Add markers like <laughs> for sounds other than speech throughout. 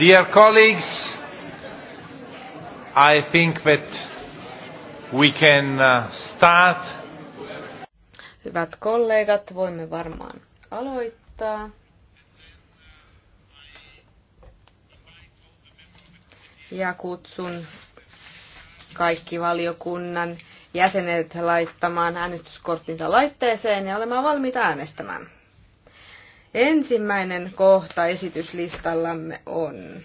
Dear colleagues, I think that we can uh, start. Hyvät kollegat, voimme varmaan aloittaa. Ja kutsun kaikki valiokunnan jäsenet laittamaan äänestyskorttinsa laitteeseen ja olemaan valmiita äänestämään. Ensimmäinen kohta esityslistallamme on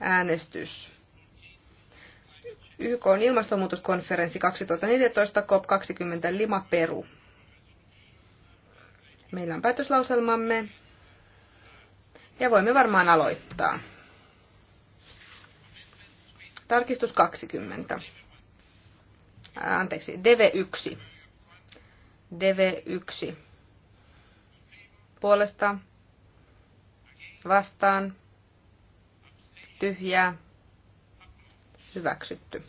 äänestys. YK on ilmastonmuutoskonferenssi 2014 COP20 Lima Peru. Meillä on päätöslauselmamme ja voimme varmaan aloittaa. Tarkistus 20. Anteeksi, DV1. DV1 puolesta vastaan tyhjää hyväksytty.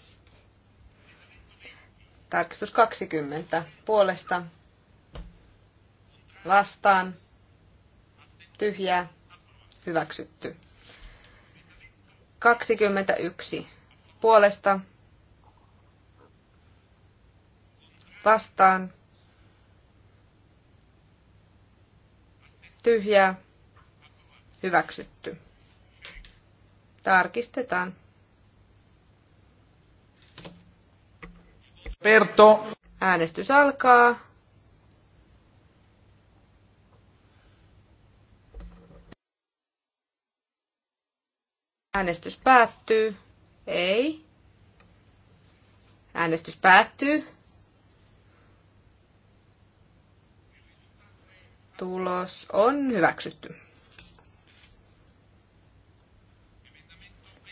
Tarkistus 20 puolesta vastaan tyhjää hyväksytty. 21 puolesta vastaan tyhjää, hyväksytty. Tarkistetaan. Perto. Äänestys alkaa. Äänestys päättyy. Ei. Äänestys päättyy. Tulos on hyväksytty.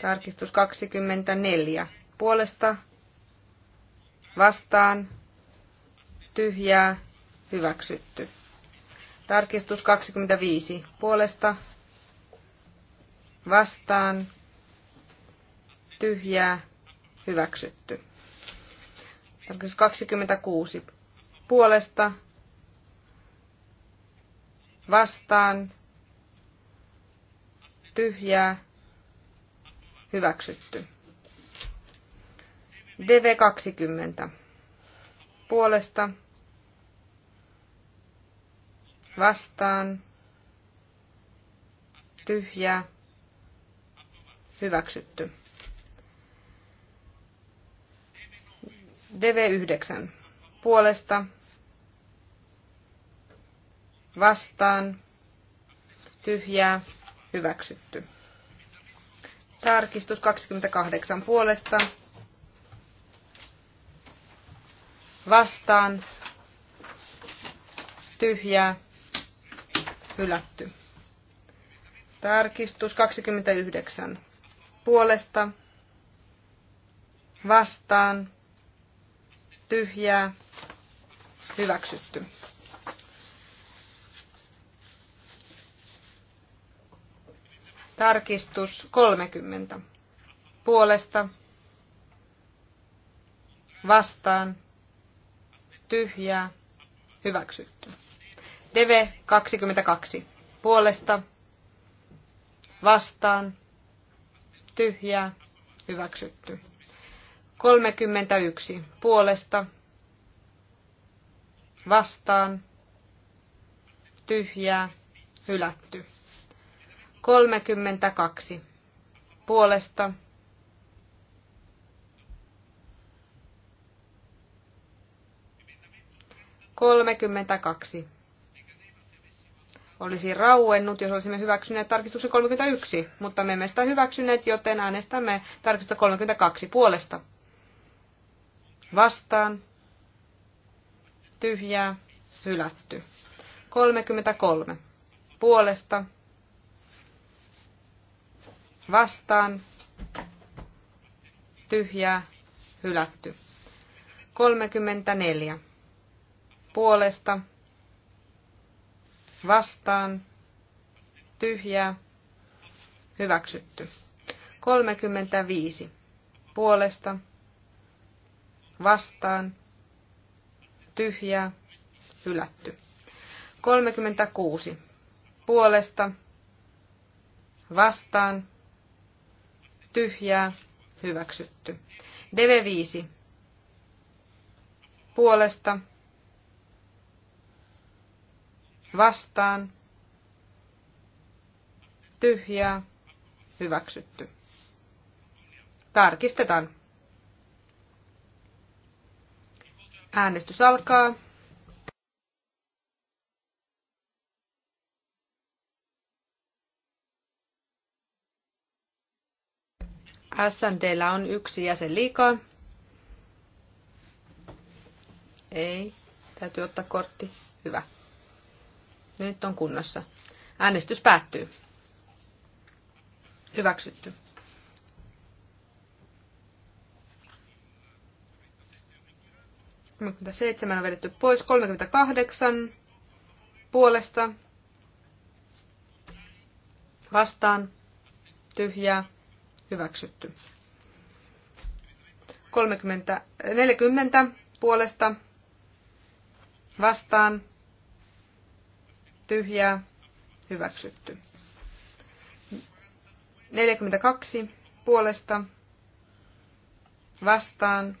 Tarkistus 24. Puolesta vastaan tyhjää hyväksytty. Tarkistus 25. Puolesta vastaan tyhjää hyväksytty. Tarkistus 26. Puolesta vastaan, tyhjää, hyväksytty. DV20 puolesta vastaan tyhjää hyväksytty. DV9 puolesta vastaan, tyhjää, hyväksytty. Tarkistus 28 puolesta, vastaan, tyhjää, hylätty. Tarkistus 29 puolesta, vastaan, tyhjää, hyväksytty. Tarkistus 30. Puolesta. Vastaan. Tyhjää. Hyväksytty. Deve 22. Puolesta. Vastaan. Tyhjää. Hyväksytty. 31. Puolesta. Vastaan. Tyhjää. Hylätty. 32 puolesta. kaksi. Olisi rauennut, jos olisimme hyväksyneet tarkistuksen 31, mutta me emme sitä hyväksyneet, joten äänestämme tarkistusta 32 puolesta. Vastaan. Tyhjää. Hylätty. 33. Puolesta vastaan, tyhjää, hylätty. 34. Puolesta, vastaan, tyhjää, hyväksytty. 35. Puolesta, vastaan, tyhjää, hylätty. 36. Puolesta, vastaan, tyhjää, hyväksytty. DV5 puolesta vastaan tyhjää, hyväksytty. Tarkistetaan. Äänestys alkaa. SNDllä on yksi jäsen liikaa. Ei, täytyy ottaa kortti. Hyvä. Nyt on kunnossa. Äänestys päättyy. Hyväksytty. Seitsemän on vedetty pois. 38 puolesta vastaan tyhjää hyväksytty. 30, 40 puolesta vastaan tyhjää hyväksytty. 42 puolesta vastaan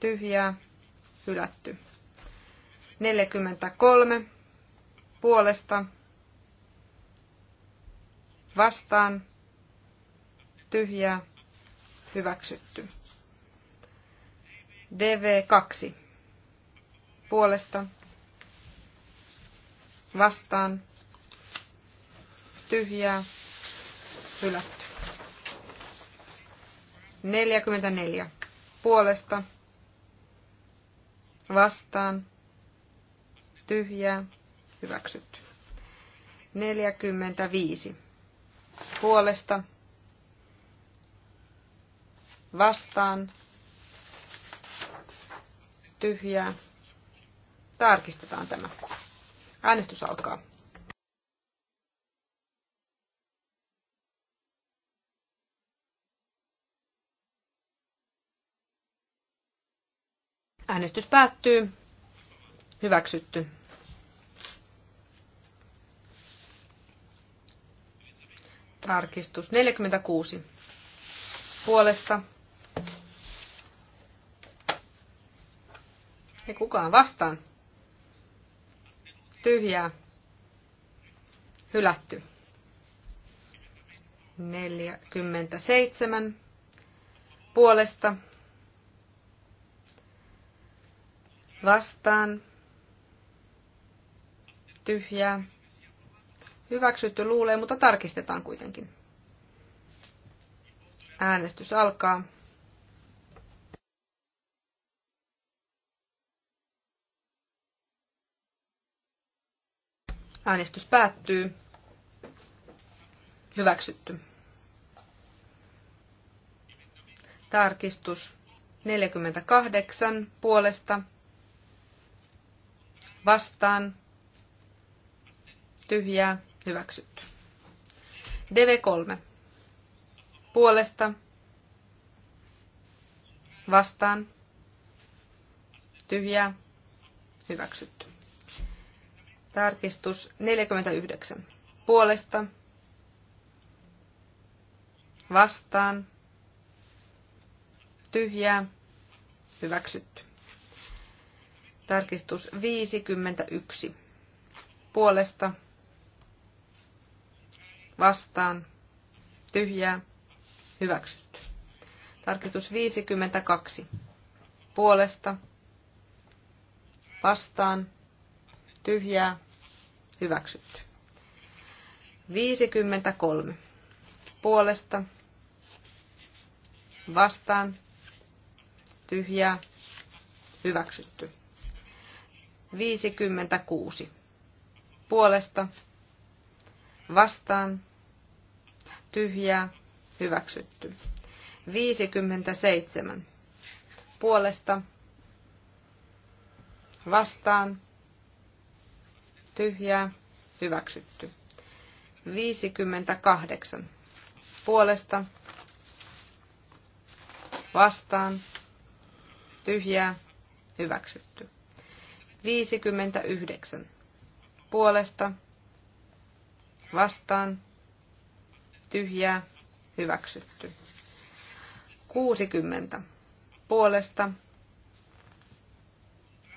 tyhjää hylätty. 43 puolesta vastaan tyhjä, hyväksytty. DV2 puolesta vastaan Tyhjä, hylätty. 44 puolesta vastaan Tyhjä, hyväksytty. 45 puolesta vastaan, tyhjää. Tarkistetaan tämä. Äänestys alkaa. Äänestys päättyy. Hyväksytty. Tarkistus 46. Puolesta Ei kukaan vastaan. Tyhjää. Hylätty. 47 puolesta vastaan tyhjää. Hyväksytty luulee, mutta tarkistetaan kuitenkin. Äänestys alkaa. Äänestys päättyy. Hyväksytty. Tarkistus 48 puolesta vastaan tyhjää hyväksytty. DV3 puolesta vastaan tyhjää hyväksytty. Tarkistus 49. Puolesta. Vastaan. Tyhjää. Hyväksytty. Tarkistus 51. Puolesta. Vastaan. Tyhjää. Hyväksytty. Tarkistus 52. Puolesta. Vastaan. Tyhjää. Hyväksytty. 53. Puolesta. Vastaan. Tyhjää. Hyväksytty. 56. Puolesta. Vastaan. Tyhjää. Hyväksytty. 57. Puolesta. Vastaan tyhjää, hyväksytty. 58 puolesta, vastaan, tyhjää, hyväksytty. 59 puolesta, vastaan, tyhjää, hyväksytty. 60 puolesta,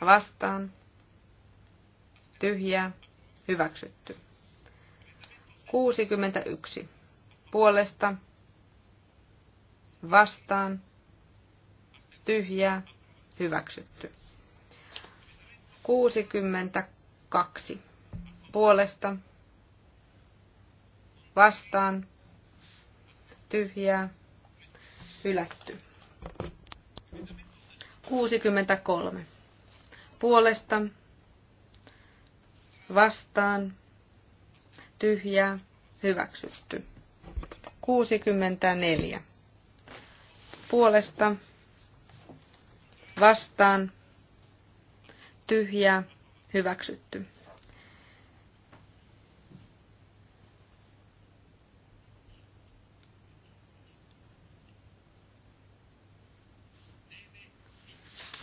vastaan, tyhjä, hyväksytty. 61. Puolesta, vastaan, tyhjä, hyväksytty. 62. Puolesta, vastaan, tyhjää, hylätty. 63. Puolesta, vastaan, tyhjä, hyväksytty. 64. Puolesta, vastaan, tyhjä hyväksytty.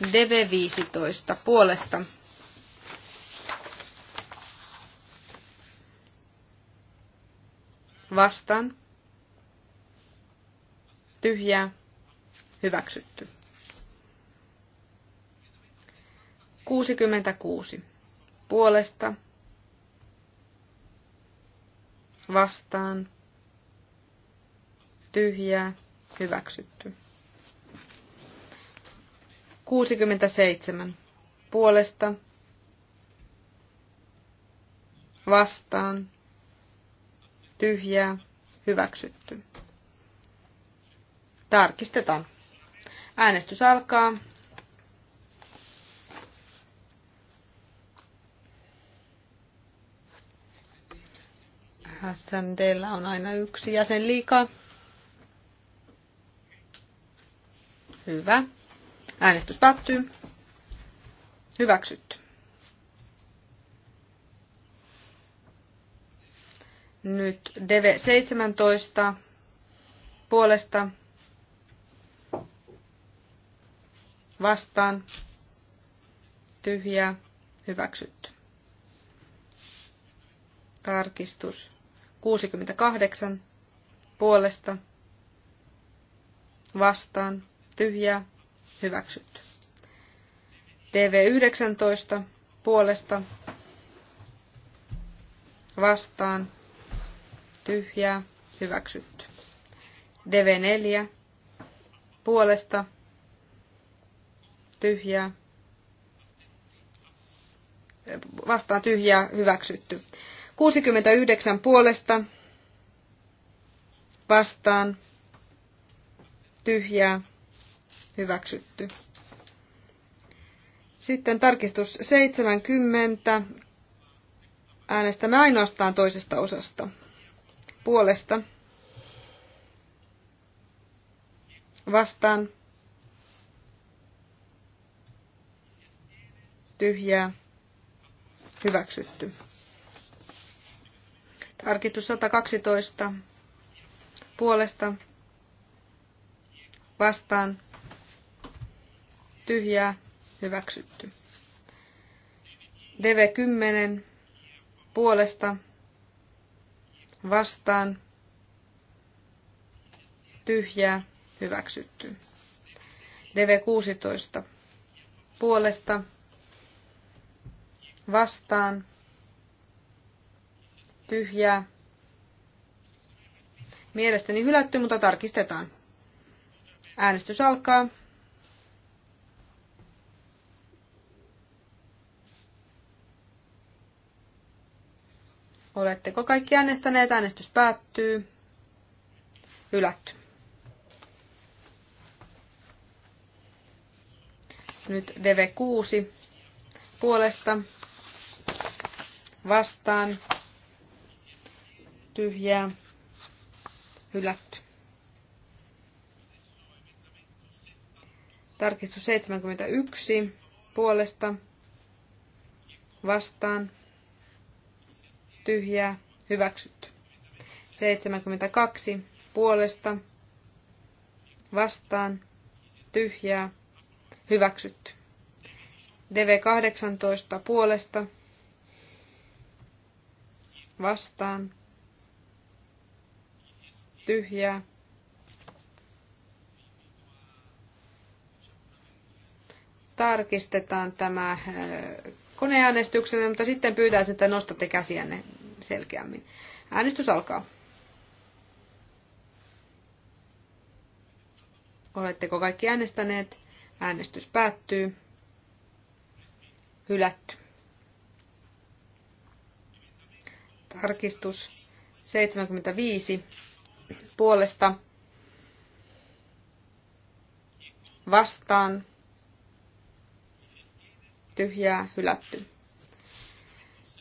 DV15 puolesta vastaan, tyhjää, hyväksytty. 66. Puolesta, vastaan, tyhjää, hyväksytty. 67. Puolesta, vastaan, tyhjää, hyväksytty. Tarkistetaan. Äänestys alkaa. SNDllä on aina yksi jäsen liikaa. Hyvä. Äänestys päättyy. Hyväksytty. Nyt DV17 puolesta vastaan tyhjää hyväksytty. Tarkistus 68 puolesta vastaan tyhjää hyväksytty. dv 19 puolesta vastaan tyhjää, hyväksytty. DV4, puolesta, tyhjää, vastaan tyhjää, hyväksytty. 69 puolesta, vastaan, tyhjää, hyväksytty. Sitten tarkistus 70. Äänestämme ainoastaan toisesta osasta puolesta vastaan tyhjää hyväksytty. Tarkistus 112 puolesta vastaan tyhjää hyväksytty. DV10 puolesta vastaan tyhjää hyväksytty. DV16 puolesta vastaan tyhjää mielestäni hylätty, mutta tarkistetaan. Äänestys alkaa. Oletteko kaikki äänestäneet? Äänestys päättyy. Ylätty. Nyt DV6 puolesta vastaan tyhjää hylätty. Tarkistus 71 puolesta vastaan tyhjää, hyväksytty. 72 puolesta, vastaan, tyhjää, hyväksytty. DV18 puolesta, vastaan, tyhjää. Tarkistetaan tämä äh, koneäänestyksenä, mutta sitten pyytäisin, että nostatte käsiänne selkeämmin. Äänestys alkaa. Oletteko kaikki äänestäneet? Äänestys päättyy. Hylätty. Tarkistus 75 puolesta vastaan tyhjää, hylätty.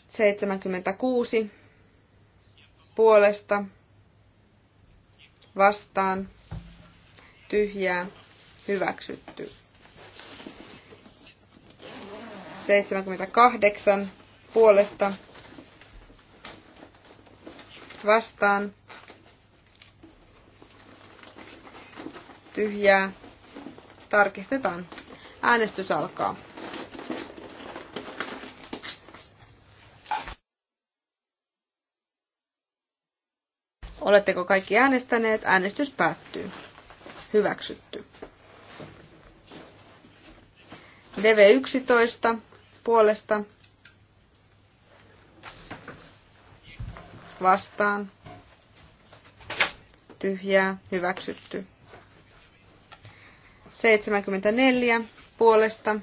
76 puolesta vastaan tyhjää hyväksytty. 78 puolesta vastaan tyhjää tarkistetaan. Äänestys alkaa. Oletteko kaikki äänestäneet? Äänestys päättyy. Hyväksytty. DV11 puolesta vastaan tyhjää hyväksytty. 74 puolesta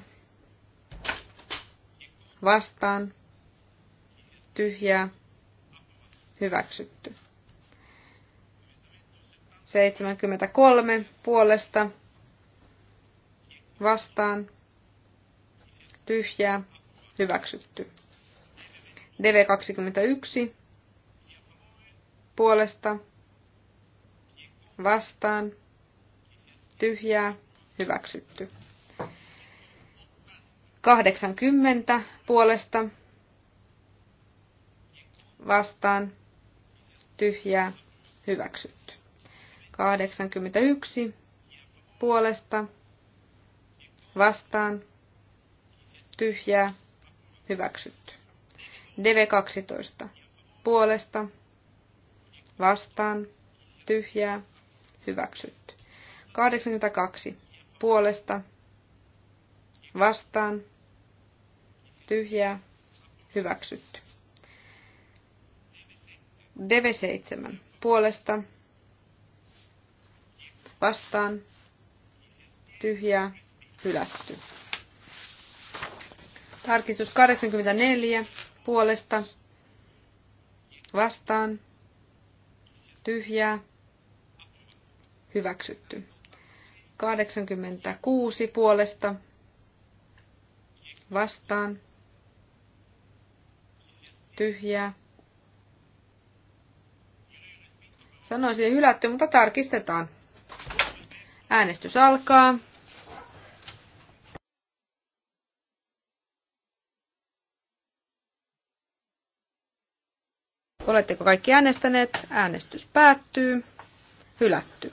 vastaan tyhjää hyväksytty. 73 puolesta vastaan tyhjää hyväksytty. DV21 puolesta vastaan tyhjää hyväksytty. 80 puolesta vastaan tyhjää hyväksytty. 81 puolesta vastaan tyhjää hyväksytty. DV12 puolesta vastaan tyhjää hyväksytty. 82 puolesta vastaan tyhjää hyväksytty. DV7 puolesta vastaan tyhjä hylätty. Tarkistus 84 puolesta vastaan tyhjä hyväksytty. 86 puolesta vastaan tyhjä Sanoisin hylätty, mutta tarkistetaan. Äänestys alkaa. Oletteko kaikki äänestäneet? Äänestys päättyy. Hylätty.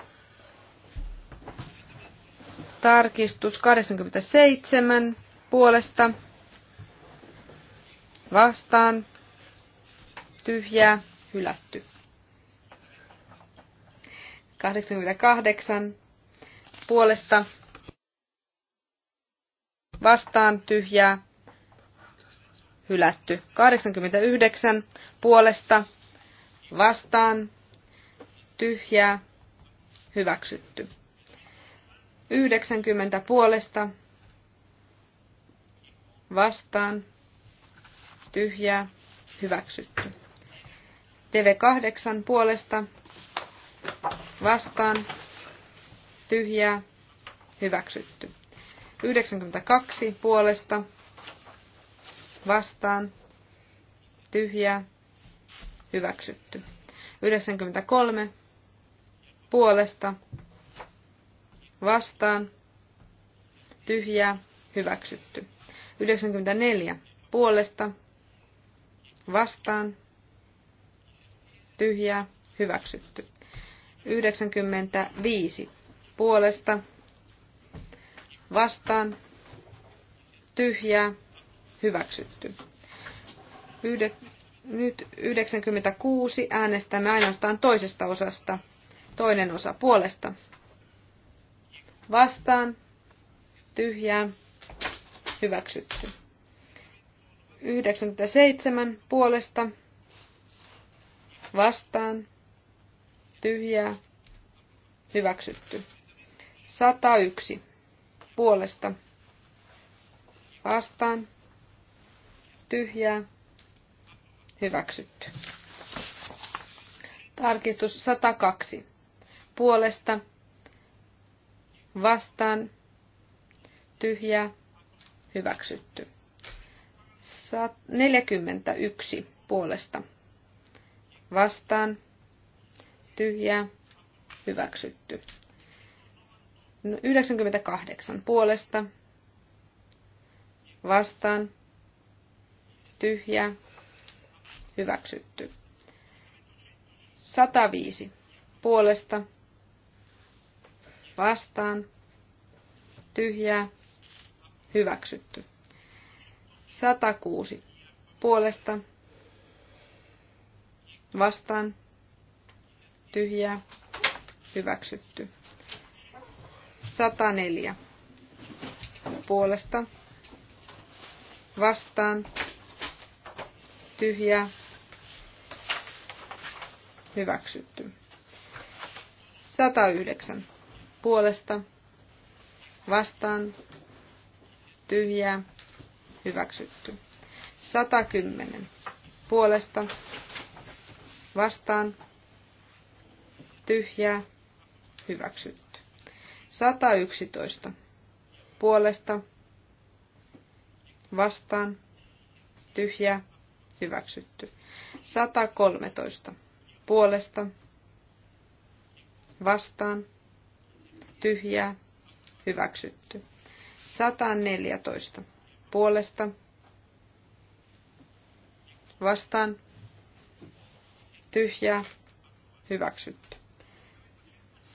Tarkistus 87 puolesta. Vastaan. Tyhjää. Hylätty. 88 puolesta vastaan tyhjää hylätty. 89 puolesta vastaan tyhjää hyväksytty. 90 puolesta vastaan tyhjää hyväksytty. TV8 puolesta vastaan tyhjää, hyväksytty. 92 puolesta, vastaan, tyhjää, hyväksytty. 93 puolesta, vastaan, tyhjää, hyväksytty. 94 puolesta, vastaan, tyhjää, hyväksytty. 95 puolesta vastaan tyhjää hyväksytty. Yhde, nyt 96 äänestämme ainoastaan toisesta osasta. Toinen osa puolesta. Vastaan tyhjää hyväksytty. 97 puolesta vastaan tyhjää hyväksytty. 101 puolesta vastaan tyhjää hyväksytty. Tarkistus 102 puolesta vastaan tyhjää hyväksytty. 41 puolesta vastaan tyhjää hyväksytty. 98 no, puolesta vastaan tyhjä hyväksytty. 105 puolesta vastaan tyhjä hyväksytty. 106 puolesta vastaan tyhjä hyväksytty. 104 puolesta vastaan tyhjä hyväksytty. 109 puolesta vastaan tyhjä hyväksytty. 110 puolesta vastaan tyhjä hyväksytty. 111 puolesta vastaan tyhjä hyväksytty. 113 puolesta vastaan tyhjä hyväksytty. 114 puolesta vastaan tyhjä hyväksytty.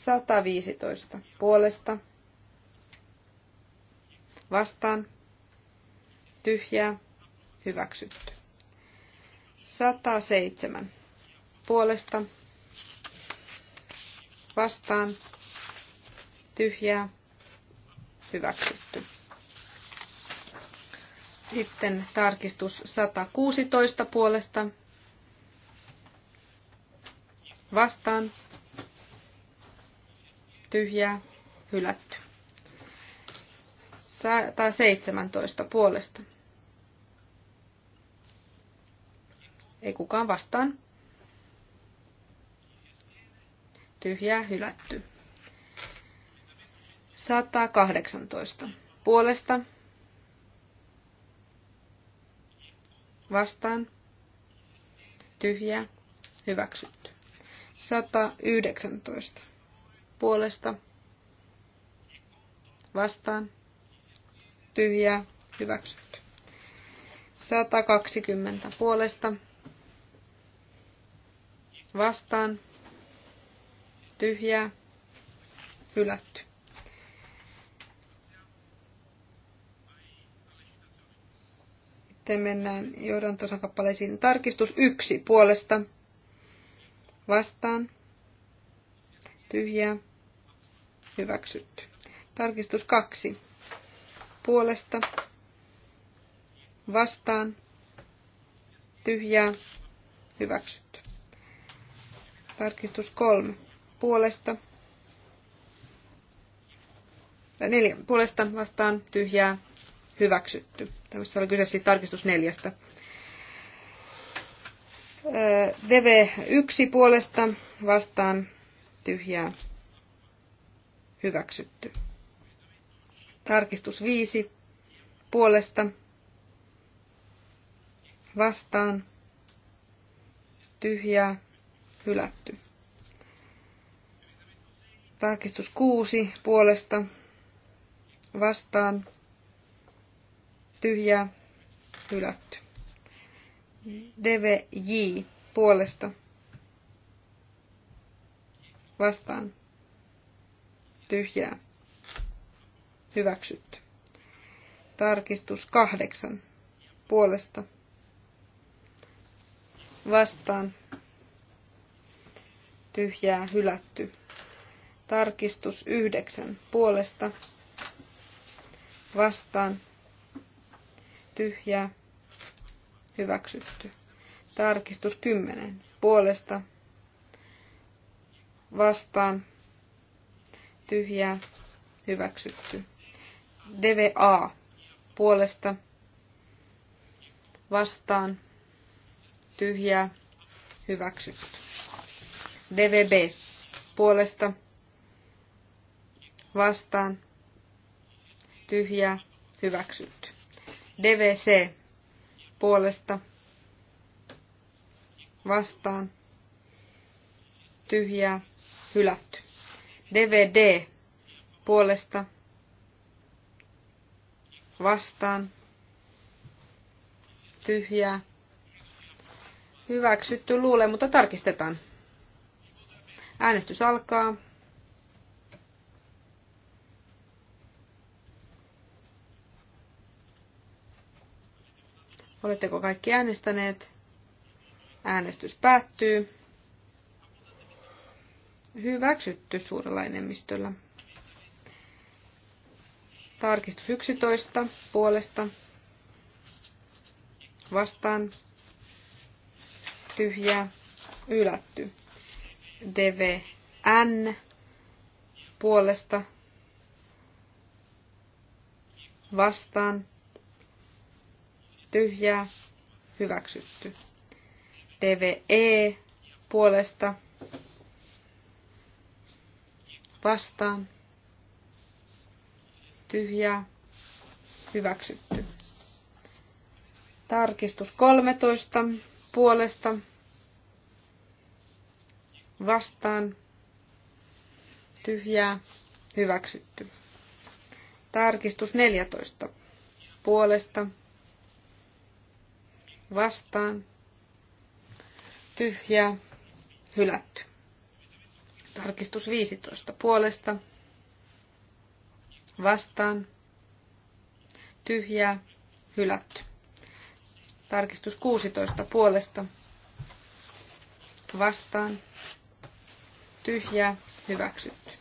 115 puolesta vastaan tyhjää hyväksytty. 107 puolesta vastaan tyhjää hyväksytty. Sitten tarkistus 116 puolesta vastaan tyhjää, hylätty. 17 puolesta. Ei kukaan vastaan. Tyhjää, hylätty. 118 puolesta. Vastaan. Tyhjää, hyväksytty. 119 puolesta vastaan tyhjää hyväksytty. 120 puolesta vastaan tyhjää hylätty. Sitten mennään johdantosakappaleisiin. Tarkistus yksi puolesta vastaan. Tyhjää hyväksytty. Tarkistus kaksi. Puolesta vastaan tyhjää hyväksytty. Tarkistus kolme. Puolesta äh, neljä, puolesta vastaan tyhjää hyväksytty. Tässä oli kyse siis tarkistus neljästä. DV1 äh, puolesta vastaan tyhjää Hyväksytty. Tarkistus 5. Puolesta. Vastaan. Tyhjää. Hylätty. Tarkistus 6. Puolesta. Vastaan. Tyhjää. Hylätty. DVJ puolesta vastaan tyhjää. Hyväksytty. Tarkistus kahdeksan puolesta vastaan tyhjää hylätty. Tarkistus yhdeksän puolesta vastaan tyhjää hyväksytty. Tarkistus kymmenen puolesta vastaan tyhjää, hyväksytty. DVA puolesta vastaan tyhjää, hyväksytty. DVB puolesta vastaan tyhjää, hyväksytty. DVC puolesta vastaan tyhjää, hylätty. DVD puolesta vastaan tyhjää. Hyväksytty luulee, mutta tarkistetaan. Äänestys alkaa. Oletteko kaikki äänestäneet? Äänestys päättyy hyväksytty suurella enemmistöllä. Tarkistus 11 puolesta vastaan tyhjää ylätty. DVN puolesta vastaan tyhjää hyväksytty. DVE puolesta vastaan vastaan tyhjää hyväksytty. Tarkistus 13 puolesta vastaan tyhjää hyväksytty. Tarkistus 14 puolesta vastaan tyhjää hylätty. Tarkistus 15 puolesta. Vastaan. Tyhjää. Hylätty. Tarkistus 16 puolesta. Vastaan. Tyhjää. Hyväksytty.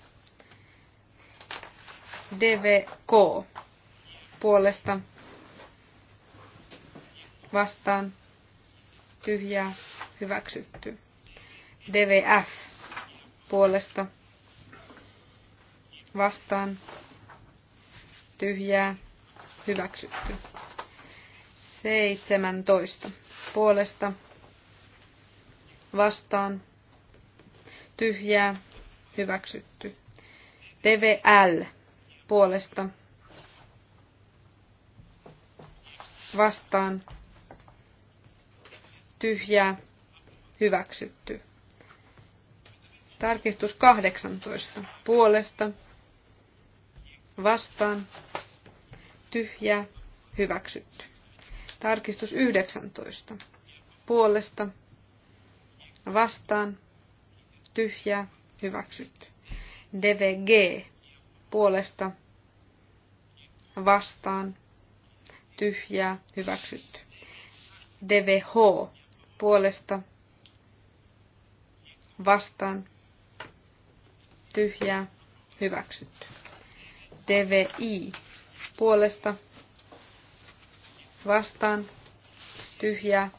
DVK puolesta. Vastaan. Tyhjää. Hyväksytty. DVF puolesta vastaan tyhjää hyväksytty. 17 puolesta vastaan tyhjää hyväksytty. TVL puolesta vastaan tyhjää hyväksytty. Tarkistus 18. Puolesta. Vastaan. tyhjä Hyväksytty. Tarkistus 19. Puolesta. Vastaan. tyhjä Hyväksytty. DVG. Puolesta. Vastaan. tyhjä Hyväksytty. DVH. Puolesta. Vastaan tyhjää, hyväksytty. DVI puolesta vastaan tyhjää,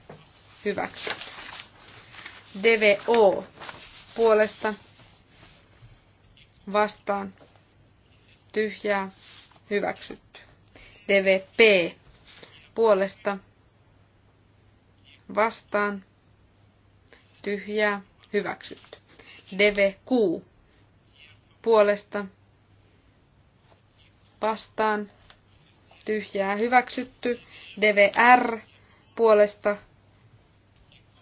hyväksytty. DVO puolesta vastaan tyhjää, hyväksytty. DVP puolesta vastaan tyhjää, hyväksytty. DVQ puolesta vastaan tyhjää hyväksytty. DVR puolesta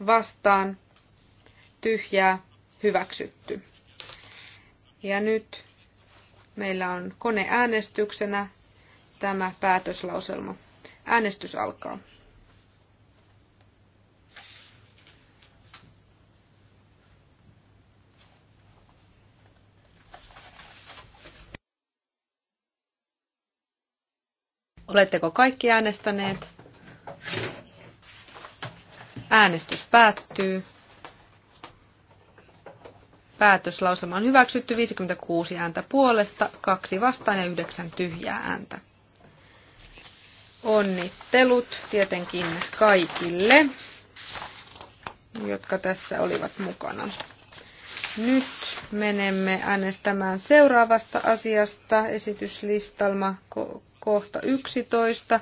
vastaan tyhjää hyväksytty. Ja nyt meillä on koneäänestyksenä tämä päätöslauselma. Äänestys alkaa. Oletteko kaikki äänestäneet? Äänestys päättyy. Päätöslausema on hyväksytty 56 ääntä puolesta, kaksi vastaan ja yhdeksän tyhjää ääntä. Onnittelut tietenkin kaikille, jotka tässä olivat mukana. Nyt menemme äänestämään seuraavasta asiasta esityslistalma kohta 11.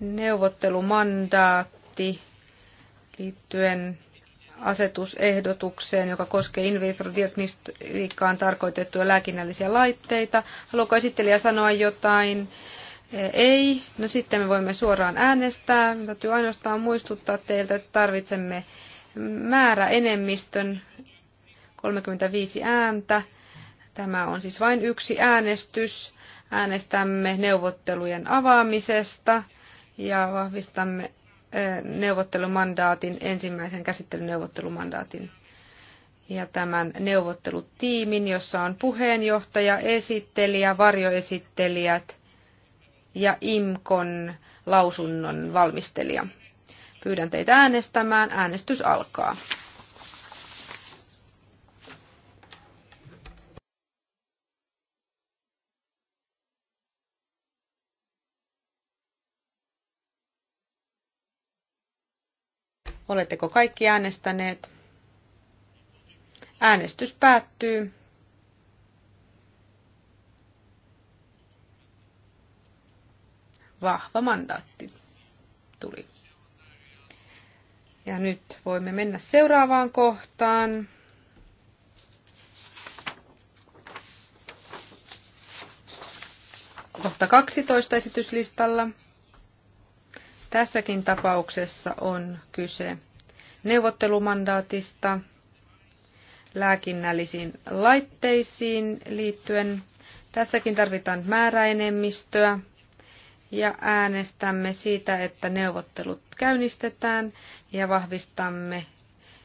Neuvottelumandaatti liittyen asetusehdotukseen, joka koskee in vitro diagnostiikkaan tarkoitettuja lääkinnällisiä laitteita. Haluaako esittelijä sanoa jotain? Ei. No sitten me voimme suoraan äänestää. Täytyy ainoastaan muistuttaa teiltä, että tarvitsemme määräenemmistön 35 ääntä. Tämä on siis vain yksi äänestys. Äänestämme neuvottelujen avaamisesta ja vahvistamme neuvottelumandaatin, ensimmäisen käsittelyn neuvottelumandaatin ja tämän neuvottelutiimin, jossa on puheenjohtaja, esittelijä, varjoesittelijät ja IMKON lausunnon valmistelija. Pyydän teitä äänestämään. Äänestys alkaa. Oletteko kaikki äänestäneet? Äänestys päättyy. Vahva mandaatti tuli. Ja nyt voimme mennä seuraavaan kohtaan. Kohta 12 esityslistalla. Tässäkin tapauksessa on kyse neuvottelumandaatista lääkinnällisiin laitteisiin liittyen. Tässäkin tarvitaan määräenemmistöä ja äänestämme siitä, että neuvottelut käynnistetään ja vahvistamme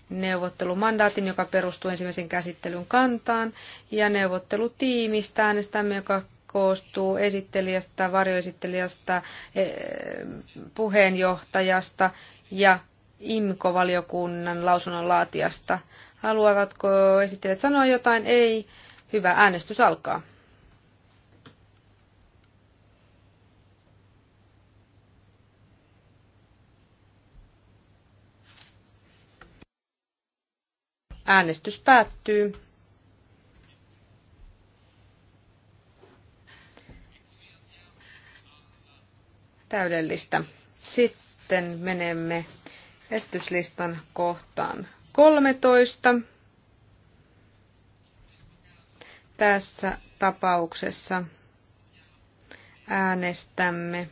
neuvottelumandaatin, joka perustuu ensimmäisen käsittelyn kantaan, ja neuvottelutiimistä äänestämme, joka koostuu esittelijästä, varjoesittelijästä, eh, puheenjohtajasta ja IMKO-valiokunnan lausunnonlaatijasta. Haluavatko esittelijät sanoa jotain? Ei. Hyvä, äänestys alkaa. Äänestys päättyy. täydellistä. Sitten menemme esityslistan kohtaan 13. Tässä tapauksessa äänestämme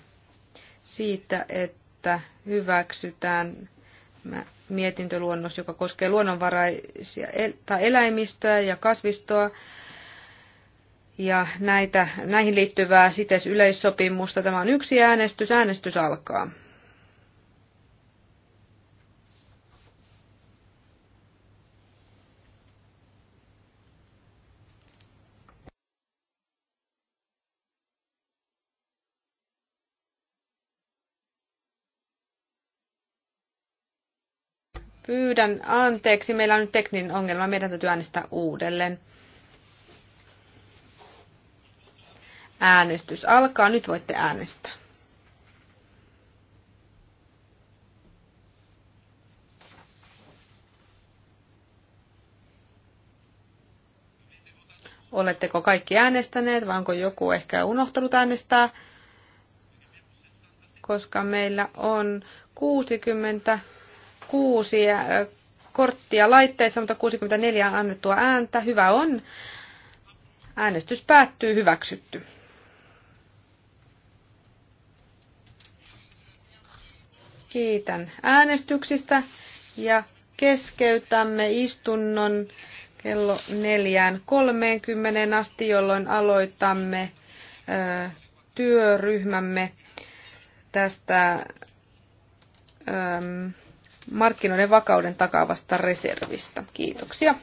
siitä, että hyväksytään mietintöluonnos, joka koskee luonnonvaraisia tai eläimistöä ja kasvistoa ja näitä, näihin liittyvää sites yleissopimusta Tämä on yksi äänestys. Äänestys alkaa. Pyydän anteeksi, meillä on nyt tekninen ongelma, meidän täytyy äänestää uudelleen. Äänestys alkaa. Nyt voitte äänestää. Oletteko kaikki äänestäneet vai onko joku ehkä unohtanut äänestää? Koska meillä on 66 äh, korttia laitteissa, mutta 64 annettua ääntä. Hyvä on. Äänestys päättyy hyväksytty. Kiitän äänestyksistä ja keskeytämme istunnon kello 4.30 asti, jolloin aloitamme työryhmämme tästä markkinoiden vakauden takaavasta reservistä. Kiitoksia.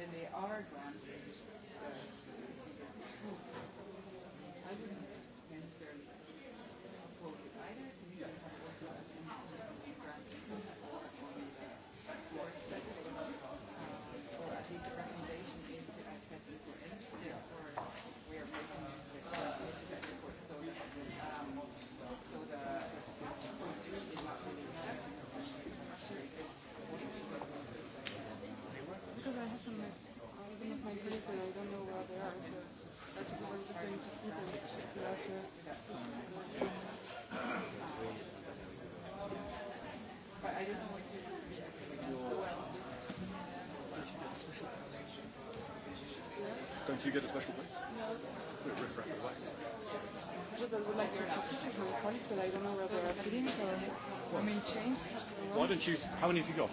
and then they are Don't you get a special place? No. Just I would like to sit with my colleagues, but I don't know where they are sitting, so I mean, change. Why don't you? How many have you got? Uh,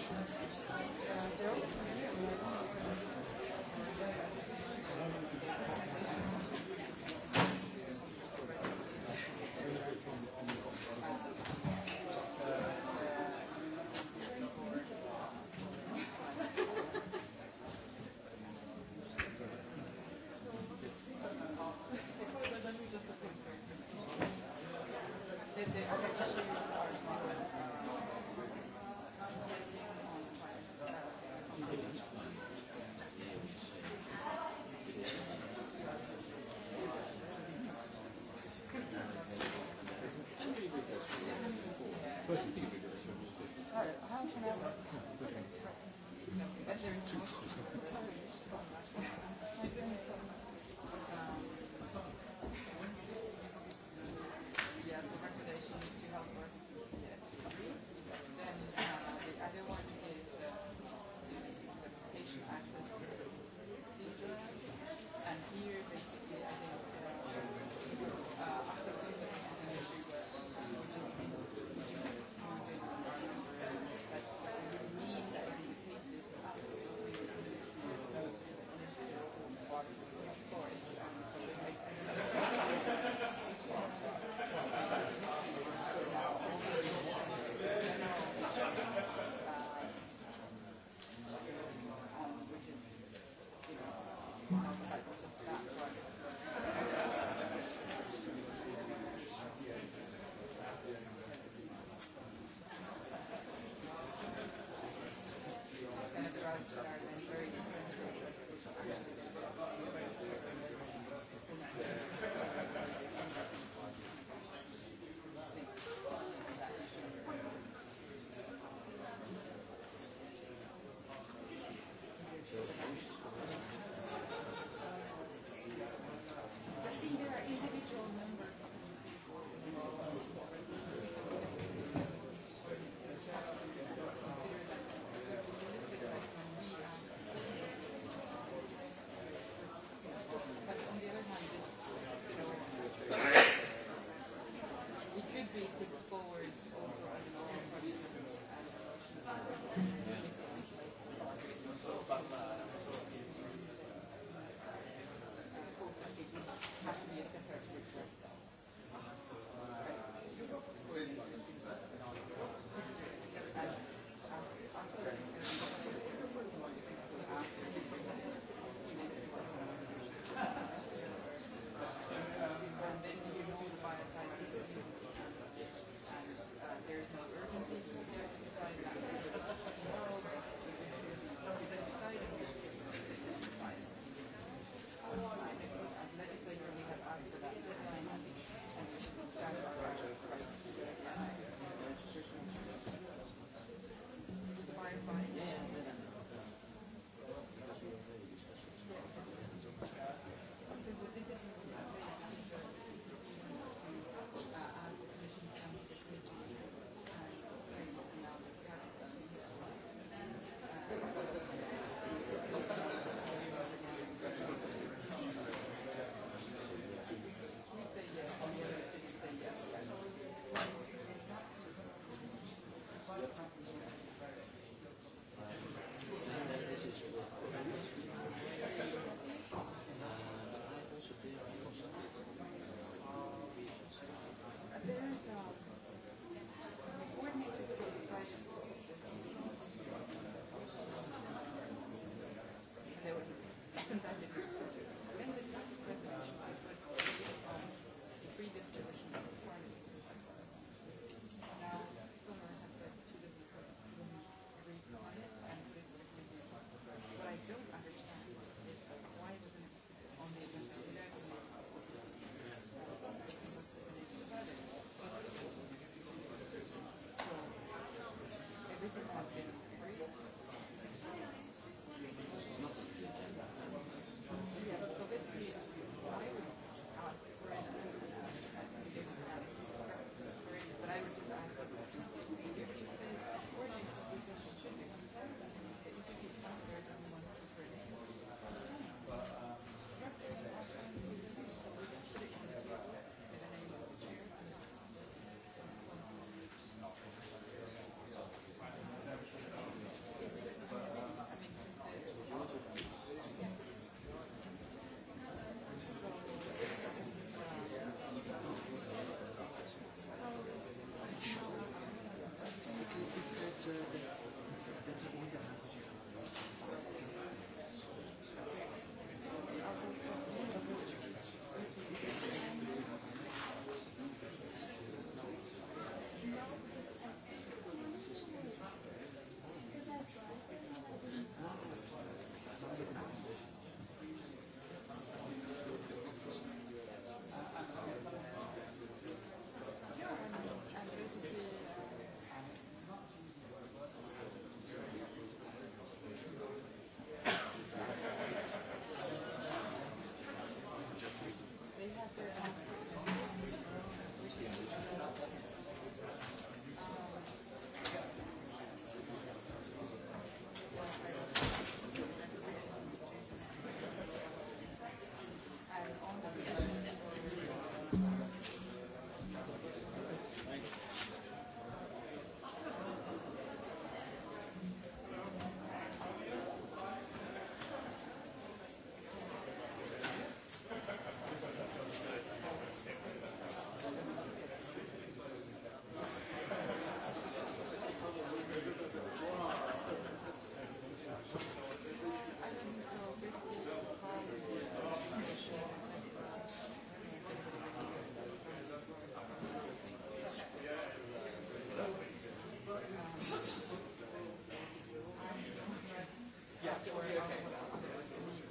<laughs>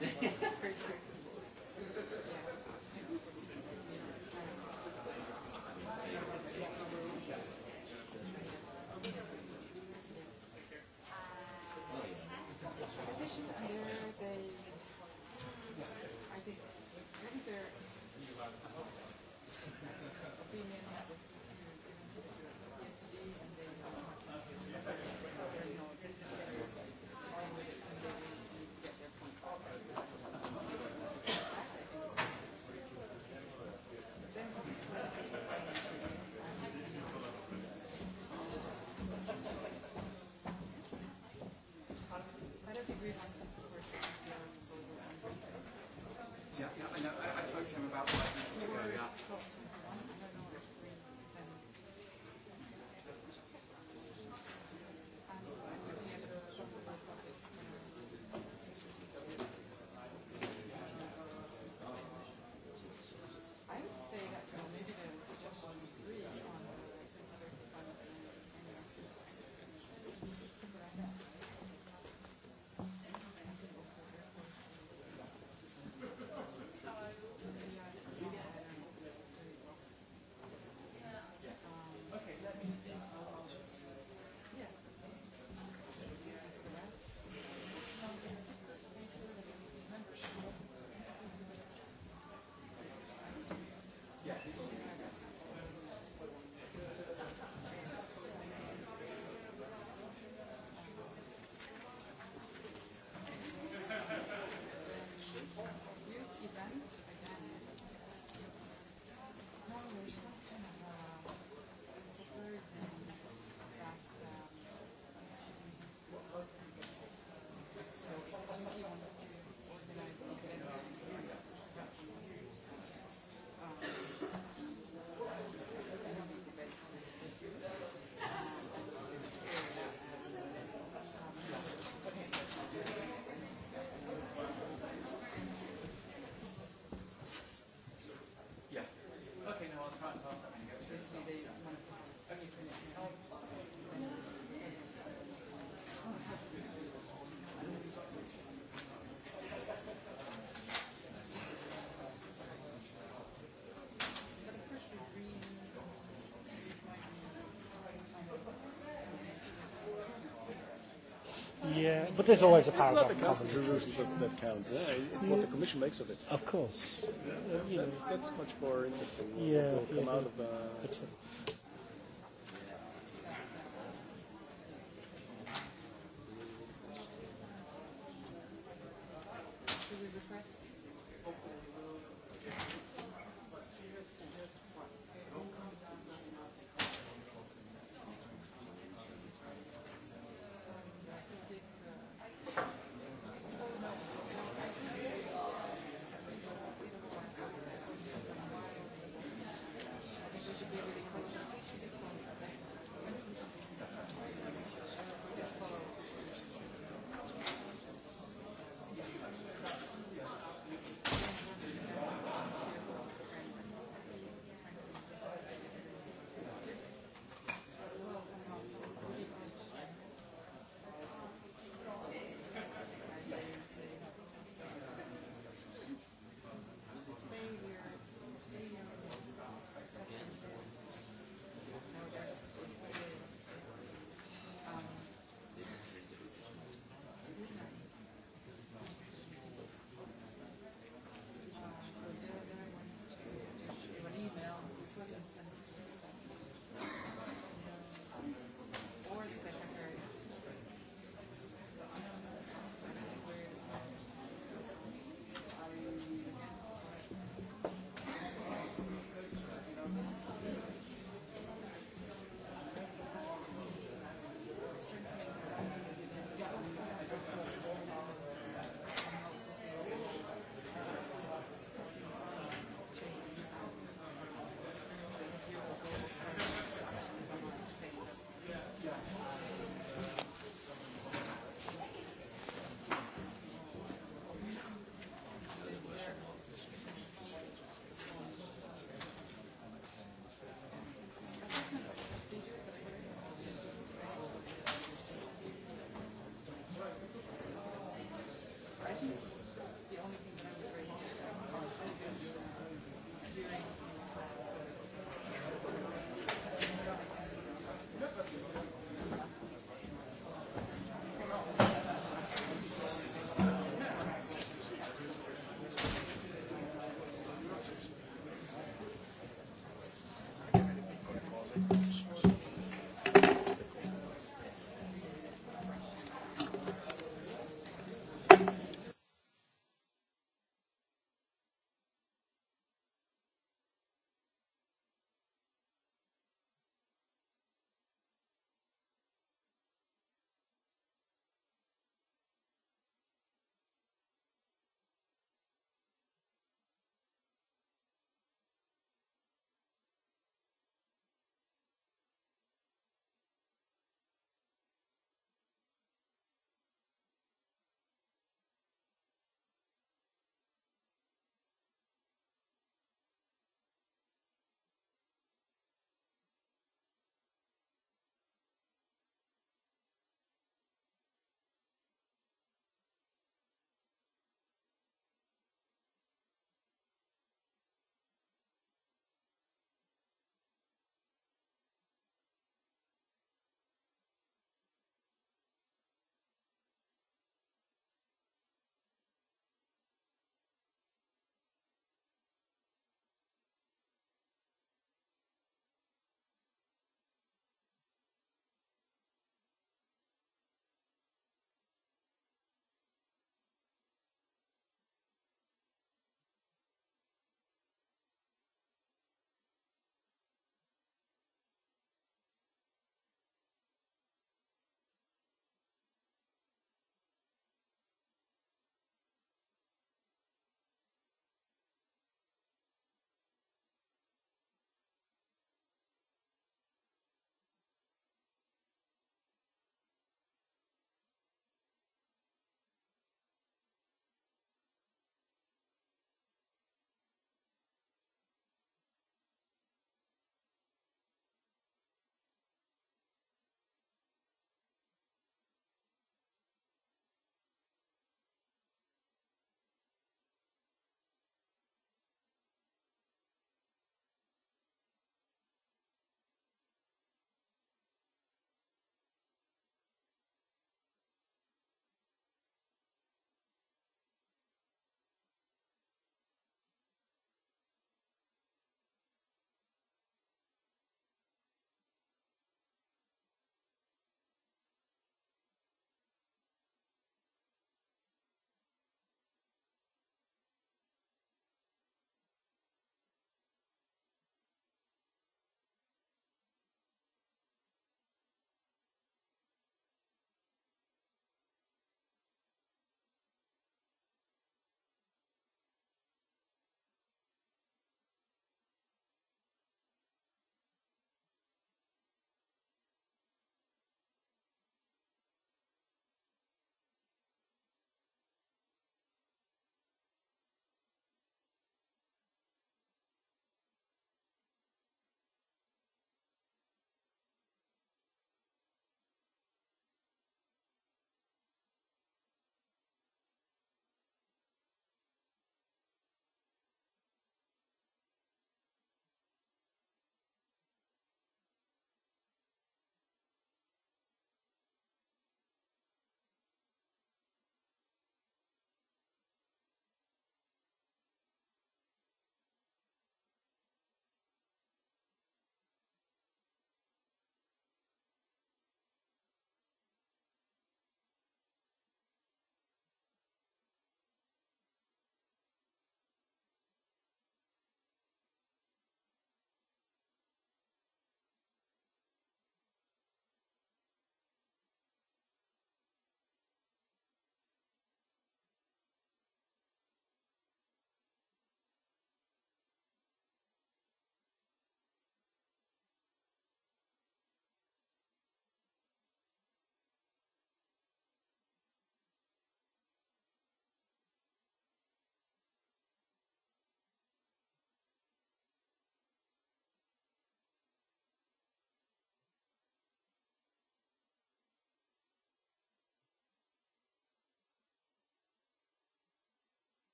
Thank you. Yeah, but there's always a paragraph. It's not the council that, that count. Yeah, it's yeah. what the commission makes of it. Of course. Yeah, that's, that's, much more interesting. Yeah, what yeah, come yeah. out of the. uh,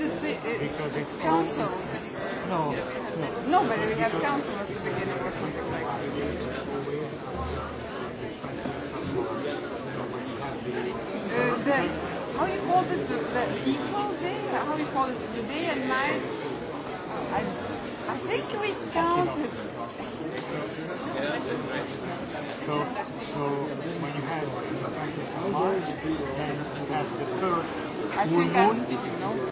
it's, it, because it's, it's council. No, no. No, but we have council at the beginning or something like that. Uh, the, how you call this the, the equal day? How you call it the day and night? I, I think we counted. So, so when you have the Franklin Salmar, then you have the first I full moon, I, no?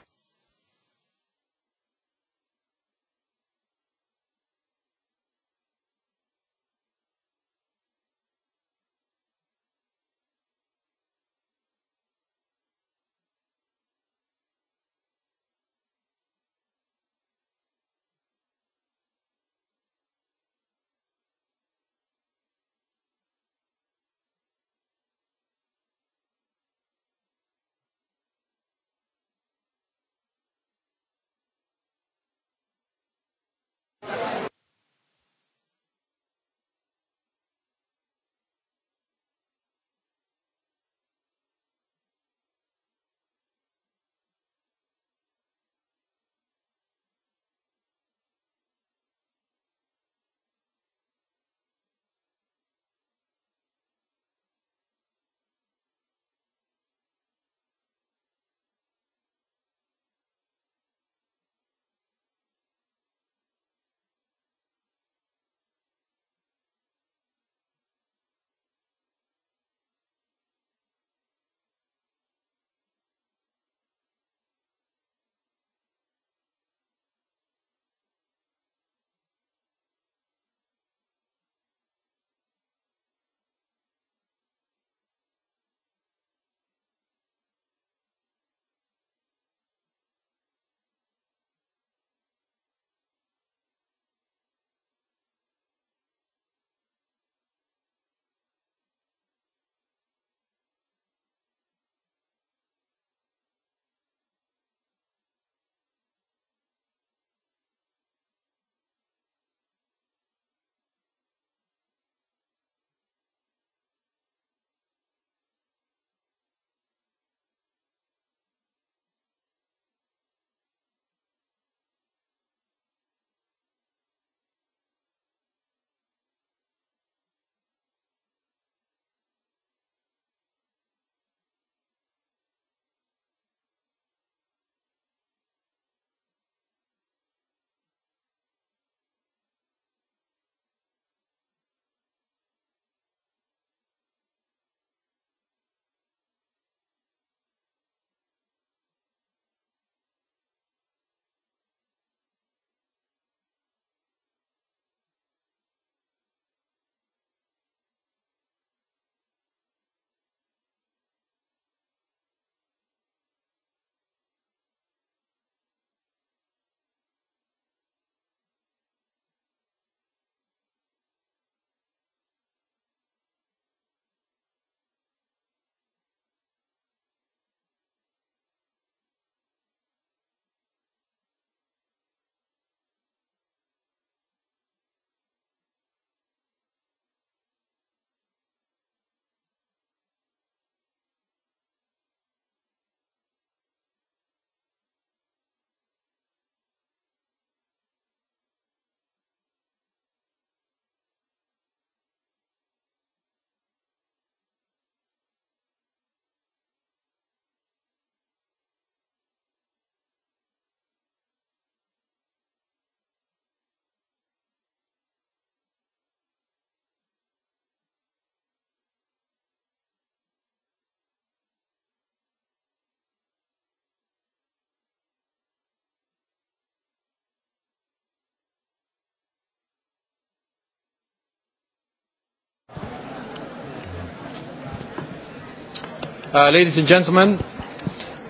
Uh, ladies and gentlemen,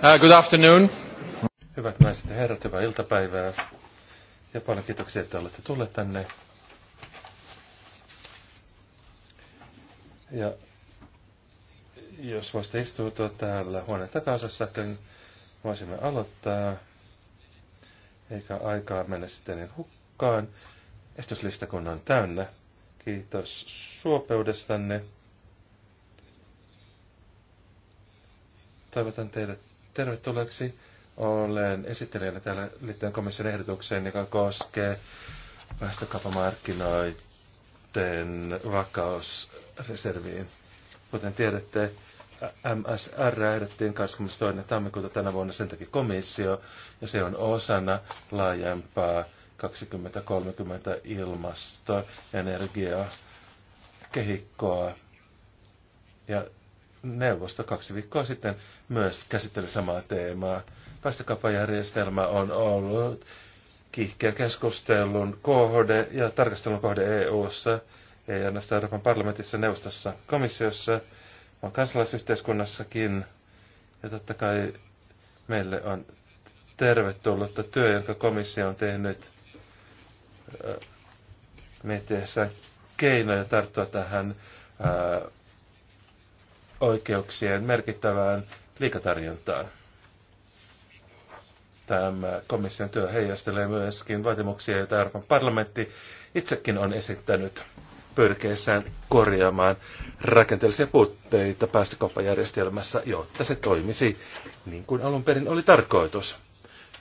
uh, good afternoon. Hyvät naiset ja herrat, hyvää iltapäivää. Ja paljon kiitoksia, että olette tulleet tänne. Ja jos voisitte istua täällä huoneen niin voisimme aloittaa. Eikä aikaa mennä sitten niin hukkaan. Estyslistakunnan täynnä. Kiitos suopeudestanne. Toivotan teidät tervetulleeksi. Olen esittelijänä täällä liittyen komission ehdotukseen, joka koskee päästökaupamarkkinoiden vakausreserviin. Kuten tiedätte, MSR ehdottiin 22. tammikuuta tänä vuonna sen takia komissio, ja se on osana laajempaa 2030 ilmasto, ja kehikkoa. Ja neuvosto kaksi viikkoa sitten myös käsitteli samaa teemaa. Päästökauppajärjestelmä on ollut kiihkeä keskustelun kohde ja tarkastelun kohde EU-ssa, ei ainoastaan Euroopan parlamentissa, neuvostossa, komissiossa, vaan kansalaisyhteiskunnassakin. Ja totta kai meille on tervetullutta työ, jonka komissio on tehnyt äh, mietteessä keinoja tarttua tähän äh, oikeuksien merkittävään liikatarjontaan. Tämä komission työ heijastelee myöskin vaatimuksia, joita Euroopan parlamentti itsekin on esittänyt pyrkiessään korjaamaan rakenteellisia puutteita päästökauppajärjestelmässä, jotta se toimisi niin kuin alun perin oli tarkoitus.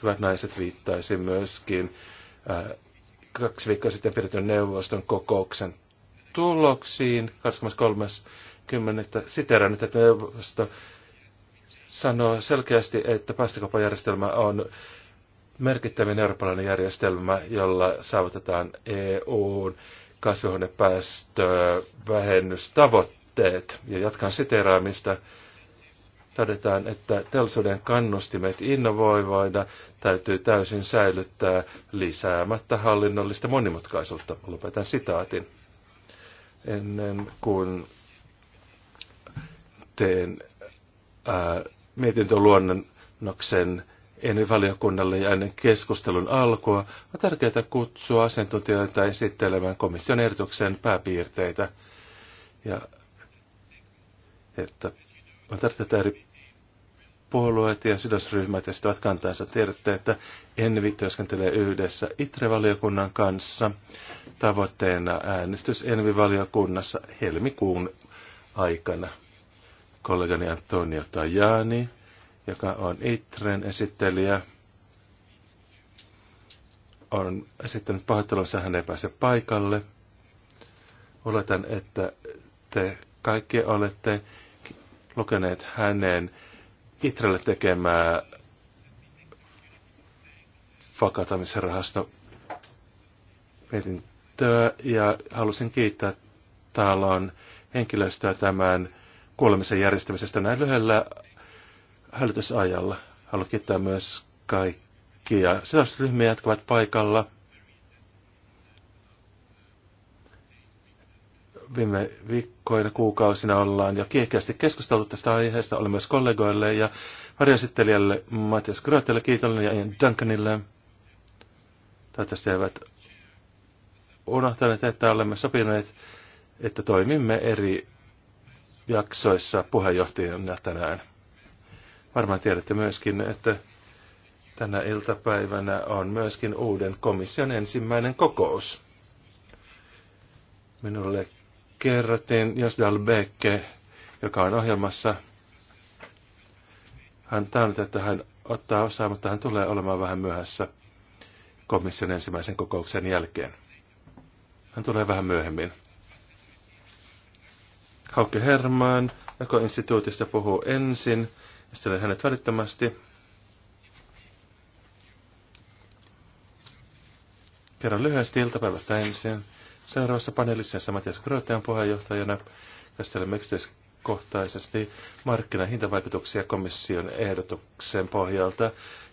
Hyvät naiset viittaisi myöskin äh, kaksi viikkoa sitten pidetyn neuvoston kokouksen tuloksiin 23 kymmenettä siteraan, että neuvosto sanoo selkeästi, että päästökauppajärjestelmä on merkittävin eurooppalainen järjestelmä, jolla saavutetaan EUn kasvihuonepäästövähennystavoitteet. Ja jatkan siteraamista. Todetaan, että teollisuuden kannustimet innovoivoida täytyy täysin säilyttää lisäämättä hallinnollista monimutkaisuutta. Lopetan sitaatin. Ennen kuin teen ää, mietintöluonnoksen ennen valiokunnalle ja ennen keskustelun alkua, on tärkeää kutsua asiantuntijoita esittelemään komission ehdotuksen pääpiirteitä. Ja että on tärkeää, että eri puolueet ja sidosryhmät esittävät kantansa. Tiedätte, että Envi työskentelee yhdessä ITRE-valiokunnan kanssa tavoitteena äänestys Envi-valiokunnassa helmikuun aikana kollegani Antonio Tajani, joka on ITREn esittelijä, on esittänyt pahoittelunsa, hän ei pääse paikalle. Oletan, että te kaikki olette lukeneet hänen ITRElle tekemää vakatamisrahasto mietintöä ja halusin kiittää talon henkilöstöä tämän kuulemisen järjestämisestä näin lyhyellä hälytysajalla. Haluan kiittää myös kaikkia sidosryhmiä, jotka ovat paikalla. Viime viikkoina, kuukausina ollaan jo kiihkeästi keskusteltu tästä aiheesta. Olen myös kollegoille ja varjoesittelijälle Matias Grötelle kiitollinen ja Ian Duncanille. Toivottavasti eivät unohtaneet, että olemme sopineet, että toimimme eri jaksoissa puheenjohtajana tänään. Varmaan tiedätte myöskin, että tänä iltapäivänä on myöskin uuden komission ensimmäinen kokous. Minulle kerrottiin Jasdal Beke, joka on ohjelmassa. Hän taannut, että hän ottaa osaa, mutta hän tulee olemaan vähän myöhässä komission ensimmäisen kokouksen jälkeen. Hän tulee vähän myöhemmin. Hauke Hermaan, joka instituutista puhuu ensin. Estelen hänet välittömästi. Kerron lyhyesti iltapäivästä ensin. Seuraavassa paneelissa Matias Grotean puheenjohtajana käsittelemme yksityiskohtaisesti markkinahintavaikutuksia komission ehdotuksen pohjalta.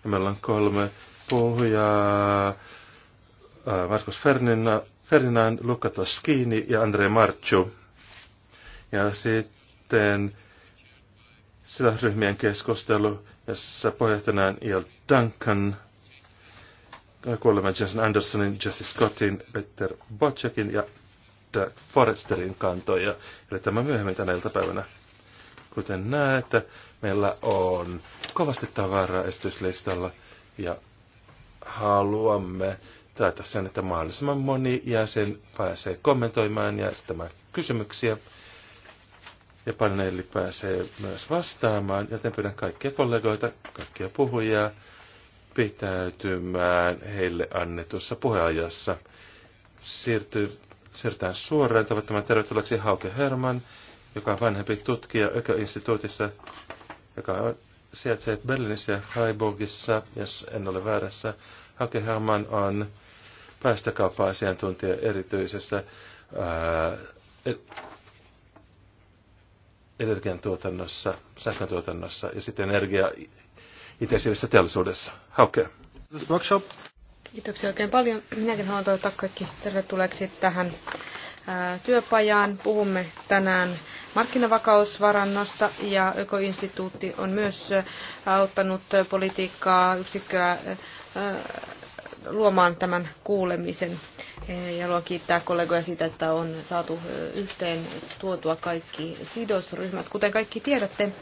Ja meillä on kolme puhujaa. Äh, Markus Ferdinand, Ferdinand Luca ja Andre Marchu. Ja sitten ryhmien keskustelu, jossa puheenjohtajana Il Duncan, kuulemme Jason Andersonin, Jesse Scottin, Peter Bocekin ja Doug Forresterin kantoja, eli tämä myöhemmin tänä iltapäivänä. Kuten näette, meillä on kovasti tavaraa estyslistalla ja haluamme taata sen, että mahdollisimman moni jäsen pääsee kommentoimaan ja esittämään kysymyksiä ja paneeli pääsee myös vastaamaan, joten pyydän kaikkia kollegoita, kaikkia puhujia pitäytymään heille annetussa puheajassa. siirty siirrytään suoraan tavoittamaan tervetulleeksi Hauke Herman, joka on vanhempi tutkija instituutissa joka on, sijaitsee Berliinissä ja Freiburgissa, jos en ole väärässä. Hauke Herman on päästökauppa-asiantuntija erityisessä ää, energiantuotannossa, sähköntuotannossa ja sitten energiaintensiivisessä teollisuudessa. Hauke. Workshop. Kiitoksia oikein paljon. Minäkin haluan toivottaa kaikki tervetulleeksi tähän työpajaan. Puhumme tänään markkinavakausvarannosta ja Ökoinstituutti on myös auttanut politiikkaa yksikköä luomaan tämän kuulemisen. Eh, ja haluan kiittää kollegoja siitä, että on saatu eh, yhteen tuotua kaikki sidosryhmät. Kuten kaikki tiedätte,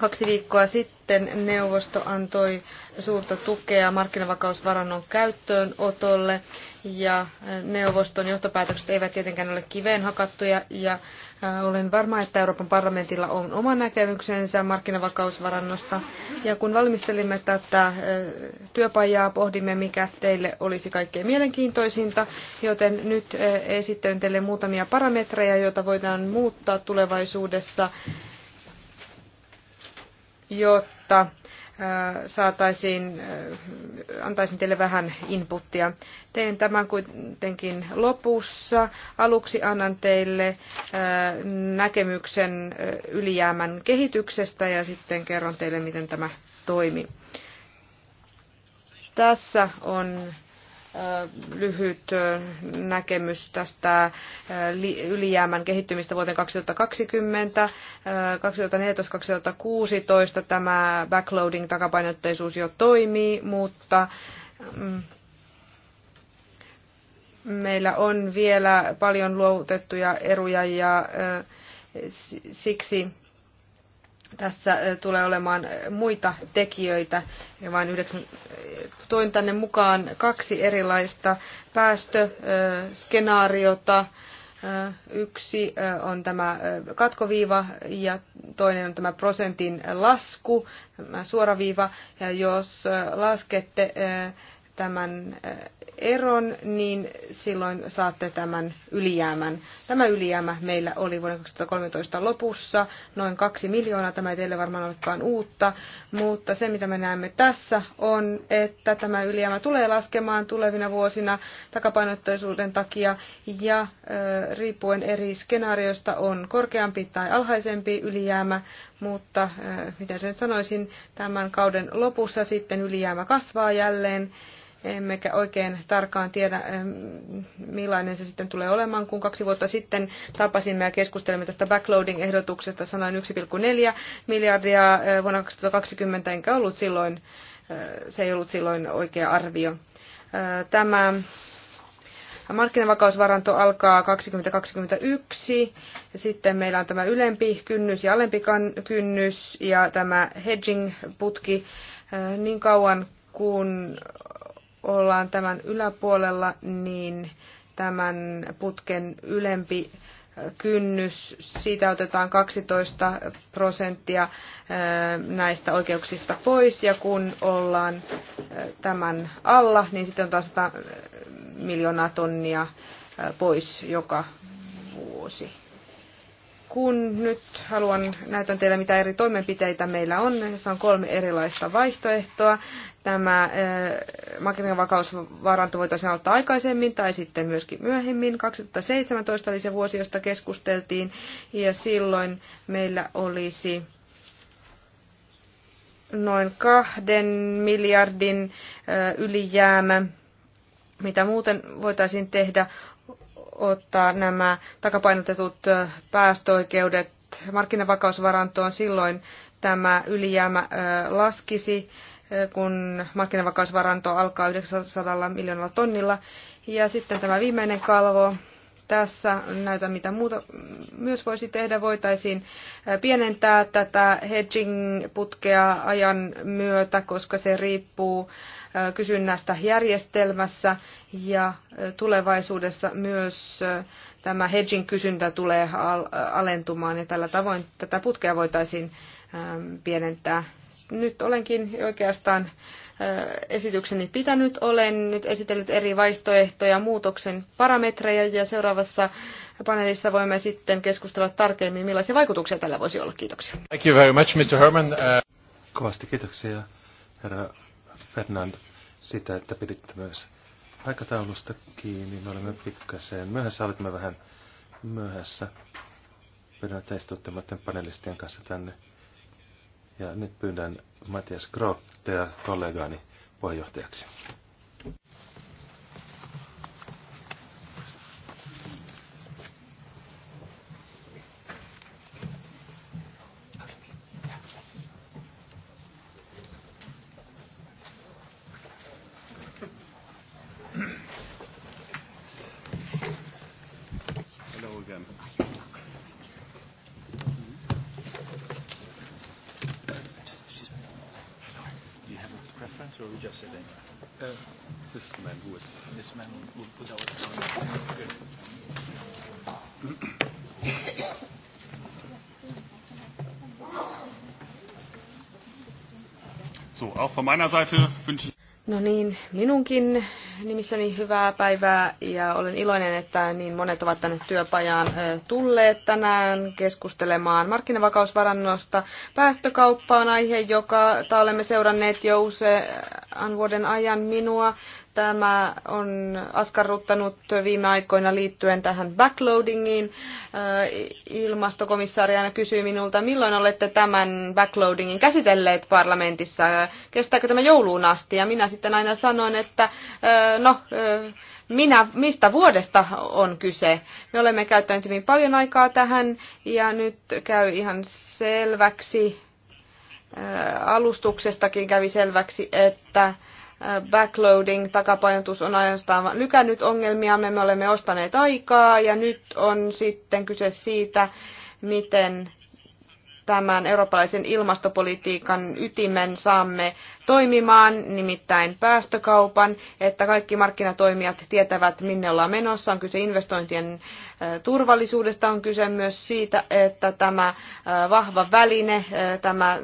Kaksi viikkoa sitten neuvosto antoi suurta tukea markkinavakausvarannon käyttöönotolle ja neuvoston johtopäätökset eivät tietenkään ole kiveen hakattuja ja olen varma, että Euroopan parlamentilla on oma näkemyksensä markkinavakausvarannosta. Ja kun valmistelimme tätä työpajaa, pohdimme, mikä teille olisi kaikkein mielenkiintoisinta, joten nyt esittelen teille muutamia parametreja, joita voidaan muuttaa tulevaisuudessa jotta saataisiin, antaisin teille vähän inputtia. Teen tämän kuitenkin lopussa. Aluksi annan teille näkemyksen ylijäämän kehityksestä ja sitten kerron teille, miten tämä toimi. Tässä on lyhyt näkemys tästä ylijäämän kehittymistä vuoteen 2020. 2014-2016 tämä backloading takapainotteisuus jo toimii, mutta mm, meillä on vielä paljon luovutettuja eruja ja siksi tässä tulee olemaan muita tekijöitä ja vain 9, toin tänne mukaan kaksi erilaista päästöskenaariota. Yksi on tämä katkoviiva ja toinen on tämä prosentin lasku, tämä suoraviiva. Ja jos laskette tämän eron, niin silloin saatte tämän ylijäämän. Tämä ylijäämä meillä oli vuoden 2013 lopussa, noin kaksi miljoonaa. Tämä ei teille varmaan olekaan uutta, mutta se mitä me näemme tässä on, että tämä ylijäämä tulee laskemaan tulevina vuosina takapainottaisuuden takia ja riippuen eri skenaarioista on korkeampi tai alhaisempi ylijäämä, mutta miten sen sanoisin, tämän kauden lopussa sitten ylijäämä kasvaa jälleen emmekä oikein tarkkaan tiedä, millainen se sitten tulee olemaan. Kun kaksi vuotta sitten tapasimme ja keskustelimme tästä backloading-ehdotuksesta, sanoin 1,4 miljardia eh, vuonna 2020, enkä ollut silloin, eh, se ei ollut silloin oikea arvio. Eh, tämä markkinavakausvaranto alkaa 2021, ja sitten meillä on tämä ylempi kynnys ja alempi kynnys, ja tämä hedging-putki niin kauan, kun ollaan tämän yläpuolella, niin tämän putken ylempi kynnys, siitä otetaan 12 prosenttia näistä oikeuksista pois, ja kun ollaan tämän alla, niin sitten on taas 100 miljoonaa tonnia pois joka vuosi kun nyt haluan näytän teille, mitä eri toimenpiteitä meillä on, se on kolme erilaista vaihtoehtoa. Tämä eh, makinan vakausvaranto voitaisiin aloittaa aikaisemmin tai sitten myöskin myöhemmin. 2017 oli se vuosi, josta keskusteltiin ja silloin meillä olisi noin kahden miljardin eh, ylijäämä mitä muuten voitaisiin tehdä, ottaa nämä takapainotetut päästöoikeudet markkinavakausvarantoon, silloin tämä ylijäämä laskisi, kun markkinavakausvaranto alkaa 900 miljoonalla tonnilla. Ja sitten tämä viimeinen kalvo, tässä näytä, mitä muuta myös voisi tehdä. Voitaisiin pienentää tätä hedging-putkea ajan myötä, koska se riippuu kysynnästä järjestelmässä ja tulevaisuudessa myös tämä hedging kysyntä tulee alentumaan ja tällä tavoin tätä putkea voitaisiin pienentää. Nyt olenkin oikeastaan esitykseni pitänyt. Olen nyt esitellyt eri vaihtoehtoja muutoksen parametreja ja seuraavassa paneelissa voimme sitten keskustella tarkemmin, millaisia vaikutuksia tällä voisi olla. Kiitoksia. Thank you very much, Mr. Herman. Uh... Kovasti kiitoksia, herra Fernand, siitä, että piditte myös aikataulusta kiinni. Me olemme pikkasen myöhässä, olimme vähän myöhässä. Pidän teistä panelistien kanssa tänne. Ja nyt pyydän Matias Groottea kollegaani puheenjohtajaksi. Von meiner Seite wünsche ich No niin, minunkin nimissäni hyvää päivää ja olen iloinen, että niin monet ovat tänne työpajaan tulleet tänään keskustelemaan markkinavakausvarannosta. Päästökauppa on aihe, joka olemme seuranneet jo use, vuoden ajan minua. Tämä on askarruttanut viime aikoina liittyen tähän backloadingiin. Ilmastokomissaari aina kysyy minulta, milloin olette tämän backloadingin käsitelleet parlamentissa? Kestääkö tämä jouluun asti? Ja minä sitten aina sanon, että no, minä, mistä vuodesta on kyse. Me olemme käyttäneet hyvin paljon aikaa tähän ja nyt käy ihan selväksi, alustuksestakin kävi selväksi, että backloading, takapainotus on ainoastaan lykännyt ongelmia, me olemme ostaneet aikaa ja nyt on sitten kyse siitä, miten tämän eurooppalaisen ilmastopolitiikan ytimen saamme toimimaan, nimittäin päästökaupan, että kaikki markkinatoimijat tietävät, minne ollaan menossa. On kyse investointien turvallisuudesta on kyse myös siitä, että tämä vahva väline, tämä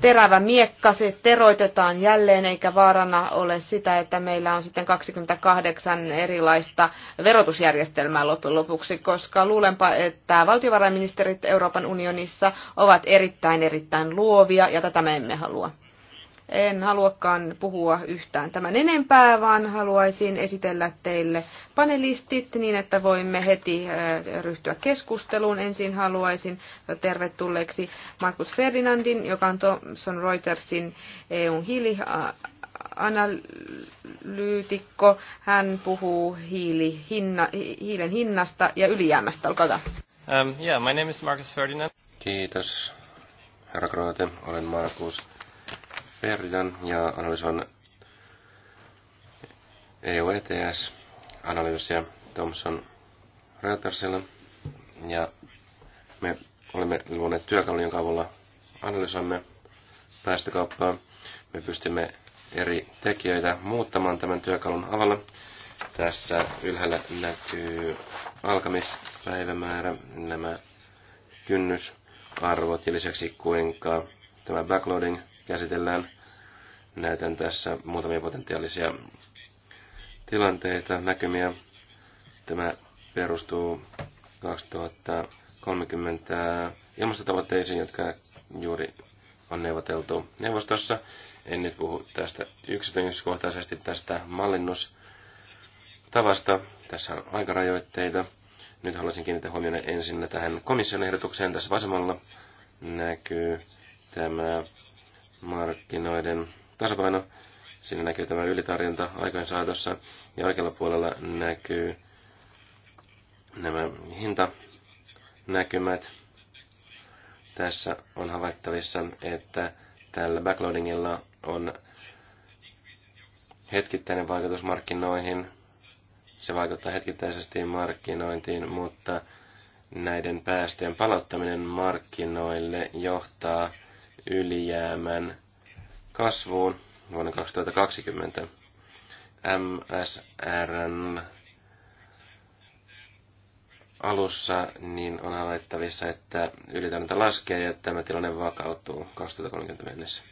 terävä miekka, se teroitetaan jälleen, eikä vaarana ole sitä, että meillä on sitten 28 erilaista verotusjärjestelmää loppujen lopuksi, koska luulenpa, että valtiovarainministerit Euroopan unionissa ovat erittäin erittäin luovia ja tätä me emme halua. En haluakaan puhua yhtään tämän enempää, vaan haluaisin esitellä teille panelistit niin, että voimme heti ryhtyä keskusteluun. Ensin haluaisin tervetulleeksi Markus Ferdinandin, joka on Thomson Reutersin EUn hiili analyytikko. Hän puhuu hiili, hinna, hiilen hinnasta ja ylijäämästä. Olkaa hyvä. Um, yeah, my name is Marcus Ferdinand. Kiitos, herra Kroate, Olen Markus Ferdinand ja analysoin EU ETS-analyysiä Thomson Reutersilla. Ja me olemme luoneet työkalun, jonka avulla analysoimme päästökauppaa. Me pystymme eri tekijöitä muuttamaan tämän työkalun avulla. Tässä ylhäällä näkyy alkamispäivämäärä, nämä kynnysarvot ja lisäksi kuinka tämä backloading käsitellään. Näytän tässä muutamia potentiaalisia tilanteita, näkymiä. Tämä perustuu 2030 ilmastotavoitteisiin, jotka juuri on neuvoteltu neuvostossa. En nyt puhu tästä yksityiskohtaisesti tästä mallinnustavasta. Tässä on aikarajoitteita. Nyt haluaisin kiinnittää huomioon ensin tähän komission ehdotukseen. Tässä vasemmalla näkyy tämä markkinoiden tasapaino. Siinä näkyy tämä ylitarjonta aikaansaatossa ja oikealla puolella näkyy nämä hintanäkymät. Tässä on havaittavissa, että tällä backloadingilla on hetkittäinen vaikutus markkinoihin. Se vaikuttaa hetkittäisesti markkinointiin, mutta näiden päästöjen palauttaminen markkinoille johtaa ylijäämän kasvuun vuonna 2020. MSRn alussa niin on havaittavissa, että ylitarjonta laskee ja tämä tilanne vakautuu 2030 mennessä.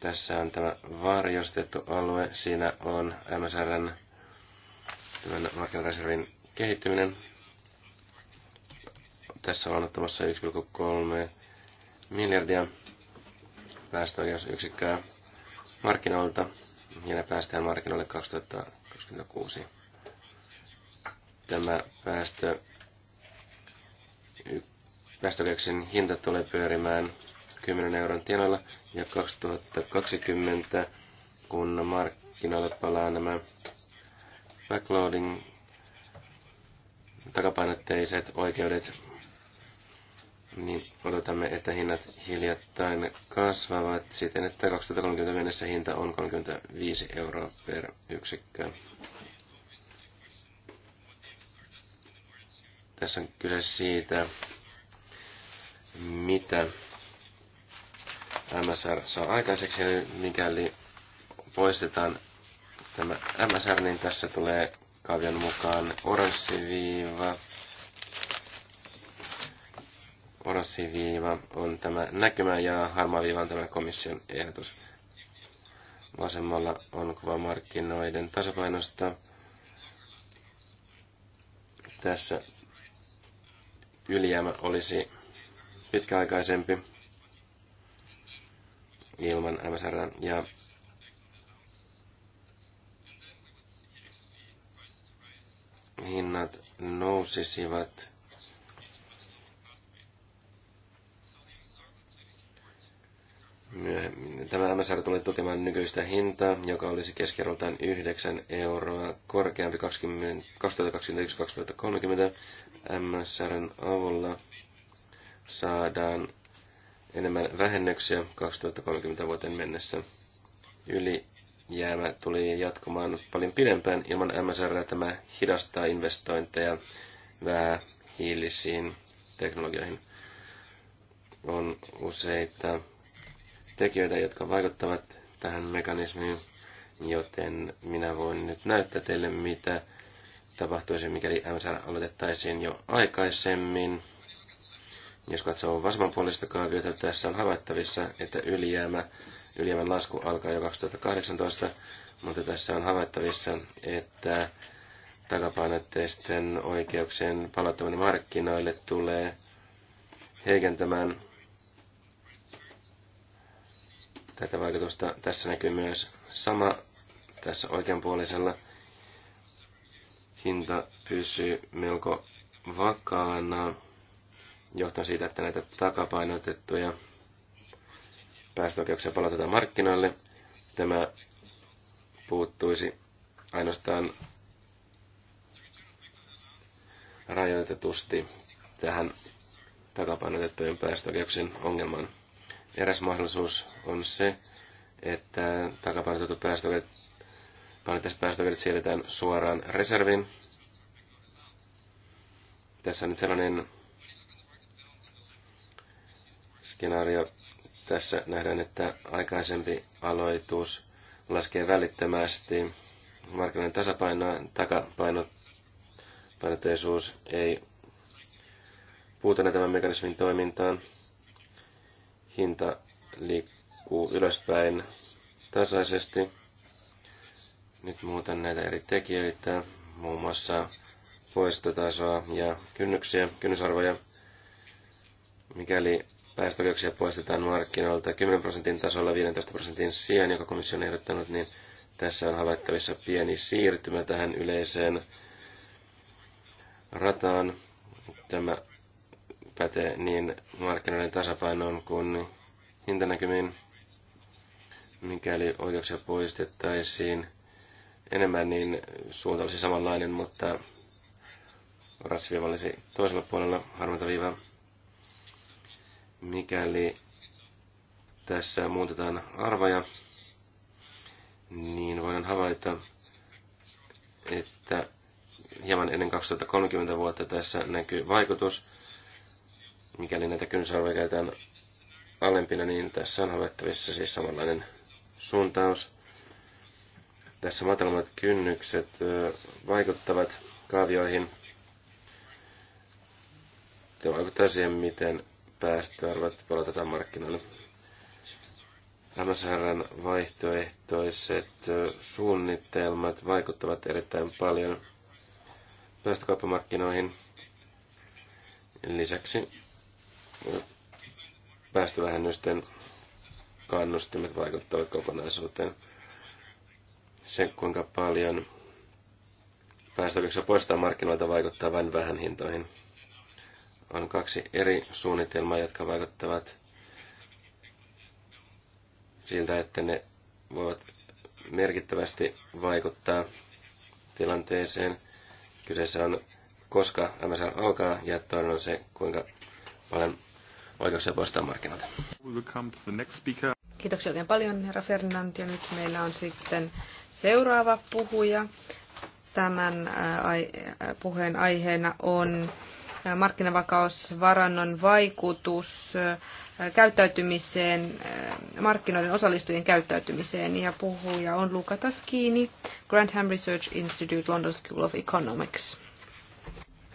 Tässä on tämä varjostettu alue. Siinä on MSRn tämän markkinareservin kehittyminen. Tässä on ottamassa miljardia päästöoikeusyksikköä markkinoilta ja ne päästään markkinoille 2026. Tämä päästö, päästöoikeuksien hinta tulee pyörimään 10 euron tienoilla ja 2020, kun markkinoille palaa nämä backloading takapainotteiset oikeudet niin odotamme, että hinnat hiljattain kasvavat siten, että 2030 mennessä hinta on 35 euroa per yksikkö. Tässä on kyse siitä, mitä MSR saa aikaiseksi, mikäli poistetaan tämä MSR, niin tässä tulee kavion mukaan oranssiviiva, Orossiviiva on tämä näkymä ja harmaa viiva on tämä komission ehdotus. Vasemmalla on kuva markkinoiden tasapainosta. Tässä ylijäämä olisi pitkäaikaisempi ilman MSR ja hinnat nousisivat Tämä MSR tuli tukemaan nykyistä hintaa, joka olisi keskiarvoltaan 9 euroa korkeampi 2021-2030. MSRn avulla saadaan enemmän vähennyksiä 2030 vuoteen mennessä. Yli tuli jatkumaan paljon pidempään ilman MSR. Tämä hidastaa investointeja vähähiilisiin teknologioihin. On useita tekijöitä, jotka vaikuttavat tähän mekanismiin, joten minä voin nyt näyttää teille, mitä tapahtuisi, mikäli MSR aloitettaisiin jo aikaisemmin. Jos katsoo vasemmanpuolista kaaviota, tässä on havaittavissa, että ylijäämä, ylijäämän lasku alkaa jo 2018, mutta tässä on havaittavissa, että takapainotteisten oikeuksien palauttaminen markkinoille tulee heikentämään tätä vaikutusta. Tässä näkyy myös sama tässä oikeanpuolisella. Hinta pysyy melko vakaana johtuen siitä, että näitä takapainotettuja päästöoikeuksia palautetaan markkinoille. Tämä puuttuisi ainoastaan rajoitetusti tähän takapainotettujen päästöoikeuksien ongelmaan. Eräs mahdollisuus on se, että takapainotetut päästövedet, painotteiset päästövedet siirretään suoraan reserviin. Tässä on nyt sellainen skenaario. Tässä nähdään, että aikaisempi aloitus laskee välittömästi markkinoiden tasapainoa, takapainotteisuus ei puutu tämän mekanismin toimintaan hinta liikkuu ylöspäin tasaisesti. Nyt muutan näitä eri tekijöitä, muun muassa poistotasoa ja kynnyksiä, kynnysarvoja. Mikäli päästöoikeuksia poistetaan markkinoilta 10 prosentin tasolla 15 prosentin sijaan, joka komissio on ehdottanut, niin tässä on havaittavissa pieni siirtymä tähän yleiseen rataan. Tämä pätee niin markkinoiden tasapainoon kuin hintanäkymiin. Mikäli oikeuksia poistettaisiin enemmän, niin suunta olisi samanlainen, mutta ratsiviiva olisi toisella puolella harmaita viivaa. Mikäli tässä muutetaan arvoja, niin voidaan havaita, että hieman ennen 2030 vuotta tässä näkyy vaikutus, Mikäli näitä kynsarvoja käytetään alempina, niin tässä on havaittavissa siis samanlainen suuntaus. Tässä matalammat kynnykset vaikuttavat kaavioihin. Ja vaikuttaa siihen, miten päästöarvot palautetaan markkinoille. MSRn vaihtoehtoiset suunnitelmat vaikuttavat erittäin paljon päästökauppamarkkinoihin. Lisäksi päästövähennysten kannustimet vaikuttavat kokonaisuuteen. Se, kuinka paljon päästöoikeuksia poistaa markkinoilta, vaikuttaa vain vähän hintoihin. On kaksi eri suunnitelmaa, jotka vaikuttavat siltä, että ne voivat merkittävästi vaikuttaa tilanteeseen. Kyseessä on koska MSR alkaa ja toinen on se, kuinka paljon oikeuksia poistaa markkinoilta. Kiitoksia oikein paljon, herra Fernand. Ja nyt meillä on sitten seuraava puhuja. Tämän äh, äh, puheen aiheena on äh, markkinavakausvarannon vaikutus käyttäytymiseen, markkinoiden osallistujien käyttäytymiseen. Ja puhuja on Luca Taskini, Grantham Research Institute, London School of Economics.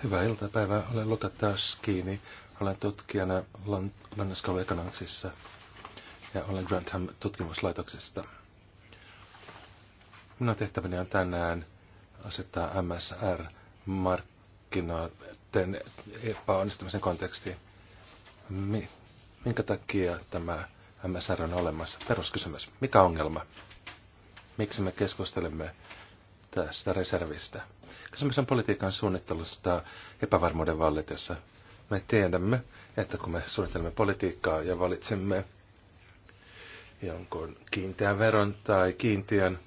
Hyvää iltapäivää. Olen Luka Taskini olen tutkijana London School of Economicsissa ja olen Grantham tutkimuslaitoksesta. Minun tehtäväni on tänään asettaa MSR-markkinoiden epäonnistumisen konteksti. Minkä takia tämä MSR on olemassa? Peruskysymys. Mikä ongelma? Miksi me keskustelemme tästä reservistä? Kysymys on politiikan suunnittelusta epävarmuuden vallitessa. Me tiedämme, että kun me suunnittelemme politiikkaa ja valitsemme jonkun kiinteän veron tai kiintiön,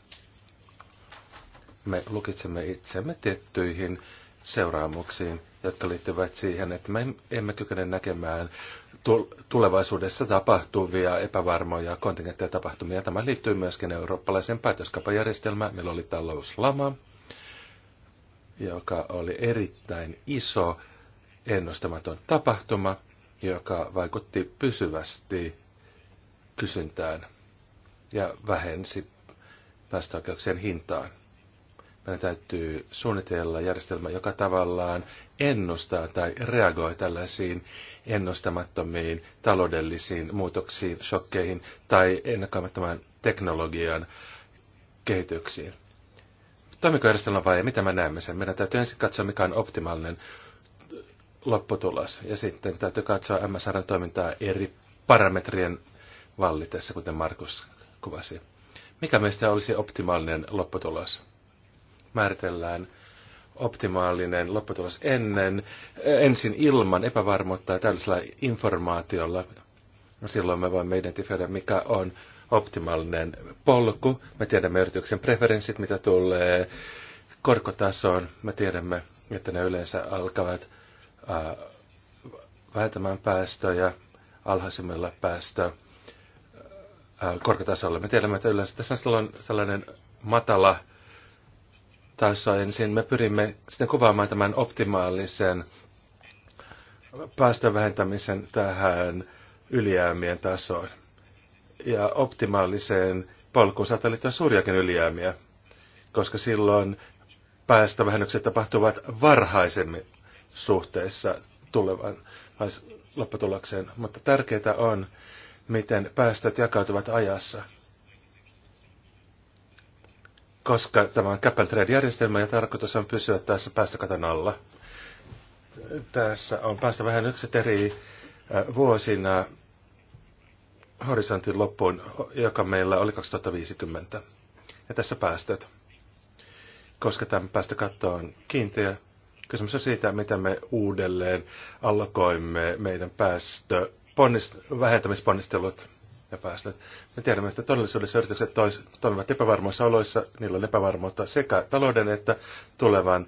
me lukitsemme itsemme tiettyihin seuraamuksiin, jotka liittyvät siihen, että me emme kykene näkemään tulevaisuudessa tapahtuvia epävarmoja kontingentteja tapahtumia. Tämä liittyy myöskin eurooppalaiseen päätöskapajärjestelmään. Meillä oli talouslama, joka oli erittäin iso ennustamaton tapahtuma, joka vaikutti pysyvästi kysyntään ja vähensi päästöoikeuksien hintaan. Meidän täytyy suunnitella järjestelmä, joka tavallaan ennustaa tai reagoi tällaisiin ennustamattomiin taloudellisiin muutoksiin, shokkeihin tai ennakoimattoman teknologian kehityksiin. Toimiko järjestelmä vai mitä me näemme sen? Meidän täytyy ensin katsoa, mikä on optimaalinen lopputulos. Ja sitten täytyy katsoa MSRn toimintaa eri parametrien vallitessa, kuten Markus kuvasi. Mikä meistä olisi optimaalinen lopputulos? Määritellään optimaalinen lopputulos ennen, äh, ensin ilman epävarmuutta ja tällaisella informaatiolla. No silloin me voimme identifioida, mikä on optimaalinen polku. Me tiedämme yrityksen preferenssit, mitä tulee korkotasoon. Me tiedämme, että ne yleensä alkavat Äh, vähentämään ja alhaisimmilla päästö äh, korkotasolla. Me tiedämme, että yleensä tässä on sellainen matala taso ensin. Me pyrimme sitten kuvaamaan tämän optimaalisen vähentämisen tähän ylijäämien tasoon ja optimaaliseen polkuun saattaa liittyä suuriakin ylijäämiä, koska silloin päästövähennykset tapahtuvat varhaisemmin suhteessa tulevan lopputulokseen. Mutta tärkeää on, miten päästöt jakautuvat ajassa. Koska tämä on cap and trade järjestelmä ja tarkoitus on pysyä tässä päästökaton alla. Tässä on päästä vähän yksi eri äh, vuosina horisontin loppuun, joka meillä oli 2050. Ja tässä päästöt. Koska tämä päästökatto on kiinteä, Kysymys on siitä, miten me uudelleen allokoimme meidän päästö ponnist- vähentämisponnistelut ja päästöt. Me tiedämme, että todellisuudessa yritykset tois- toimivat epävarmoissa oloissa, niillä on epävarmuutta sekä talouden että tulevan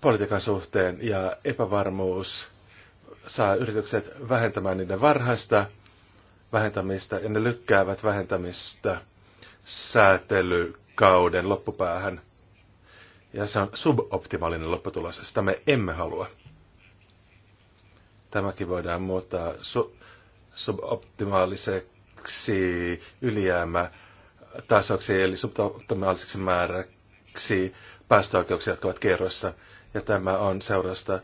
politiikan suhteen, ja epävarmuus saa yritykset vähentämään niiden varhaista vähentämistä, ja ne lykkäävät vähentämistä säätelykauden loppupäähän ja se on suboptimaalinen lopputulos. Sitä me emme halua. Tämäkin voidaan muuttaa su- suboptimaaliseksi ylijäämä tasoksi, eli suboptimaaliseksi määräksi päästöoikeuksia, jotka ovat kerroissa. Ja tämä on seurasta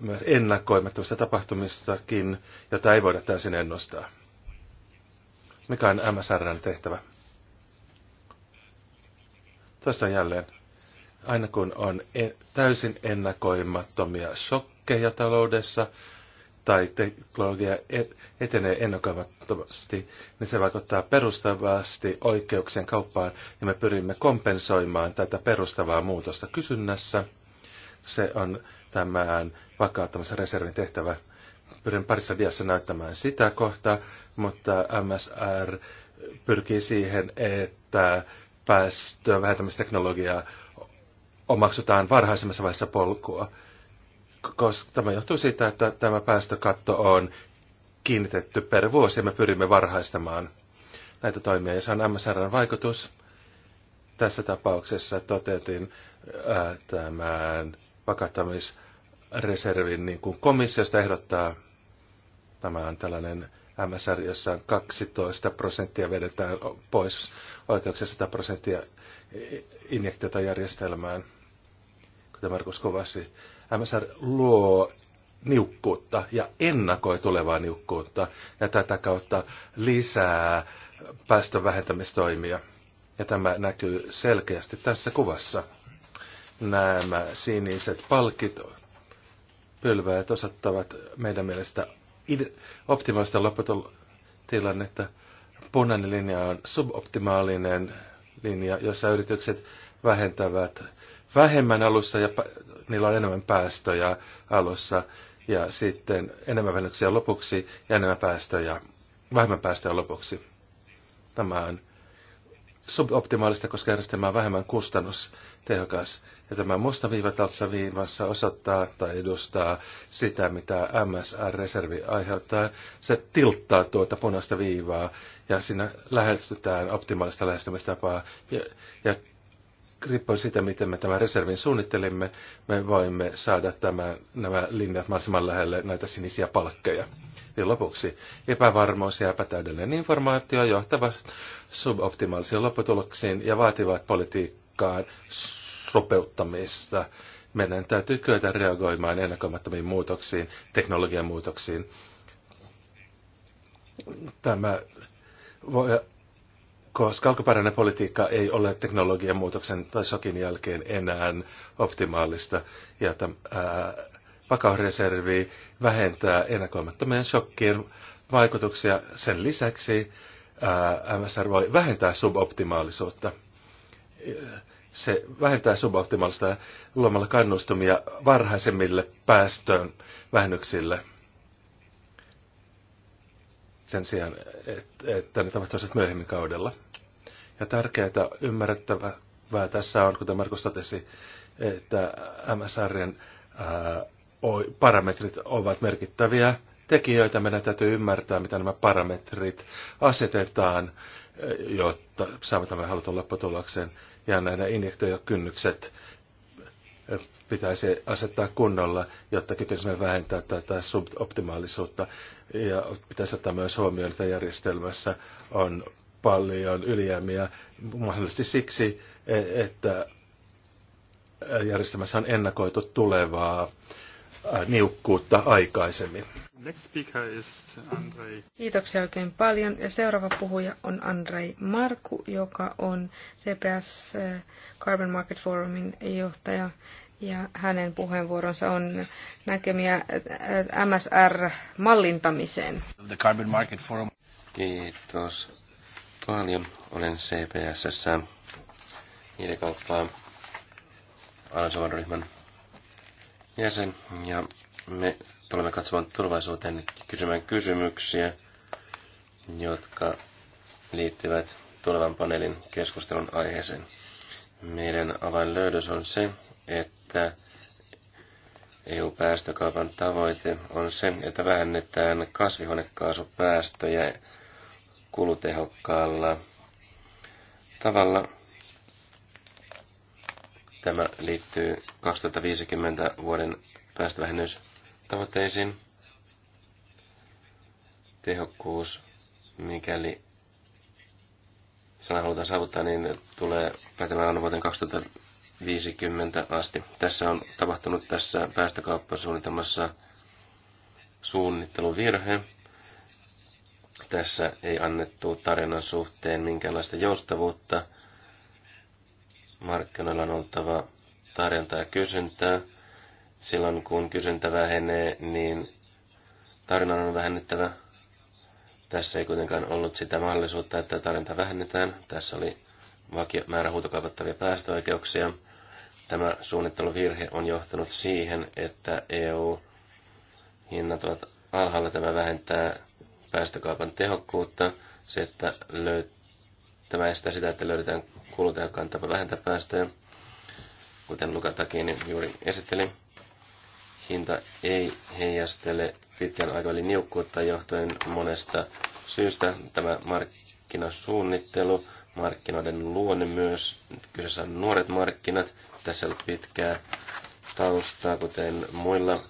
myös ennakoimattomista tapahtumistakin, jota ei voida täysin ennustaa. Mikä on MSRn tehtävä? Tästä jälleen aina kun on e- täysin ennakoimattomia shokkeja taloudessa tai teknologia e- etenee ennakoimattomasti, niin se vaikuttaa perustavasti oikeuksien kauppaan ja me pyrimme kompensoimaan tätä perustavaa muutosta kysynnässä. Se on tämän vakauttamisen reservin tehtävä. Pyrin parissa diassa näyttämään sitä kohtaa, mutta MSR pyrkii siihen, että päästöön vähentämisteknologiaa omaksutaan varhaisemmassa vaiheessa polkua. Koska tämä johtuu siitä, että tämä päästökatto on kiinnitetty per vuosi ja me pyrimme varhaistamaan näitä toimia. Ja se on MSRn vaikutus. Tässä tapauksessa toteutin ää, äh, tämän vakauttamisreservin niin kuin komissiosta ehdottaa. Tämä on tällainen MSR, jossa 12 prosenttia vedetään pois oikeuksia 100 prosenttia injektiota järjestelmään kuten Markus kovasi. MSR luo niukkuutta ja ennakoi tulevaa niukkuutta ja tätä kautta lisää päästön vähentämistoimia. Ja tämä näkyy selkeästi tässä kuvassa. Nämä siniset palkit pylväät osattavat meidän mielestä optimaalista lopputilannetta. Punainen linja on suboptimaalinen linja, jossa yritykset vähentävät vähemmän alussa ja niillä on enemmän päästöjä alussa ja sitten enemmän vähennyksiä lopuksi ja enemmän päästöjä, vähemmän päästöjä lopuksi. Tämä on suboptimaalista, koska järjestelmä on vähemmän kustannustehokas. Ja tämä musta viiva tässä viivassa osoittaa tai edustaa sitä, mitä MSR-reservi aiheuttaa. Se tilttaa tuota punaista viivaa ja siinä lähestytään optimaalista lähestymistapaa. Ja, ja riippuen siitä, miten me tämän reservin suunnittelimme, me voimme saada tämän, nämä linjat mahdollisimman lähelle näitä sinisiä palkkeja. Ja lopuksi epävarmuus ja epätäydellinen informaatio johtavat suboptimaalisiin lopputuloksiin ja vaativat politiikkaan sopeuttamista. Meidän täytyy kyetä reagoimaan ennakoimattomiin muutoksiin, teknologian muutoksiin. Tämä voi koska alkuperäinen politiikka ei ole teknologian muutoksen tai sokin jälkeen enää optimaalista, ja vakausreservi vähentää ennakoimattomien shokkien vaikutuksia. Sen lisäksi ää, MSR voi vähentää suboptimaalisuutta. Se vähentää suboptimaalista luomalla kannustumia varhaisemmille päästöön vähennyksille sen sijaan, että ne tapahtuisivat myöhemmin kaudella. Ja tärkeää ymmärrettävää tässä on, kuten Markus totesi, että MSRn parametrit ovat merkittäviä tekijöitä. Meidän täytyy ymmärtää, mitä nämä parametrit asetetaan, jotta saamme tämän halutun lopputulokseen. Ja näiden injektiokynnykset pitäisi asettaa kunnolla, jotta kykyisimme vähentää tätä suboptimaalisuutta. Ja pitäisi ottaa myös huomioon, että järjestelmässä on paljon ylijäämiä, mahdollisesti siksi, että järjestelmässä on ennakoitu tulevaa äh, niukkuutta aikaisemmin. Kiitoksia oikein paljon. Ja seuraava puhuja on Andrei Marku, joka on CPS äh, Carbon Market Forumin johtaja ja hänen puheenvuoronsa on näkemiä äh, MSR-mallintamiseen. The Carbon Market Forum. Kiitos paljon. Olen CPSS hiilikauppaa analysoivan ryhmän jäsen ja me tulemme katsomaan tulevaisuuteen kysymään kysymyksiä, jotka liittyvät tulevan paneelin keskustelun aiheeseen. Meidän avainlöydös on se, että EU-päästökaupan tavoite on se, että vähennetään kasvihuonekaasupäästöjä kulutehokkaalla tavalla. Tämä liittyy 2050 vuoden päästövähennystavoitteisiin. Tehokkuus, mikäli sana halutaan saavuttaa, niin tulee päätämään vuoteen 2050 50 asti. Tässä on tapahtunut tässä päästökauppasuunnitelmassa suunnitteluvirhe. Tässä ei annettu tarinan suhteen minkäänlaista joustavuutta. Markkinoilla on oltava tarjontaa ja kysyntää. Silloin kun kysyntä vähenee, niin tarinan on vähennettävä. Tässä ei kuitenkaan ollut sitä mahdollisuutta, että tarjonta vähennetään. Tässä oli vakio määrä huutokaupattavia päästöoikeuksia. Tämä suunnitteluvirhe on johtanut siihen, että EU-hinnat ovat alhaalla. Tämä vähentää päästökaupan tehokkuutta. Se, että löy- tämä estää sitä, että löydetään kulutehokkaan tapa vähentää päästöjä. Kuten Luka Takini juuri esitteli, hinta ei heijastele pitkän aikavälin niukkuutta johtuen monesta syystä. Tämä markkinasuunnittelu markkinoiden luonne myös. Kyseessä on nuoret markkinat. Tässä on pitkää taustaa, kuten muilla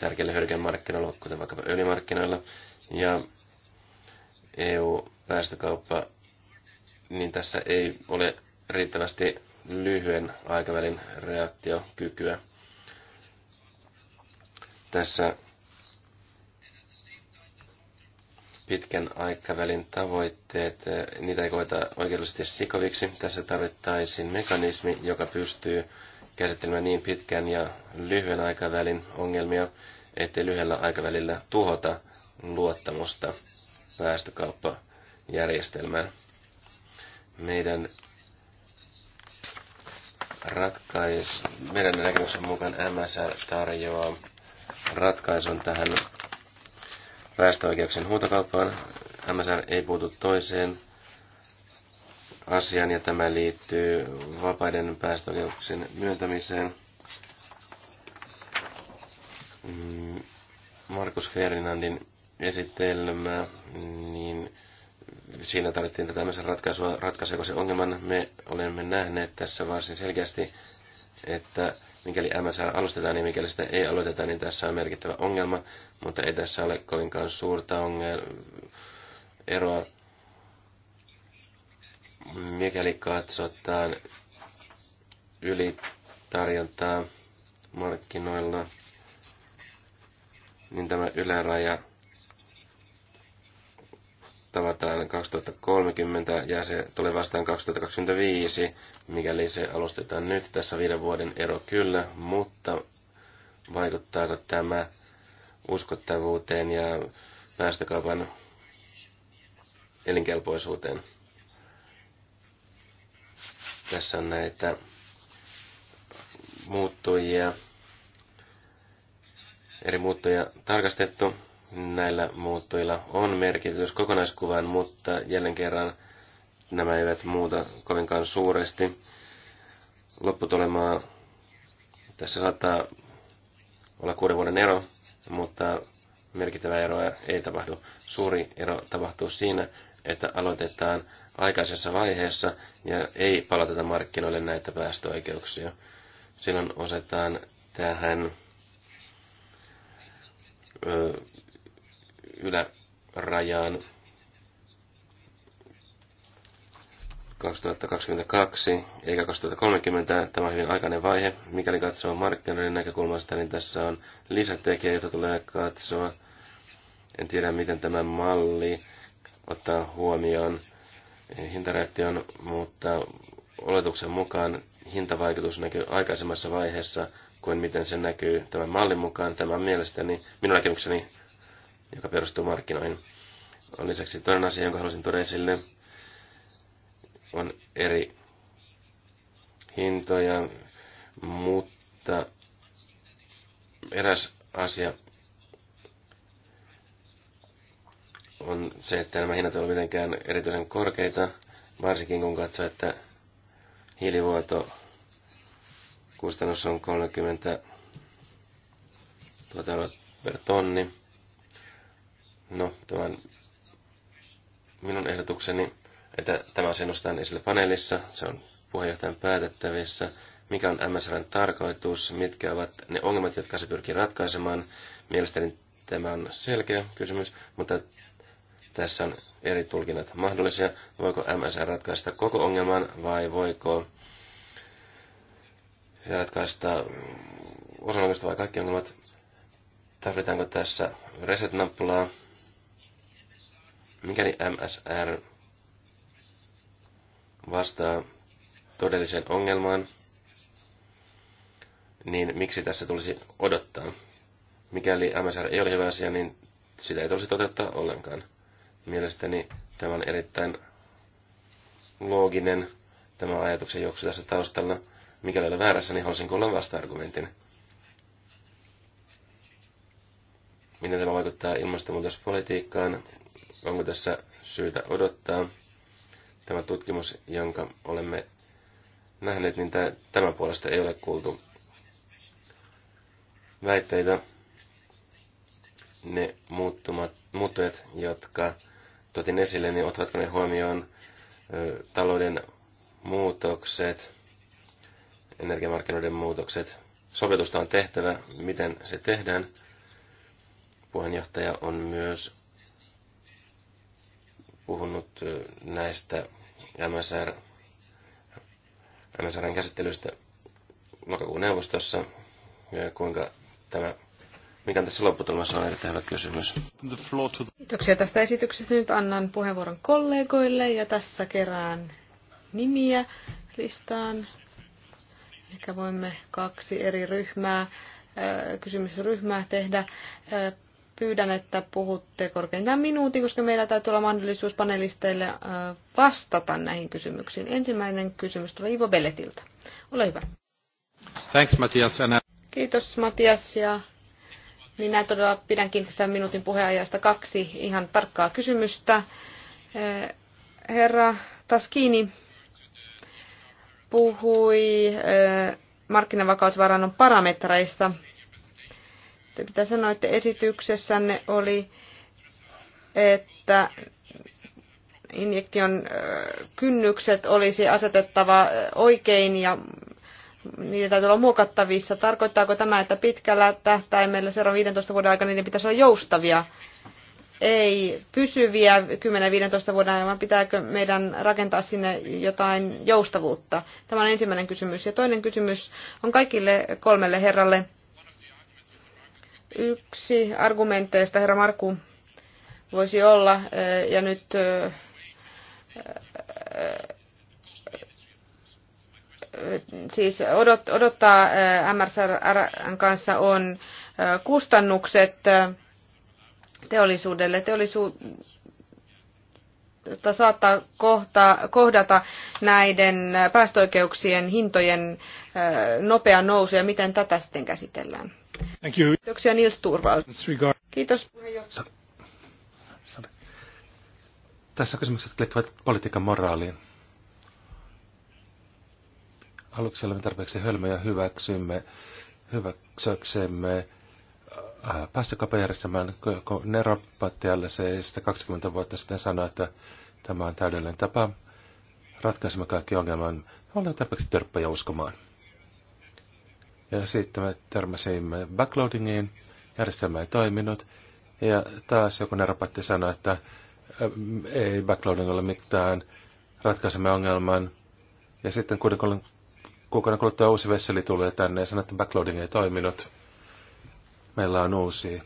tärkeillä hyödykemarkkinoilla, kuten vaikkapa öljymarkkinoilla. Ja EU-päästökauppa, niin tässä ei ole riittävästi lyhyen aikavälin reaktiokykyä. Tässä pitkän aikavälin tavoitteet, niitä ei koeta oikeudellisesti sikoviksi. Tässä tarvittaisiin mekanismi, joka pystyy käsittelemään niin pitkän ja lyhyen aikavälin ongelmia, ettei lyhyellä aikavälillä tuhota luottamusta päästökauppajärjestelmään. Meidän ratkais, meidän näkemyksen mukaan MSR tarjoaa ratkaisun tähän päästöoikeuksien huutokauppaan. MSR ei puutu toiseen asiaan ja tämä liittyy vapaiden päästöoikeuksien myöntämiseen. Mm, Markus Ferdinandin esitelmä, niin siinä tarvittiin tätä tämmöisen ratkaisua, ratkaiseeko se ongelman. Me olemme nähneet tässä varsin selkeästi, että Mikäli MSR alustetaan niin mikäli sitä ei aloiteta, niin tässä on merkittävä ongelma, mutta ei tässä ole kovinkaan suurta ongelmaa eroa. Mikäli katsotaan ylitarjontaa markkinoilla, niin tämä yläraja tavataan 2030 ja se tulee vastaan 2025, mikäli se alustetaan nyt. Tässä viiden vuoden ero kyllä, mutta vaikuttaako tämä uskottavuuteen ja päästökaupan elinkelpoisuuteen? Tässä on näitä muuttujia, eri muuttuja tarkastettu näillä muuttujilla on merkitys kokonaiskuvaan, mutta jälleen kerran nämä eivät muuta kovinkaan suuresti. Lopputulemaa tässä saattaa olla kuuden vuoden ero, mutta merkittävä ero ei tapahdu. Suuri ero tapahtuu siinä, että aloitetaan aikaisessa vaiheessa ja ei palauteta markkinoille näitä päästöoikeuksia. Silloin osetaan tähän ylärajaan 2022 eikä 2030. Tämä on hyvin aikainen vaihe. Mikäli katsoo markkinoiden näkökulmasta, niin tässä on lisätekijä, jota tulee katsoa. En tiedä, miten tämä malli ottaa huomioon hintareaktion, mutta oletuksen mukaan hintavaikutus näkyy aikaisemmassa vaiheessa kuin miten se näkyy tämän mallin mukaan. Tämä on mielestäni, minun näkemykseni joka perustuu markkinoihin. On lisäksi toinen asia, jonka haluaisin tuoda esille, on eri hintoja, mutta eräs asia on se, että nämä hinnat ovat mitenkään erityisen korkeita, varsinkin kun katsoo, että hiilivuoto kustannus on 30 000 euroa per tonni. No, tämän minun ehdotukseni, että tämä asia nostetaan esille paneelissa, se on puheenjohtajan päätettävissä, mikä on MSRn tarkoitus, mitkä ovat ne ongelmat, jotka se pyrkii ratkaisemaan. Mielestäni tämä on selkeä kysymys, mutta tässä on eri tulkinnat mahdollisia. Voiko MSR ratkaista koko ongelman vai voiko se ratkaista osan vai kaikki ongelmat? Tarvitaanko tässä reset-nappulaa? Mikäli MSR vastaa todelliseen ongelmaan, niin miksi tässä tulisi odottaa? Mikäli MSR ei ole hyvä asia, niin sitä ei tulisi toteuttaa ollenkaan. Mielestäni tämä on erittäin looginen tämä ajatuksen juoksu tässä taustalla. Mikäli olen väärässä, niin haluaisin kuulla vasta-argumentin. Miten tämä vaikuttaa ilmastonmuutospolitiikkaan onko tässä syytä odottaa tämä tutkimus, jonka olemme nähneet, niin tämän puolesta ei ole kuultu väitteitä. Ne muuttumat, muuttujat, jotka totin esille, niin ottavatko ne huomioon ö, talouden muutokset, energiamarkkinoiden muutokset. Sopetusta on tehtävä, miten se tehdään. Puheenjohtaja on myös puhunut näistä MSR, MSRn käsittelystä lokakuun neuvostossa. Ja kuinka tämä, mikä tässä lopputulossa on erittäin hyvä kysymys. Kiitoksia tästä esityksestä. Nyt annan puheenvuoron kollegoille ja tässä kerään nimiä listaan. Ehkä voimme kaksi eri ryhmää kysymysryhmää tehdä pyydän, että puhutte korkeintaan minuutin, koska meillä täytyy olla mahdollisuus panelisteille äh, vastata näihin kysymyksiin. Ensimmäinen kysymys tulee Ivo Belletiltä. Ole hyvä. Thanks, Matias. Äh, Kiitos, Matias. Ja minä todella pidänkin tästä minuutin puheenajasta kaksi ihan tarkkaa kysymystä. Äh, herra Taskini puhui markkinavakausvarannon parametreista – se mitä sanoa, että esityksessänne oli, että injektion kynnykset olisi asetettava oikein ja niitä täytyy olla muokattavissa. Tarkoittaako tämä, että pitkällä tähtäimellä seuraavan 15 vuoden aikana niiden pitäisi olla joustavia? Ei pysyviä 10-15 vuoden ajan, vaan pitääkö meidän rakentaa sinne jotain joustavuutta? Tämä on ensimmäinen kysymys. Ja toinen kysymys on kaikille kolmelle herralle. Yksi argumenteista, herra Markku, voisi olla, eh, ja nyt eh, eh, siis odottaa MRSRn kanssa on kustannukset teollisuudelle. Teollisuutta saattaa kohta, kohdata näiden päästöoikeuksien hintojen nopea nousu ja miten tätä sitten käsitellään. Thank you. Kiitoksia Nils Turval. Kiitos puheenjohtaja. Tässä kysymykset liittyvät politiikan moraaliin. Aluksi olemme tarpeeksi hölmöjä hyväksymme, hyväksyäksemme päästökauppajärjestelmän neropatialle se 20 vuotta sitten sanoi, että tämä on täydellinen tapa. Ratkaisemme kaikki ongelman. Olemme tarpeeksi törppäjä uskomaan. Ja sitten me törmäsimme backloadingiin, järjestelmä ei toiminut. Ja taas joku neropatti sanoi, että ei backloading ole mitään, ratkaisemme ongelman. Ja sitten kuuden kuukauden kuluttua uusi vesseli tulee tänne ja sanoi, että backloading ei toiminut. Meillä on uusi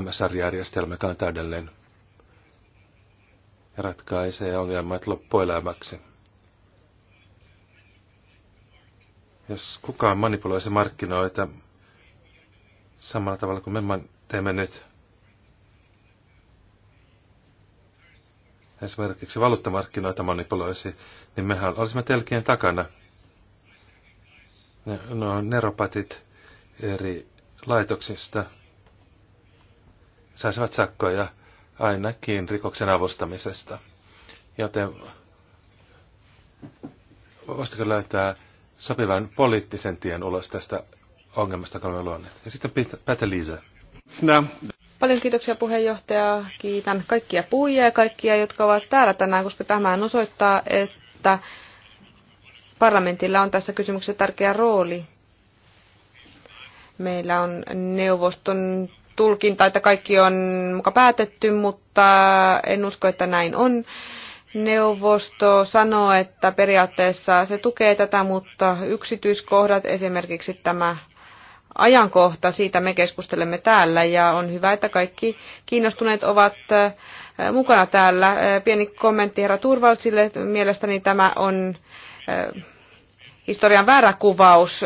MSR-järjestelmä, joka on täydellinen ja ratkaisee ongelmat loppuelämäksi. Jos kukaan manipuloisi markkinoita samalla tavalla kuin me teemme nyt, esimerkiksi valuuttamarkkinoita manipuloisi, niin mehän olisimme telkien takana. Ne, no, neropatit eri laitoksista saisivat sakkoja ainakin rikoksen avustamisesta. Joten voisitko löytää sopivan poliittisen tien ulos tästä ongelmasta, jonka olemme Ja sitten Päte Liisa. No. Paljon kiitoksia puheenjohtaja. Kiitän kaikkia puhujia ja kaikkia, jotka ovat täällä tänään, koska tämä osoittaa, että parlamentilla on tässä kysymyksessä tärkeä rooli. Meillä on neuvoston tulkinta, että kaikki on muka päätetty, mutta en usko, että näin on. Neuvosto sanoo, että periaatteessa se tukee tätä, mutta yksityiskohdat, esimerkiksi tämä ajankohta, siitä me keskustelemme täällä ja on hyvä, että kaikki kiinnostuneet ovat äh, mukana täällä. Äh, pieni kommentti herra Turvalsille. Mielestäni tämä on äh, historian väärä kuvaus.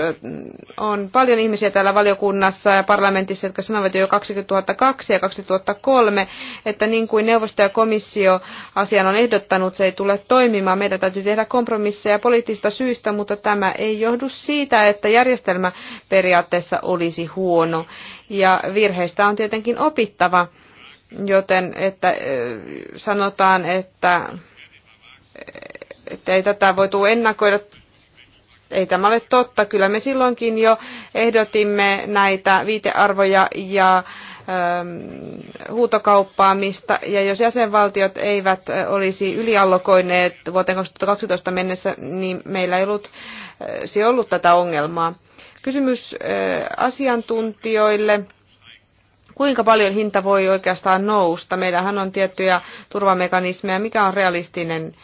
On paljon ihmisiä täällä valiokunnassa ja parlamentissa, jotka sanovat jo 2002 ja 2003, että niin kuin neuvosto ja komissio asian on ehdottanut, se ei tule toimimaan. Meidän täytyy tehdä kompromisseja poliittista syistä, mutta tämä ei johdu siitä, että järjestelmä periaatteessa olisi huono. Ja virheistä on tietenkin opittava, joten että, sanotaan, että että ei tätä voitu ennakoida ei tämä ole totta. Kyllä me silloinkin jo ehdotimme näitä viitearvoja ja ähm, huutokauppaamista, ja jos jäsenvaltiot eivät äh, olisi yliallokoineet vuoteen 2012 mennessä, niin meillä ei ollut, äh, se ollut tätä ongelmaa. Kysymys äh, asiantuntijoille kuinka paljon hinta voi oikeastaan nousta. Meillähän on tiettyjä turvamekanismeja, mikä on realistinen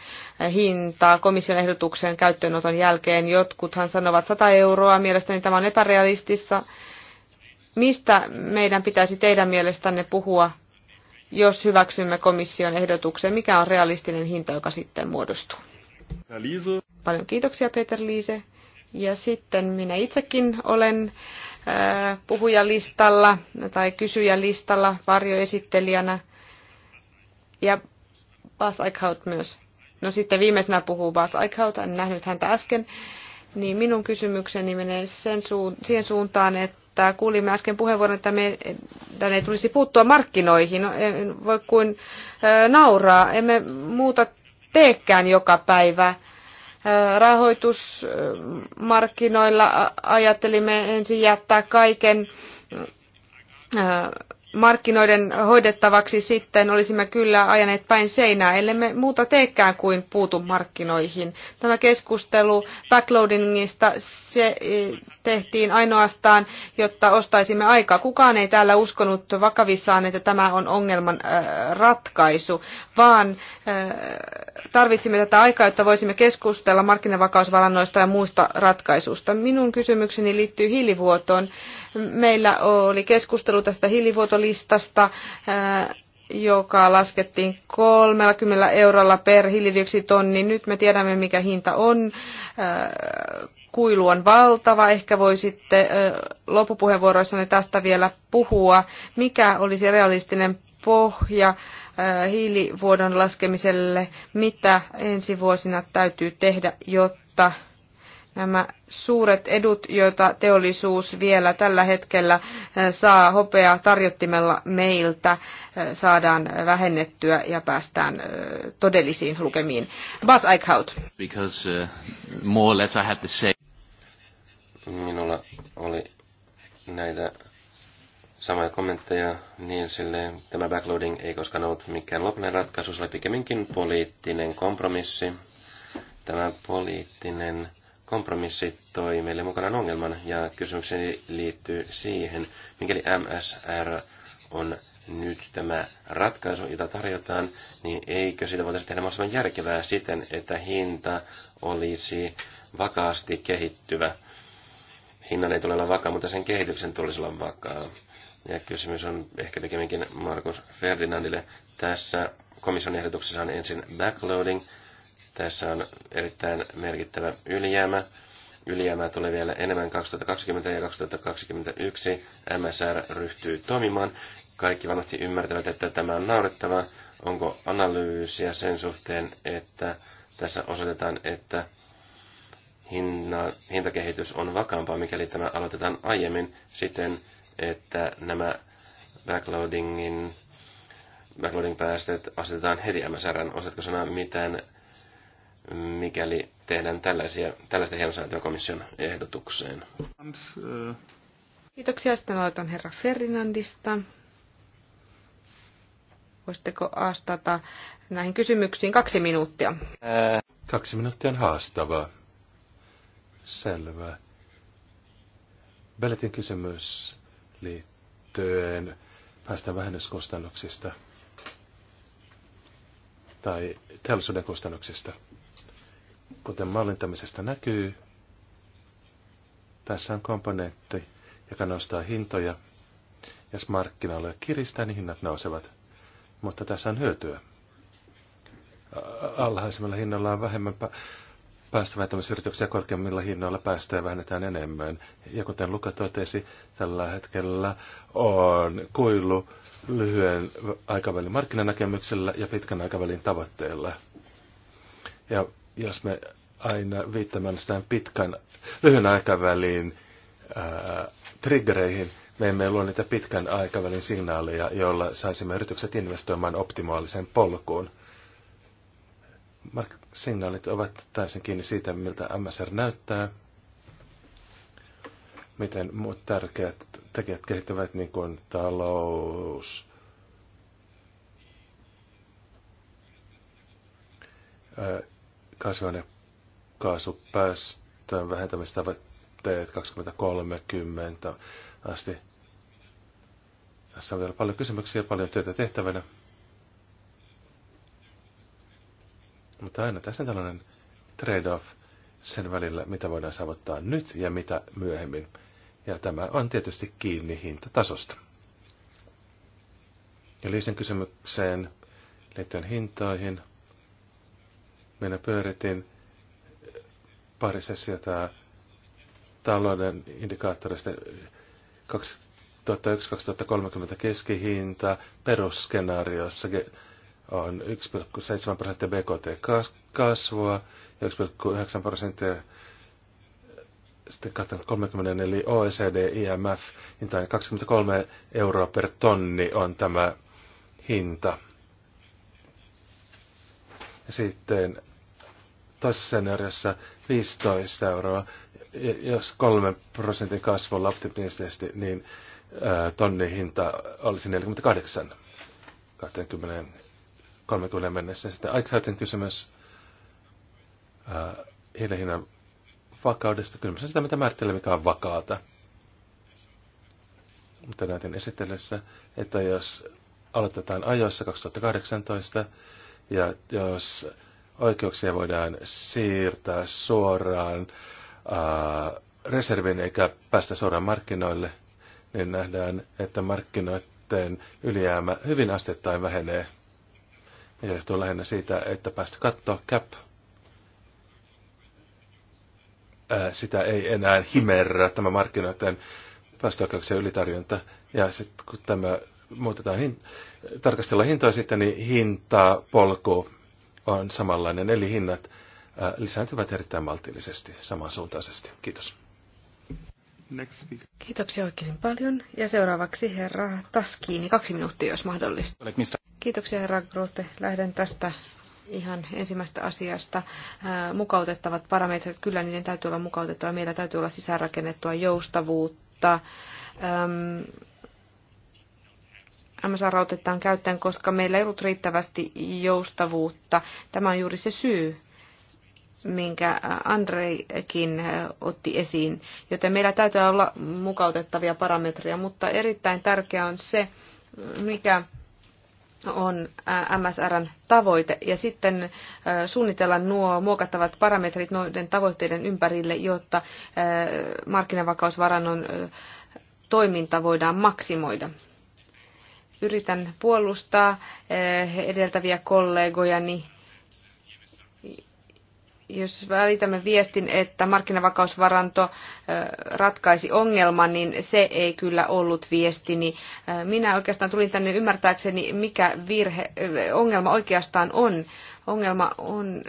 hintaa komission ehdotuksen käyttöönoton jälkeen. Jotkuthan sanovat 100 euroa, mielestäni tämä on epärealistista. Mistä meidän pitäisi teidän mielestänne puhua, jos hyväksymme komission ehdotuksen? Mikä on realistinen hinta, joka sitten muodostuu? Liise. Paljon kiitoksia Peter Liise. Ja sitten minä itsekin olen äh, puhujalistalla tai kysyjälistalla varjoesittelijänä ja Bas Eichhout myös. No sitten viimeisenä puhuu Bas Eichhout, en nähnyt häntä äsken. Niin minun kysymykseni menee sen suun, siihen suuntaan, että kuulimme äsken puheenvuoron, että meidän ei tulisi puuttua markkinoihin. No, en voi kuin nauraa. Emme muuta teekään joka päivä rahoitusmarkkinoilla ajattelimme ensin jättää kaiken markkinoiden hoidettavaksi, sitten olisimme kyllä ajaneet päin seinää, ellemme muuta teekään kuin puutu markkinoihin. Tämä keskustelu backloadingista se eh, tehtiin ainoastaan, jotta ostaisimme aikaa. Kukaan ei täällä uskonut vakavissaan, että tämä on ongelman eh, ratkaisu, vaan eh, tarvitsimme tätä aikaa, jotta voisimme keskustella markkinavakausvarannoista ja muista ratkaisuista. Minun kysymykseni liittyy hiilivuotoon. Meillä oli keskustelu tästä hiilivuotolistasta, äh, joka laskettiin 30 eurolla per hiilidioksiditonni. Nyt me tiedämme, mikä hinta on. Äh, kuilu on valtava. Ehkä voisitte äh, loppupuheenvuoroissanne tästä vielä puhua. Mikä olisi realistinen pohja hiilivuodon laskemiselle? Mitä ensi vuosina täytyy tehdä, jotta nämä suuret edut, joita teollisuus vielä tällä hetkellä eh, saa hopea tarjottimella meiltä, eh, saadaan vähennettyä ja päästään eh, todellisiin lukemiin. Bas Eichhout. Because, uh, more or less I Minulla oli näitä samoja kommentteja, niin sille tämä backloading ei koskaan ollut mikään lopullinen ratkaisu, se oli pikemminkin poliittinen kompromissi. Tämä poliittinen kompromissi toi meille mukana ongelman, ja kysymykseni liittyy siihen, mikäli MSR on nyt tämä ratkaisu, jota tarjotaan, niin eikö sitä voitaisiin tehdä mahdollisimman järkevää siten, että hinta olisi vakaasti kehittyvä. Hinnan ei tule olla vakaa, mutta sen kehityksen tulisi olla vakaa. Ja kysymys on ehkä pikemminkin Markus Ferdinandille. Tässä komission ehdotuksessa on ensin backloading, tässä on erittäin merkittävä ylijäämä. Ylijäämää tulee vielä enemmän 2020 ja 2021. MSR ryhtyy toimimaan. Kaikki varmasti ymmärtävät, että tämä on naurettava. Onko analyysiä sen suhteen, että tässä osoitetaan, että hinna, hintakehitys on vakaampaa, mikäli tämä aloitetaan aiemmin siten, että nämä backloadingin backloading päästöt asetetaan heti MSRn. Osaatko sanoa mitään mikäli tehdään tällaisia, tällaista hienosääntöä komission ehdotukseen. Kiitoksia. Sitten aloitan herra Ferdinandista. Voisitteko astata näihin kysymyksiin kaksi minuuttia? Kaksi minuuttia on haastavaa. Selvä. Belletin kysymys liittyen vähennyskustannuksista tai teollisuuden kustannuksista. Kuten mallintamisesta näkyy, tässä on komponentti, joka nostaa hintoja. Jos markkinoille kiristää, niin hinnat nousevat. Mutta tässä on hyötyä. Alhaisemmalla hinnalla on vähemmän päästövähentämisyrityksiä korkeammilla hinnoilla päästöjä vähennetään enemmän. Ja kuten Luka totesi, tällä hetkellä on kuilu lyhyen aikavälin markkinanäkemyksellä ja pitkän aikavälin tavoitteella. Ja jos me aina sitä pitkän, lyhyen aikavälin ää, triggereihin, me emme luo niitä pitkän aikavälin signaaleja, joilla saisimme yritykset investoimaan optimaaliseen polkuun. signaalit ovat täysin kiinni siitä, miltä MSR näyttää, miten muut tärkeät tekijät kehittyvät, niin kuin talous, ää, vai vähentämistavoitteet 2030 asti. Tässä on vielä paljon kysymyksiä ja paljon työtä tehtävänä. Mutta aina tässä on tällainen trade-off sen välillä, mitä voidaan saavuttaa nyt ja mitä myöhemmin. Ja tämä on tietysti kiinni hintatasosta. Ja liisen kysymykseen liittyen hintoihin – minä pyöritin pari sessiota talouden indikaattorista 2001-2030 keskihinta perusskenaariossa on 1,7 prosenttia BKT kasvua ja 1,9 prosenttia sitten 30, eli OECD, IMF, niin 23 euroa per tonni on tämä hinta ja sitten toisessa seniorissa 15 euroa. ja Jos kolmen prosentin kasvulla optimistisesti, niin tonnin hinta olisi 48 20, 30 mennessä. Sitten Eichhardtin kysymys hiilen hinnan vakaudesta. Kyllä se sitä, mitä määrittelee, mikä on vakaata. Mutta näytin esittelyssä, että jos aloitetaan ajoissa 2018, ja jos oikeuksia voidaan siirtää suoraan ää, reservin eikä päästä suoraan markkinoille, niin nähdään, että markkinoiden ylijäämä hyvin astettain vähenee. Ja johtuu lähinnä siitä, että päästä katto cap. Ää, sitä ei enää himerrä tämä markkinoiden päästöoikeuksien ylitarjonta. Ja sitten kun tämä muutetaan hin, tarkastella hintaa sitten, niin hinta polku on samanlainen, eli hinnat äh, lisääntyvät erittäin maltillisesti samansuuntaisesti. Kiitos. Next Kiitoksia oikein paljon. Ja seuraavaksi herra Taskiini, kaksi minuuttia, jos mahdollista. Kiitoksia herra Grote. Lähden tästä ihan ensimmäistä asiasta. Äh, mukautettavat parametrit, kyllä niiden täytyy olla mukautettava. Meillä täytyy olla sisäänrakennettua joustavuutta. Öm, MSR-otetaan käyttäen, koska meillä ei ollut riittävästi joustavuutta. Tämä on juuri se syy, minkä Andreikin otti esiin. Joten meillä täytyy olla mukautettavia parametreja, mutta erittäin tärkeää on se, mikä on MSRn tavoite ja sitten suunnitella nuo muokattavat parametrit noiden tavoitteiden ympärille, jotta markkinavakausvarannon toiminta voidaan maksimoida yritän puolustaa eh, edeltäviä kollegojani. Jos välitämme viestin, että markkinavakausvaranto eh, ratkaisi ongelman, niin se ei kyllä ollut viestini. Eh, minä oikeastaan tulin tänne ymmärtääkseni, mikä virhe, ongelma oikeastaan on. Ongelma on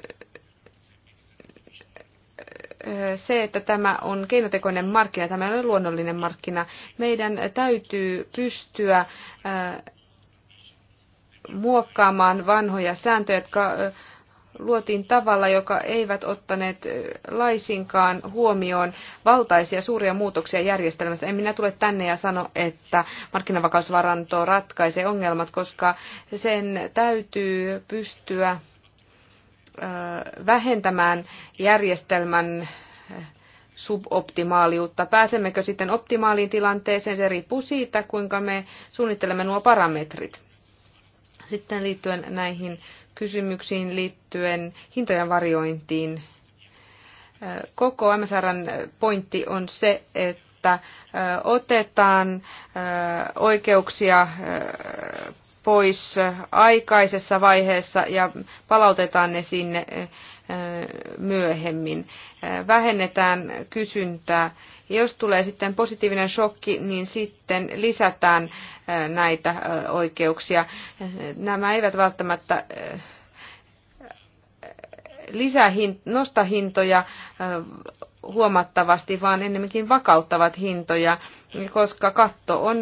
se, että tämä on keinotekoinen markkina, tämä ei ole luonnollinen markkina. Meidän täytyy pystyä muokkaamaan vanhoja sääntöjä, jotka luotiin tavalla, joka eivät ottaneet laisinkaan huomioon valtaisia suuria muutoksia järjestelmässä. En minä tule tänne ja sano, että markkinavakausvaranto ratkaisee ongelmat, koska sen täytyy pystyä vähentämään järjestelmän suboptimaaliutta. Pääsemmekö sitten optimaaliin tilanteeseen, se riippuu siitä, kuinka me suunnittelemme nuo parametrit. Sitten liittyen näihin kysymyksiin liittyen hintojen variointiin Koko MSRn pointti on se, että otetaan oikeuksia pois aikaisessa vaiheessa ja palautetaan ne sinne myöhemmin. Vähennetään kysyntää. Jos tulee sitten positiivinen shokki, niin sitten lisätään näitä oikeuksia. Nämä eivät välttämättä lisää nosta hintoja huomattavasti, vaan ennemminkin vakauttavat hintoja, koska katto on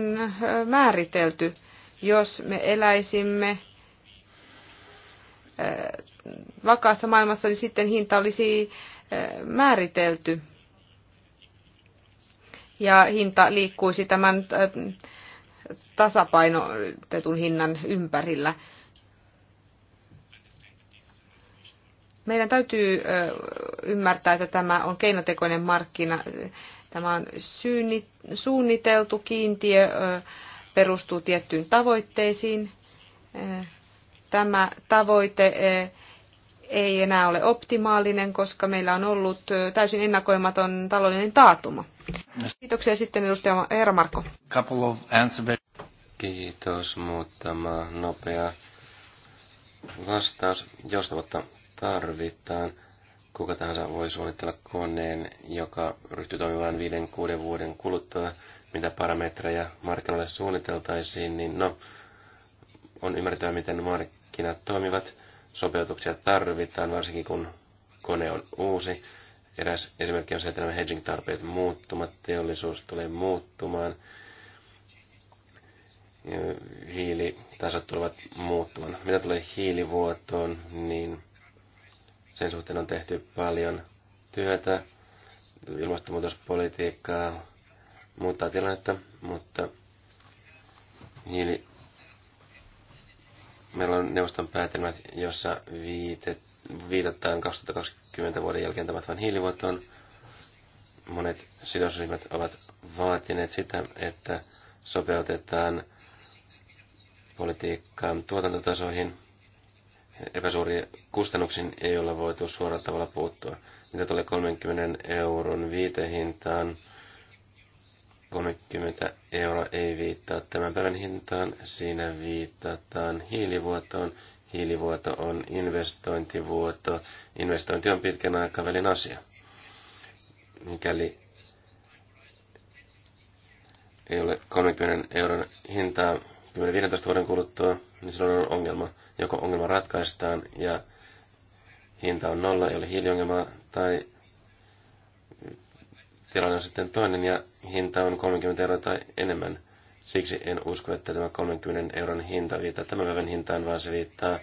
määritelty jos me eläisimme vakaassa maailmassa, niin sitten hinta olisi määritelty. Ja hinta liikkuisi tämän tasapainotetun hinnan ympärillä. Meidän täytyy ymmärtää, että tämä on keinotekoinen markkina. Tämä on suunniteltu kiintiö perustuu tiettyyn tavoitteisiin. Tämä tavoite eh, ei enää ole optimaalinen, koska meillä on ollut eh, täysin ennakoimaton taloudellinen taatuma. Kiitoksia sitten edustaja Marko. Kiitos. Muutama nopea vastaus. Joustavuutta tarvitaan. Kuka tahansa voi suunnitella koneen, joka ryhtyy toimimaan 5-6 vuoden kuluttua mitä parametreja markkinoille suunniteltaisiin, niin no, on ymmärtää, miten markkinat toimivat. Sopeutuksia tarvitaan, varsinkin kun kone on uusi. Eräs esimerkki on se, että nämä hedging-tarpeet muuttumat, teollisuus tulee muuttumaan, hiilitasot tulevat muuttumaan. Mitä tulee hiilivuotoon, niin sen suhteen on tehty paljon työtä, ilmastonmuutospolitiikkaa, muuttaa tilannetta, mutta hiili... Meillä on neuvoston päätelmät, jossa viitet, viitataan 2020 vuoden jälkeen tapahtuvan hiilivuotoon. Monet sidosryhmät ovat vaatineet sitä, että sopeutetaan politiikkaan tuotantotasoihin epäsuuriin kustannuksiin ei ole voitu suoraan tavalla puuttua. Mitä tulee 30 euron viitehintaan, 30 euroa ei viittaa tämän päivän hintaan, siinä viitataan hiilivuotoon. Hiilivuoto on investointivuoto. Investointi on pitkän aikavälin asia. Mikäli ei ole 30 euron hintaa 10-15 vuoden kuluttua, niin silloin on ongelma. Joko ongelma ratkaistaan ja hinta on nolla, ei ole hiiliongelmaa, tai tilanne on sitten toinen ja hinta on 30 euroa tai enemmän. Siksi en usko, että tämä 30 euron hinta viittaa tämän päivän hintaan, vaan se viittaa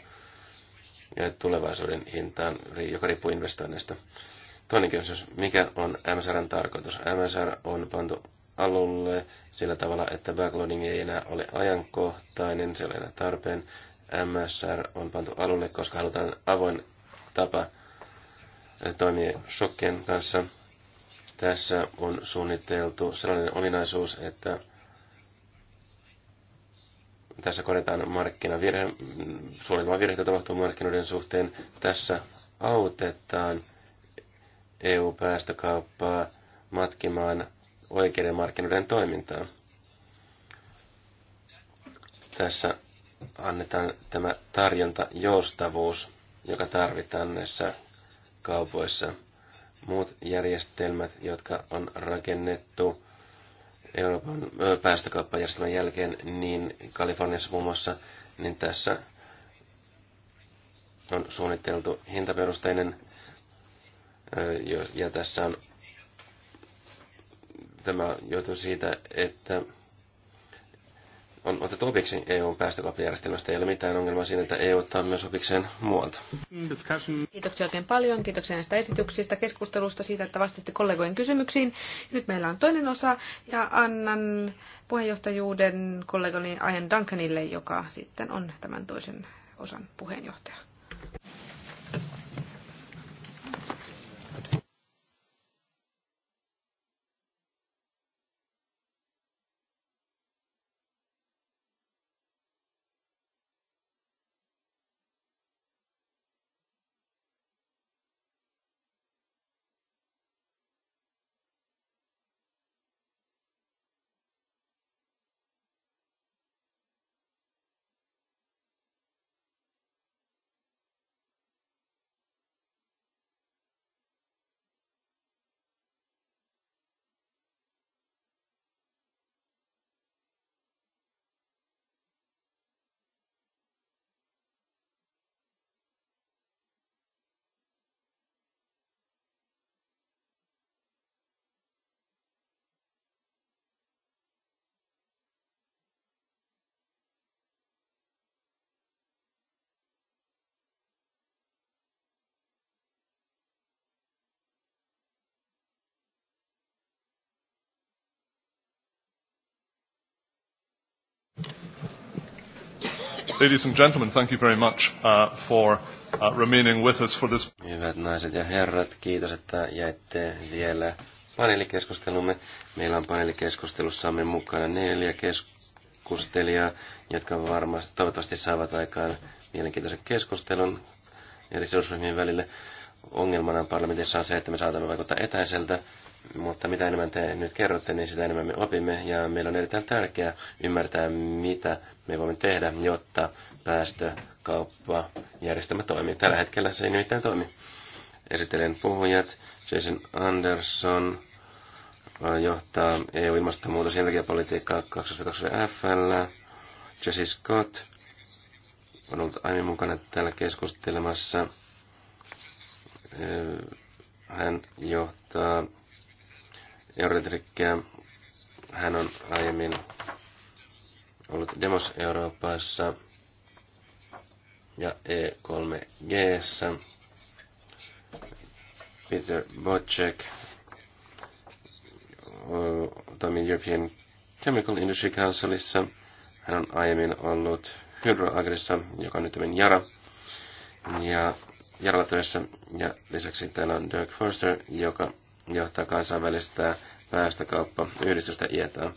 tulevaisuuden hintaan, joka riippuu investoinneista. Toinen kysymys, siis, mikä on MSRn tarkoitus? MSR on pantu alulle sillä tavalla, että backloading ei enää ole ajankohtainen, se ei ole enää tarpeen. MSR on pantu alulle, koska halutaan avoin tapa eh, toimia shokkien kanssa – tässä on suunniteltu sellainen ominaisuus, että tässä korjataan markkinavirhe, suunnitelman virheitä tapahtuu markkinoiden suhteen. Tässä autetaan EU-päästökauppaa matkimaan oikeiden markkinoiden toimintaa. Tässä annetaan tämä tarjonta joustavuus, joka tarvitaan näissä kaupoissa muut järjestelmät, jotka on rakennettu Euroopan päästökauppajärjestelmän jälkeen, niin Kaliforniassa muun muassa, niin tässä on suunniteltu hintaperusteinen, ja tässä on tämä johtuu siitä, että on otettu opiksi EUn päästökauppajärjestelmästä. Ei ole mitään ongelmaa siinä, että EU ottaa myös opikseen muualta. Kiitoksia oikein paljon. Kiitoksia näistä esityksistä, keskustelusta siitä, että vastasitte kollegojen kysymyksiin. Nyt meillä on toinen osa ja annan puheenjohtajuuden kollegani Ian Duncanille, joka sitten on tämän toisen osan puheenjohtaja. Ladies and gentlemen, thank you very much uh, for uh, remaining with us for this. Hyvät naiset ja herrat, kiitos, että jäitte vielä paneelikeskustelumme. Meillä on paneelikeskustelussamme mukana neljä keskustelijaa, jotka varmasti toivottavasti saavat aikaan mielenkiintoisen keskustelun eri sidosryhmien välille. Ongelmana parlamentissa on se, että me saatamme vaikuttaa etäiseltä mutta mitä enemmän te nyt kerrotte, niin sitä enemmän me opimme, ja meillä on erittäin tärkeää ymmärtää, mitä me voimme tehdä, jotta päästökauppajärjestelmä toimii. Tällä hetkellä se ei nimittäin toimi. Esittelen puhujat, Jason Anderson johtaa EU-ilmastonmuutos- ja energiapolitiikkaa 2022 FL, Jesse Scott on ollut aiemmin mukana täällä keskustelemassa. Hän johtaa Eurodrikkeä. Hän on aiemmin ollut Demos Euroopassa ja e 3 g Peter Bocek toimii European Chemical Industry Councilissa. Hän on aiemmin ollut Hydroagrissa, joka on nyt on Jara, ja töissä. Ja lisäksi täällä on Dirk Forster, joka johtaa kansainvälistä päästökauppayhdistystä IETA,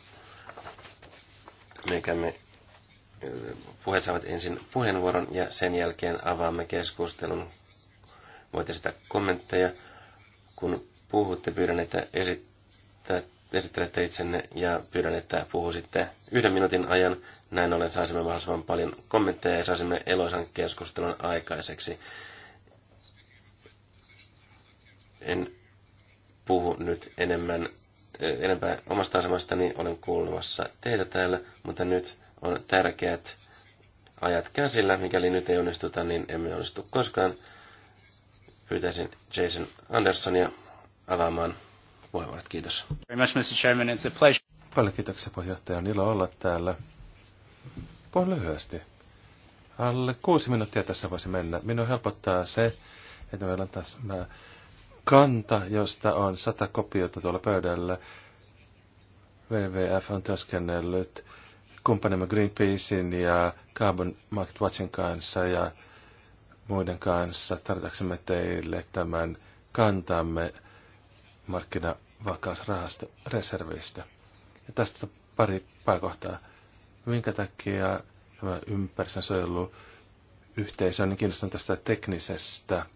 mikä me äh, puheet saavat ensin puheenvuoron ja sen jälkeen avaamme keskustelun. Voitte sitä kommentteja. Kun puhutte, pyydän, että esittää, esittelette itsenne ja pyydän, että puhuisitte yhden minuutin ajan. Näin ollen saisimme mahdollisimman paljon kommentteja ja saisimme eloisan keskustelun aikaiseksi. En puhu nyt enemmän, eh, enempää omasta asemastani, niin olen kuulemassa teitä täällä, mutta nyt on tärkeät ajat käsillä. Mikäli nyt ei onnistuta, niin emme onnistu koskaan. Pyytäisin Jason Andersonia avaamaan puheenvuorot. Kiitos. Paljon kiitoksia puheenjohtaja. On ilo olla täällä. Puhun lyhyesti. Alle kuusi minuuttia tässä voisi mennä. Minun helpottaa se, että meillä on tässä kanta, josta on sata kopiota tuolla pöydällä. WWF on työskennellyt kumppanimme Greenpeacein ja Carbon Market Watchin kanssa ja muiden kanssa tarjotaksemme teille tämän kantamme markkinavakausrahasta reservistä. Ja tästä pari pääkohtaa. Minkä takia tämä ympäristönsuojelu yhteisö on niin kiinnostunut tästä teknisestä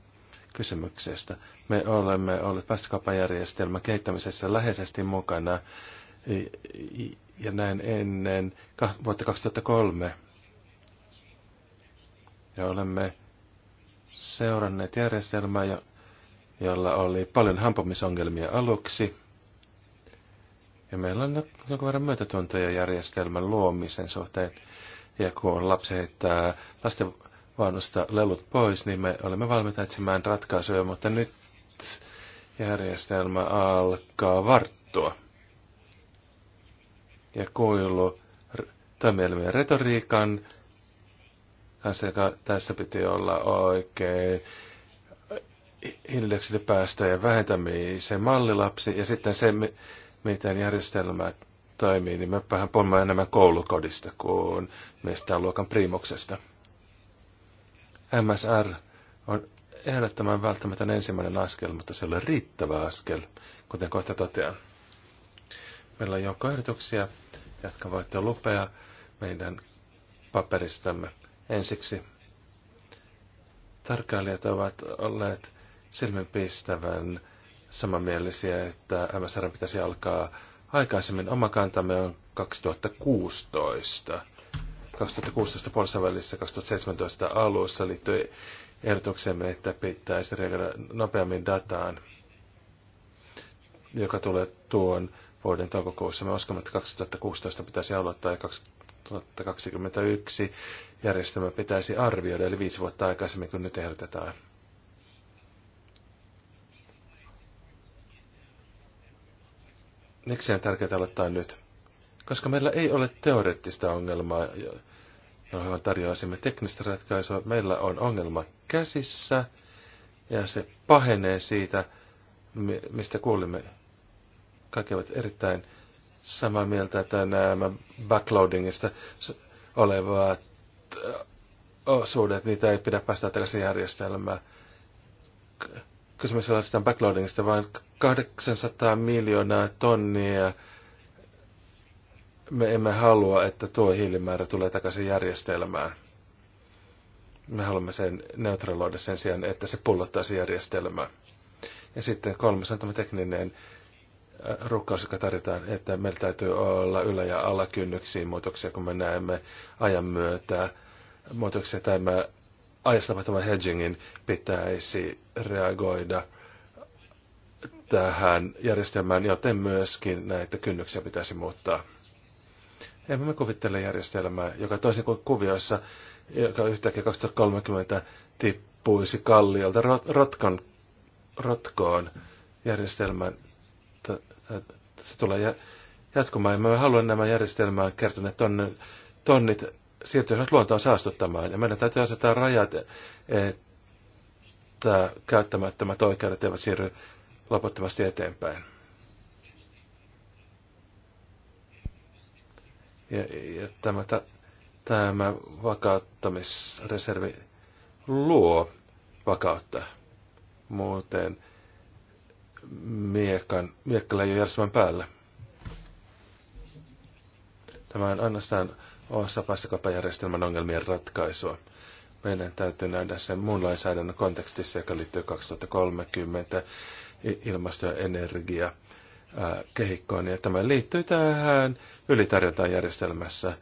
kysymyksestä. Me olemme olleet päästökauppajärjestelmän kehittämisessä läheisesti mukana ja näin ennen vuotta 2003. Ja olemme seuranneet järjestelmää, jolla oli paljon hampumisongelmia aluksi. Ja meillä on jonkun verran myötätuntoja järjestelmän luomisen suhteen. Ja kun lapsi heittää lasten vaunusta lelut pois, niin me olemme valmiita etsimään ratkaisuja, mutta nyt järjestelmä alkaa varttua. Ja kuilu toimielimien retoriikan kanssa, joka tässä piti olla oikein hiilidioksidipäästöjen vähentämisen mallilapsi ja sitten se, miten järjestelmä toimii, niin me vähän pommaa enemmän koulukodista kuin mistään luokan primoksesta. MSR on ehdottoman välttämätön ensimmäinen askel, mutta se ei ole riittävä askel, kuten kohta totean. Meillä on joukko ehdotuksia, jotka voitte lupea meidän paperistamme. Ensiksi tarkkailijat ovat olleet silmänpistävän samanmielisiä, että MSR pitäisi alkaa aikaisemmin. Oma kantamme on 2016. 2016 puolessa välissä 2017 alussa liittyi ehdotuksemme, että pitäisi reagoida nopeammin dataan, joka tulee tuon vuoden toukokuussa. Me uskomme, että 2016 pitäisi aloittaa ja 2021 järjestelmä pitäisi arvioida, eli viisi vuotta aikaisemmin kuin nyt ehdotetaan. Miksi on tärkeää aloittaa nyt? Koska meillä ei ole teoreettista ongelmaa, johon no, tarjoaisimme teknistä ratkaisua. Meillä on ongelma käsissä ja se pahenee siitä, mistä kuulimme. Kaikki ovat erittäin samaa mieltä, että nämä backloadingista olevat osuudet, niitä ei pidä päästä takaisin järjestelmään. Kysymys on sitä backloadingista, vaan 800 miljoonaa tonnia me emme halua, että tuo hiilimäärä tulee takaisin järjestelmään. Me haluamme sen neutraloida sen sijaan, että se pullottaisi järjestelmää. Ja sitten kolmas on tämä tekninen äh, rukkaus, joka tarjotaan, että meillä täytyy olla ylä- ja alakynnyksiin muutoksia, kun me näemme ajan myötä muutoksia. Tämä ajassa tapahtuvan hedgingin pitäisi reagoida tähän järjestelmään, joten myöskin näitä kynnyksiä pitäisi muuttaa. Emme me kuvittele järjestelmää, joka toisin kuin kuvioissa, joka yhtäkkiä 2030 tippuisi kalliolta rotkan, rotkoon järjestelmän. Se tulee jatkumaan. Ja mä haluan nämä järjestelmään kertoneet tonne, tonnit siirtyä luontoon saastuttamaan. Ja meidän täytyy asettaa rajat, että käyttämättömät oikeudet eivät siirry loputtomasti eteenpäin. Ja, ja tämä, ta, tämä vakauttamisreservi luo vakautta. Muuten miekan, miekkalla ei ole järjestelmän päällä. Tämä on ainoastaan osa päästökauppajärjestelmän ongelmien ratkaisua. Meidän täytyy nähdä sen muun lainsäädännön kontekstissa, joka liittyy 2030 ilmasto ja energia kehikkoon. Ja tämä liittyy tähän ylitarjontaan järjestelmässä,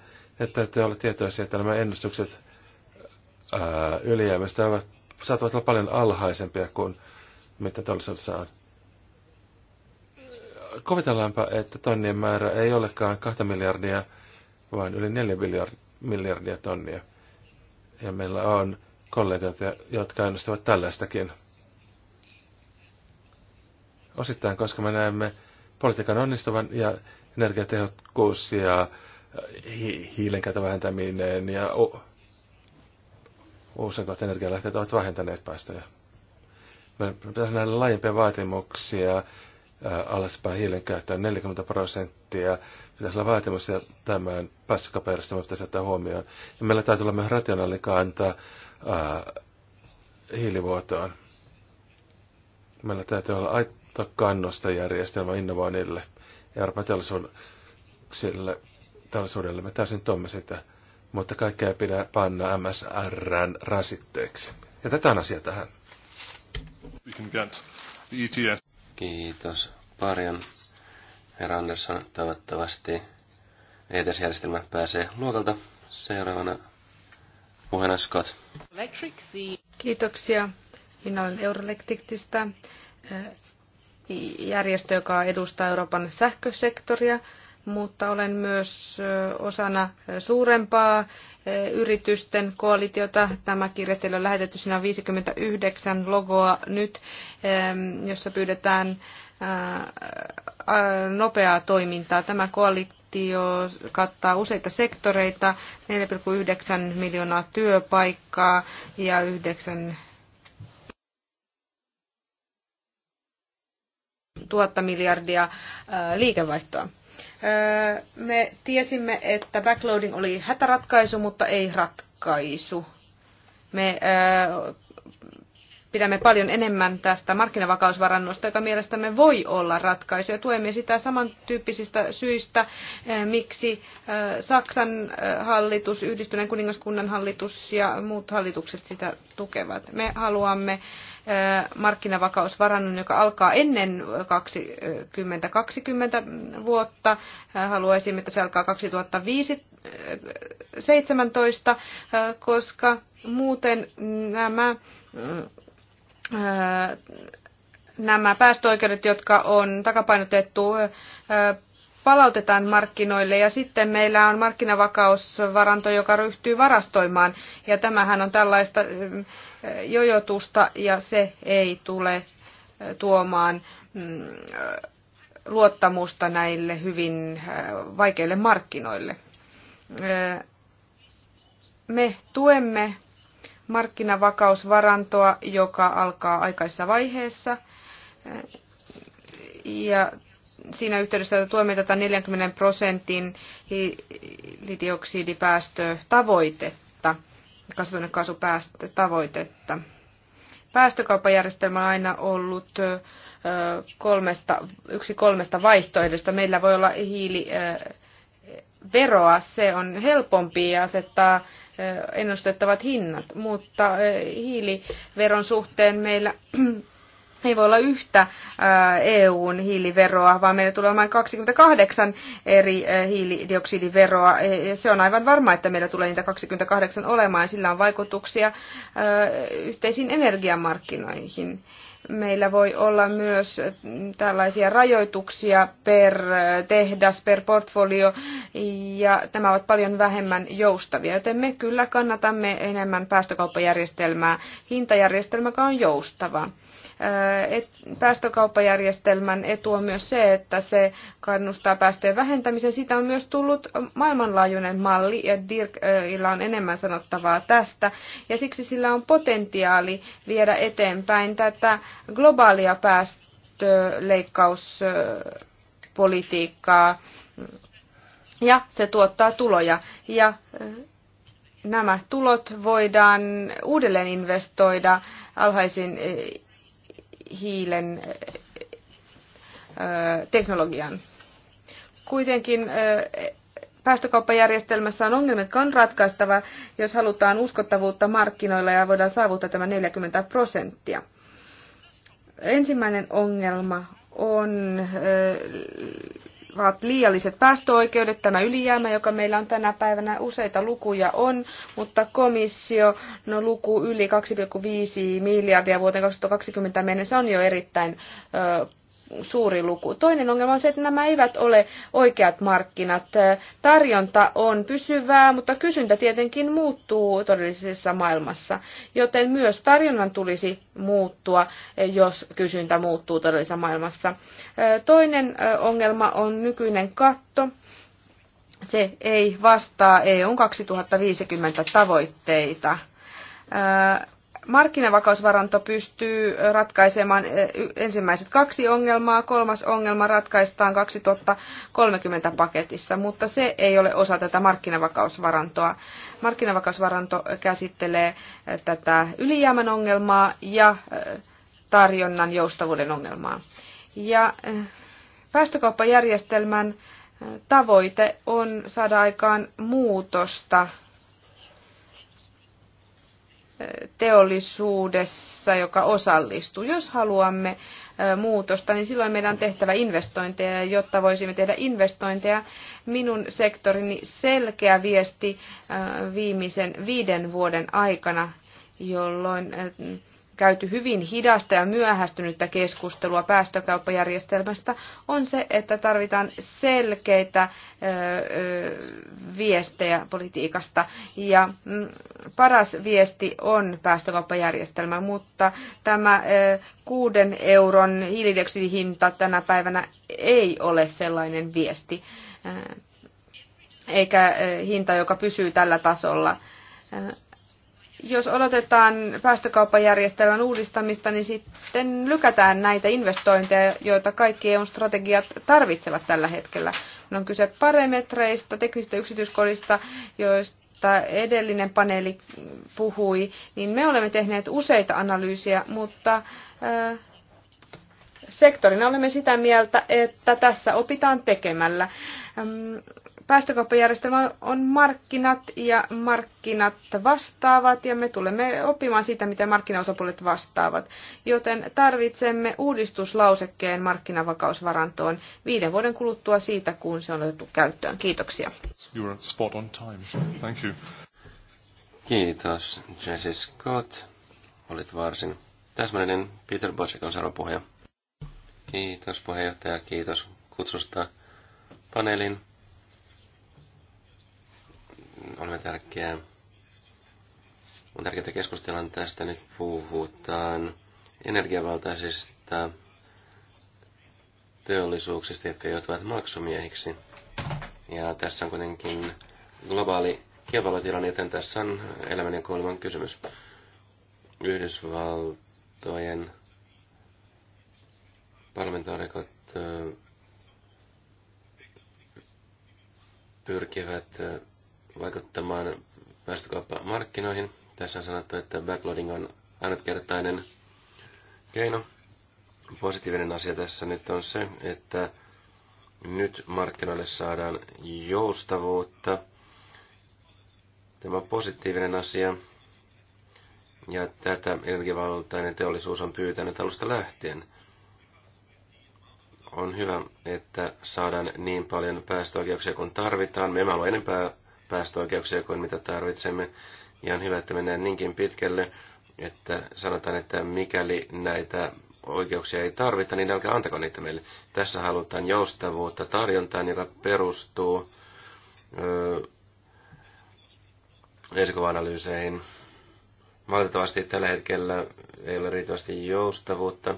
että te olette tietoisia, että nämä ennustukset ylijäämästä ovat, saattavat olla paljon alhaisempia kuin mitä todellisuudessa on. Kuvitellaanpa, että tonnien määrä ei olekaan kahta miljardia, vaan yli neljä miljardia tonnia. Ja meillä on kollegat, jotka ennustavat tällaistakin. Osittain, koska me näemme politiikan onnistuvan ja energiatehokkuus ja äh, hi- vähentäminen ja uusiutuvat energialähteet ovat vähentäneet päästöjä. Meidän pitäisi nähdä laajempia vaatimuksia äh, alaspäin hiilen käyttöön 40 prosenttia. Pitäisi olla vaatimus ja tämän päästökapajärjestelmä pitäisi ottaa huomioon. Ja meillä täytyy olla myös rationaalikanta äh, hiilivuotoon. Meillä täytyy olla järjestelmä innovoinnille ja teollisuudelle, teollisuudelle me täysin tuomme sitä, mutta kaikkea ei pidä panna MSRn rasitteeksi. Ja tätä on asia tähän. E Kiitos paljon, herra Andersson. Toivottavasti ETS-järjestelmä pääsee luokalta. Seuraavana puheena Scott. Kiitoksia. Minä olen Eurolektiktistä järjestö, joka edustaa Euroopan sähkösektoria, mutta olen myös osana suurempaa yritysten koalitiota. Tämä kirja teille on lähetetty, siinä on 59 logoa nyt, jossa pyydetään nopeaa toimintaa. Tämä koalitio kattaa useita sektoreita, 4,9 miljoonaa työpaikkaa ja 9 tuhatta miljardia liikevaihtoa. Me tiesimme, että backloading oli hätäratkaisu, mutta ei ratkaisu. Me pidämme paljon enemmän tästä markkinavakausvarannosta, joka mielestämme voi olla ratkaisu. Ja tuemme sitä samantyyppisistä syistä, miksi Saksan hallitus, Yhdistyneen kuningaskunnan hallitus ja muut hallitukset sitä tukevat. Me haluamme eh, markkinavakausvarannon, joka alkaa ennen 2020 eh, vuotta. Eh, haluaisimme, että se alkaa 2017, koska muuten nämä nämä päästöoikeudet, jotka on takapainotettu palautetaan markkinoille ja sitten meillä on markkinavakausvaranto, joka ryhtyy varastoimaan. Ja tämähän on tällaista mm, jojotusta ja se ei tule mm, tuomaan mm, luottamusta näille hyvin vaikeille markkinoille. Me tuemme markkinavakausvarantoa, joka alkaa aikaisessa vaiheessa. Ja siinä yhteydessä, että tuemme tätä 40 prosentin hiilidioksidipäästötavoitetta, kasvihuonekaasupäästötavoitetta. Päästökauppajärjestelmä on aina ollut kolmesta, yksi kolmesta vaihtoehdosta. Meillä voi olla hiiliveroa, se on helpompi asettaa ennustettavat hinnat, mutta hiiliveron suhteen meillä ei voi olla yhtä EUn hiiliveroa, vaan meillä tulee olemaan 28 eri hiilidioksidiveroa. E, se on aivan varma, että meillä tulee niitä 28 olemaan. Sillä on vaikutuksia yhteisiin energiamarkkinoihin. Meillä voi olla myös tällaisia rajoituksia per tehdas, per portfolio, ja nämä ovat paljon vähemmän joustavia, joten me kyllä kannatamme enemmän päästökauppajärjestelmää, hintajärjestelmä, joka on joustava päästökauppajärjestelmän etu on myös se, että se kannustaa päästöjen vähentämiseen. Siitä on myös tullut maailmanlaajuinen malli ja Dirkillä on enemmän sanottavaa tästä. Ja siksi sillä on potentiaali viedä eteenpäin tätä globaalia päästöleikkauspolitiikkaa ja se tuottaa tuloja. Ja nämä tulot voidaan uudelleen investoida alhaisin hiilen teknologiaan. Kuitenkin päästökauppajärjestelmässä on ongelmia, jotka on ratkaistava, jos halutaan uskottavuutta markkinoilla ja voidaan saavuttaa tämä 40 prosenttia. Ensimmäinen ongelma on ovat liialliset päästöoikeudet, tämä ylijäämä, joka meillä on tänä päivänä, useita lukuja on, mutta komissio, no luku yli 2,5 miljardia vuoteen 2020 mennessä on jo erittäin ö, suuri luku. Toinen ongelma on se, että nämä eivät ole oikeat markkinat. Tarjonta on pysyvää, mutta kysyntä tietenkin muuttuu todellisessa maailmassa, joten myös tarjonnan tulisi muuttua, jos kysyntä muuttuu todellisessa maailmassa. Toinen ongelma on nykyinen katto. Se ei vastaa EUn 2050 tavoitteita. Markkinavakausvaranto pystyy ratkaisemaan eh, ensimmäiset kaksi ongelmaa, kolmas ongelma ratkaistaan 2030 paketissa, mutta se ei ole osa tätä markkinavakausvarantoa. Markkinavakausvaranto käsittelee eh, tätä ylijäämän ongelmaa ja eh, tarjonnan joustavuuden ongelmaa. Ja päästökauppajärjestelmän tavoite on saada aikaan muutosta teollisuudessa, joka osallistuu. Jos haluamme muutosta, niin silloin meidän on tehtävä investointeja. Jotta voisimme tehdä investointeja, minun sektorini selkeä viesti viimeisen viiden vuoden aikana, jolloin käyty hyvin hidasta ja myöhästynyttä keskustelua päästökauppajärjestelmästä, on se, että tarvitaan selkeitä viestejä politiikasta. Ja mm, paras viesti on päästökauppajärjestelmä, mutta tämä kuuden euron hiilidioksidihinta tänä päivänä ei ole sellainen viesti, eikä hinta, joka pysyy tällä tasolla jos odotetaan päästökauppajärjestelmän uudistamista, niin sitten lykätään näitä investointeja, joita kaikki EU-strategiat tarvitsevat tällä hetkellä. On kyse parametreista, teknisistä yksityiskodista, joista edellinen paneeli puhui, niin me olemme tehneet useita analyysiä, mutta äh, sektorina olemme sitä mieltä, että tässä opitaan tekemällä. Päästökauppajärjestelmä on markkinat ja markkinat vastaavat ja me tulemme oppimaan siitä, miten markkinaosapuolet vastaavat. Joten tarvitsemme uudistuslausekkeen markkinavakausvarantoon viiden vuoden kuluttua siitä, kun se on otettu käyttöön. Kiitoksia. Kiitos, Jesse Scott. Olit varsin täsmällinen. Peter Bocek on seuraava puheenjohtaja. Kiitos puheenjohtaja, kiitos kutsusta paneelin. On tärkeää. On tärkeää, keskustella tästä. Nyt puhutaan energiavaltaisista teollisuuksista, jotka joutuvat maksumiehiksi. Ja tässä on kuitenkin globaali kilpailutilanne, joten tässä on elämän ja kuoleman kysymys. Yhdysvaltojen parlamentaarikot pyrkivät vaikuttamaan päästökauppamarkkinoihin. Tässä on sanottu, että backloading on ainutkertainen keino. Positiivinen asia tässä nyt on se, että nyt markkinoille saadaan joustavuutta. Tämä on positiivinen asia. Ja tätä energiavaltainen teollisuus on pyytänyt alusta lähtien. On hyvä, että saadaan niin paljon päästöoikeuksia kuin tarvitaan. Me emme halua enempää päästöoikeuksia kuin mitä tarvitsemme. Ja on hyvä, että mennään niinkin pitkälle, että sanotaan, että mikäli näitä oikeuksia ei tarvita, niin älkää antako niitä meille. Tässä halutaan joustavuutta tarjontaan, joka perustuu öö, esikuva-analyyseihin. Valitettavasti tällä hetkellä ei ole riittävästi joustavuutta.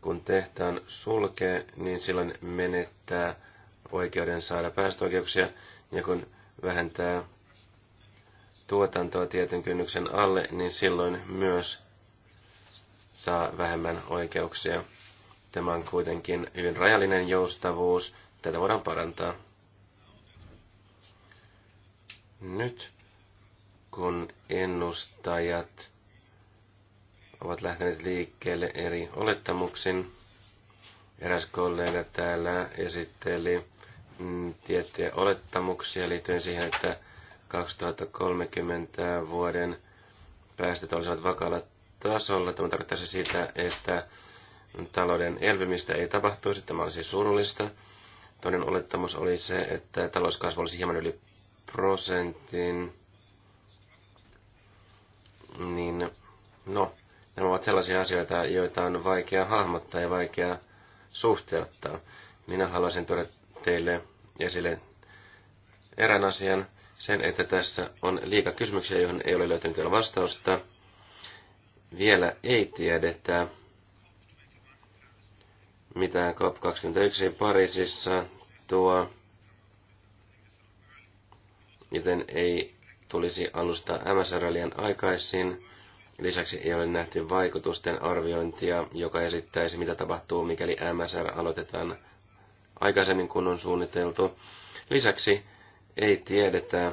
Kun tehtaan sulkee, niin silloin menettää oikeuden saada päästöoikeuksia, ja kun vähentää tuotantoa tietyn kynnyksen alle, niin silloin myös saa vähemmän oikeuksia. Tämä on kuitenkin hyvin rajallinen joustavuus. Tätä voidaan parantaa. Nyt kun ennustajat ovat lähteneet liikkeelle eri olettamuksin, eräs kollega täällä esitteli Mm, tiettyjä olettamuksia liittyen siihen, että 2030 vuoden päästöt olisivat vakaalla tasolla. Tämä tarkoittaisi siis sitä, että talouden elpymistä ei tapahtuisi. Tämä olisi surullista. Toinen olettamus oli se, että talouskasvu olisi hieman yli prosentin. Niin, no, nämä ovat sellaisia asioita, joita on vaikea hahmottaa ja vaikea suhteuttaa. Minä haluaisin tuoda teille esille erään asian, sen, että tässä on liikaa kysymyksiä, joihin ei ole löytynyt vielä vastausta. Vielä ei tiedetä, mitä COP21 Pariisissa tuo, joten ei tulisi alusta MSR-liian aikaisin. Lisäksi ei ole nähty vaikutusten arviointia, joka esittäisi, mitä tapahtuu, mikäli MSR aloitetaan – aikaisemmin kuin on suunniteltu. Lisäksi ei tiedetä,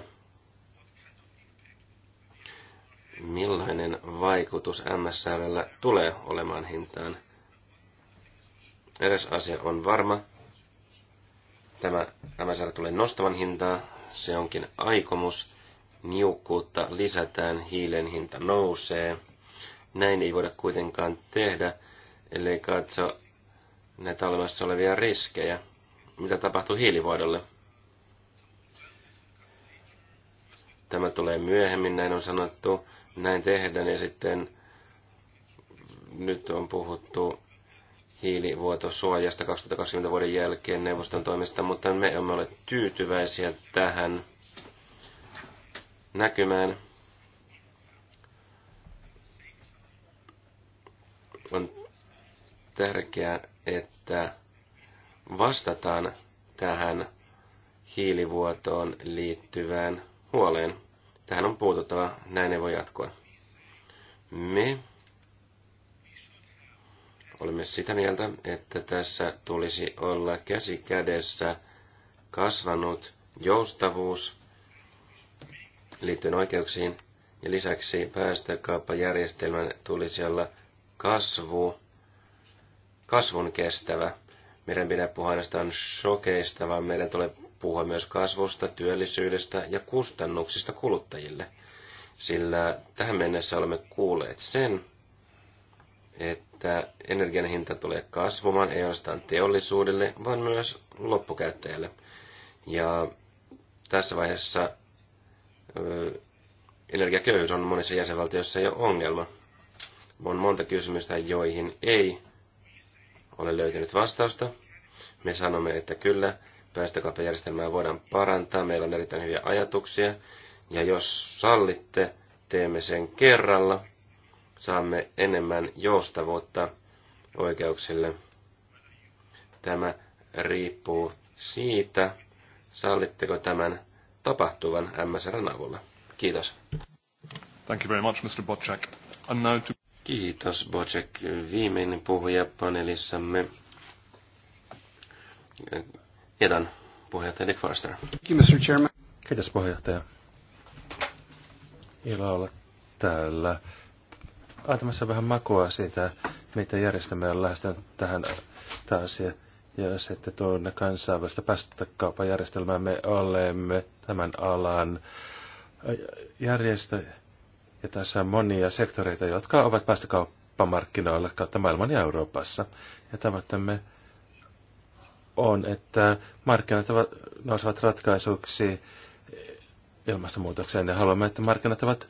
millainen vaikutus MSRllä tulee olemaan hintaan. Eräs asia on varma. Tämä MSR tulee nostavan hintaa, se onkin aikomus. Niukkuutta lisätään, hiilen hinta nousee. Näin ei voida kuitenkaan tehdä, ellei katso näitä olemassa olevia riskejä mitä tapahtuu hiilivuodolle. Tämä tulee myöhemmin, näin on sanottu, näin tehdään ja sitten nyt on puhuttu hiilivuotosuojasta 2020 vuoden jälkeen neuvoston toimesta, mutta me emme ole tyytyväisiä tähän näkymään. On tärkeää, että vastataan tähän hiilivuotoon liittyvään huoleen. Tähän on puututtava, näin ei voi jatkua. Me olemme sitä mieltä, että tässä tulisi olla käsi kädessä kasvanut joustavuus liittyen oikeuksiin ja lisäksi päästökauppajärjestelmän tulisi olla kasvu, kasvun kestävä. Meidän pitää puhua ainoastaan shokeista, vaan meidän tulee puhua myös kasvusta, työllisyydestä ja kustannuksista kuluttajille. Sillä tähän mennessä olemme kuulleet sen, että energian hinta tulee kasvamaan ei ainoastaan teollisuudelle, vaan myös loppukäyttäjälle. Ja tässä vaiheessa energiaköyhyys on monissa jäsenvaltioissa jo ongelma. On monta kysymystä, joihin ei ole löytynyt vastausta. Me sanomme, että kyllä, päästökauppajärjestelmää voidaan parantaa, meillä on erittäin hyviä ajatuksia, ja jos sallitte, teemme sen kerralla, saamme enemmän joustavuutta oikeuksille. Tämä riippuu siitä, sallitteko tämän tapahtuvan MSRn avulla. Kiitos. Thank you very much, Mr. And now to... Kiitos, Bocek. Viimeinen puhuja paneelissamme. Jätän puheenjohtaja Dick Forster. Mr. Chairman. Kiitos, puheenjohtaja. Ilo olla täällä antamassa vähän makua siitä, mitä järjestämme on lähestynyt tähän taas. Ja sitten tuonne kansainvälistä päästökaupajärjestelmää me olemme tämän alan järjestö, ja tässä on monia sektoreita, jotka ovat päästökauppamarkkinoilla kautta maailman ja Euroopassa. Ja tavoitteemme on, että markkinat ovat, nousevat ratkaisuksi ilmastonmuutokseen ja haluamme, että markkinat ovat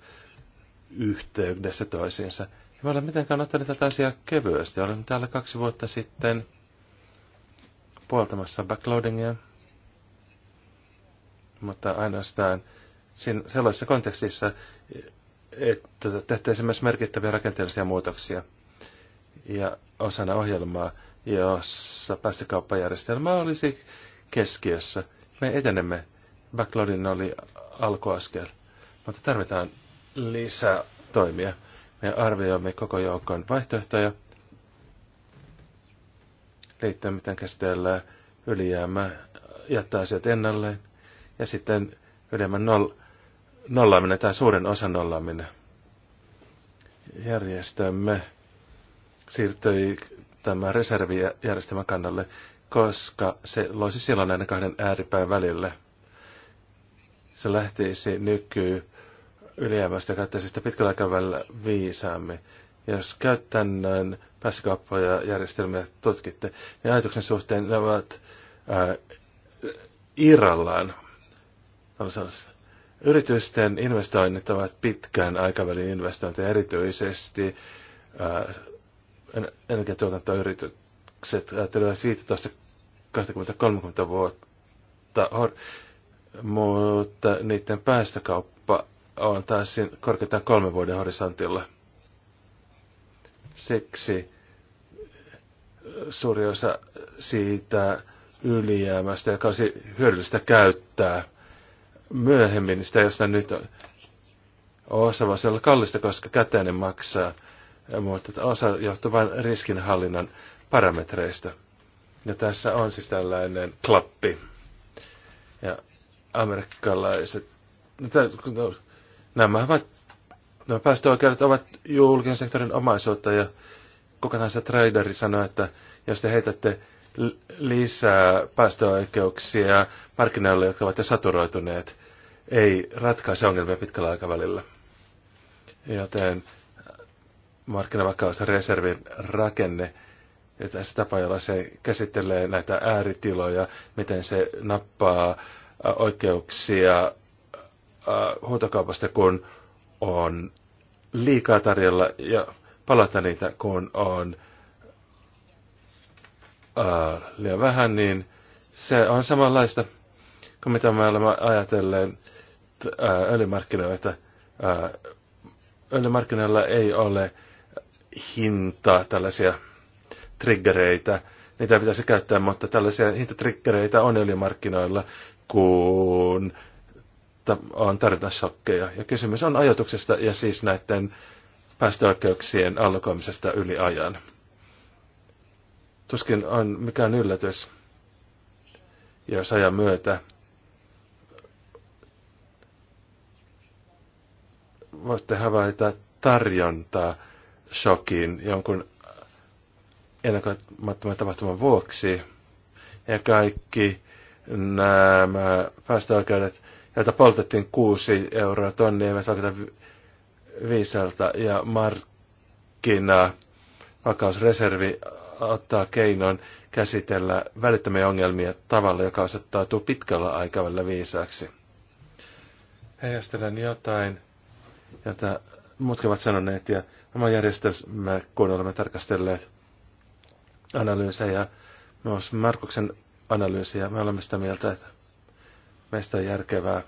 yhteydessä toisiinsa. Ja me olemme mitenkään ottaneet tätä asiaa kevyesti. Olemme täällä kaksi vuotta sitten puoltamassa backloadingia, mutta ainoastaan sellaisessa kontekstissa, että tehtäisiin myös merkittäviä rakenteellisia muutoksia ja osana ohjelmaa, jossa päästökauppajärjestelmä olisi keskiössä. Me etenemme. Backloadin oli alkuaskel, mutta tarvitaan lisää toimia. Me arvioimme koko joukon vaihtoehtoja liittyen, miten käsitellään ylijäämä, jättää asiat ennalleen ja sitten ylemmän nolla nollaaminen tai suuren osan nollaaminen. järjestämme siirtyi tämä reservijärjestelmän kannalle, koska se loisi silloin näiden kahden ääripään välille. Se lähtisi nyky ylijäämästä ja käyttäisi sitä pitkällä aikavälillä viisaammin. Jos käytännön päästökauppoja järjestelmiä tutkitte, niin ajatuksen suhteen ne ovat ää, irrallaan. Tällaisella Yritysten investoinnit ovat pitkän aikavälin investointeja, erityisesti energiatuotantoyritykset ajattelevat 15 20, 30 vuotta, mutta niiden päästökauppa on taas korkeintaan kolmen vuoden horisontilla. Siksi suuri osa siitä ylijäämästä, joka olisi hyödyllistä käyttää – myöhemmin sitä, josta nyt on. Osa voisi olla kallista, koska käteinen maksaa, mutta osa johtuu vain riskinhallinnan parametreista. Ja tässä on siis tällainen klappi. Ja amerikkalaiset, no, no, nämä, ovat, nämä päästöoikeudet ovat julkisen sektorin omaisuutta ja kuka tahansa traderi sanoo, että jos te heitätte lisää päästöoikeuksia markkinoille, jotka ovat jo saturoituneet, ei ratkaise ongelmia pitkällä aikavälillä. Joten markkinavakausreservin rakenne ja tässä tapa, jolla se käsittelee näitä ääritiloja, miten se nappaa oikeuksia huutokaupasta, kun on liikaa tarjolla ja palata niitä, kun on äh, liian vähän, niin se on samanlaista kuin mitä me olemme ajatelleen öljymarkkinoilla, äh, öljymarkkinoita. äh, öljymarkkinoilla ei ole hintaa tällaisia triggereitä. Niitä pitäisi käyttää, mutta tällaisia hintatriggereitä on öljymarkkinoilla, kun on tarjontasokkeja. Ja kysymys on ajatuksesta ja siis näiden päästöoikeuksien allokoimisesta yli ajan. Tuskin on mikään yllätys, jos ajan myötä voitte havaita tarjontaa shokin jonkun ennakoimattoman tapahtuman vuoksi. Ja kaikki nämä päästöoikeudet, joita poltettiin 6 euroa tonni, eivät vaikuta viiseltä. Ja markkina, vakausreservi ottaa keinon käsitellä välittömiä ongelmia tavalla, joka osoittautuu pitkällä aikavälillä viisaaksi. Heijastelen jotain, jota muutkin ovat sanoneet, ja nämä järjestelmä, kun olemme tarkastelleet analyysejä, myös Markuksen analyysiä, me olemme sitä mieltä, että meistä on järkevää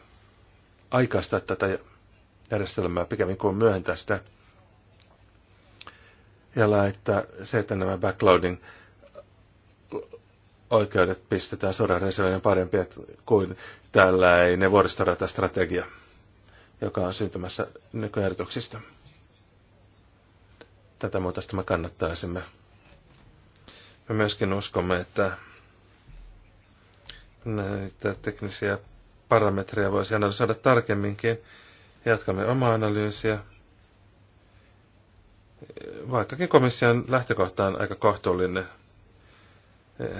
aikaistaa tätä järjestelmää pikemmin kuin myöhentää sitä jolla että se, että nämä backloading oikeudet pistetään sodan reservien niin parempi kuin tällainen strategia, joka on syntymässä nykyehdotuksista. Tätä muutosta me kannattaisimme. Me myöskin uskomme, että näitä teknisiä parametreja voisi analysoida tarkemminkin. Jatkamme omaa analyysiä vaikkakin komission lähtökohta on aika kohtuullinen.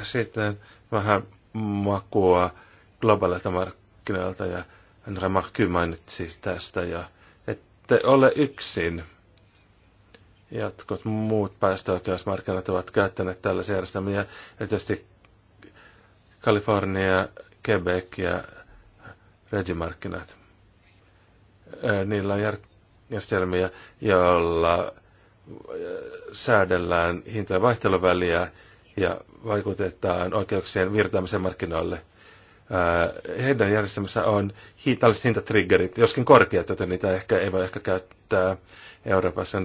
Sitten vähän makua globaalilta markkinoilta ja Andre Marky mainitsi tästä ja että ole yksin. Jotkut muut päästöoikeusmarkkinat ovat käyttäneet tällaisia järjestelmiä, erityisesti Kalifornia, Quebec ja regimarkkinat. Niillä on järjestelmiä, joilla säädellään hintojen vaihteluväliä ja vaikutetaan oikeuksien virtaamisen markkinoille. Heidän järjestelmässä on tällaiset hintatriggerit, joskin korkeat, joten niitä ehkä, ei voi ehkä käyttää Euroopassa.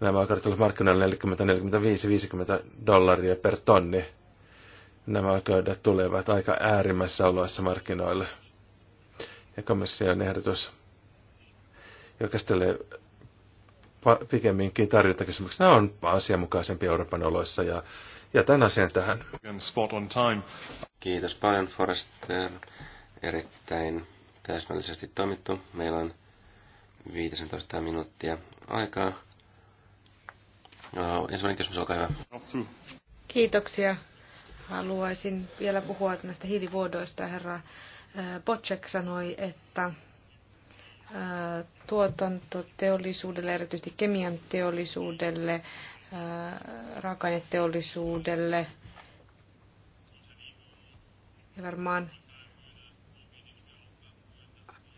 Nämä oikeudet ovat markkinoilla 40, 45, 50 dollaria per tonni. Nämä oikeudet tulevat aika äärimmässä oloissa markkinoille. Ja komission ehdotus, joka käsittelee pikemminkin Nämä on asianmukaisempi Euroopan oloissa ja jätän asian tähän. Kiitos paljon Forrest. Erittäin täsmällisesti toimittu. Meillä on 15 minuuttia aikaa. No, ensimmäinen kysymys, olkaa hyvä. Kiitoksia. Haluaisin vielä puhua näistä hiilivuodoista. Herra eh, Bocek sanoi, että tuotantoteollisuudelle, erityisesti kemian teollisuudelle, äh, raaka-aineteollisuudelle ja varmaan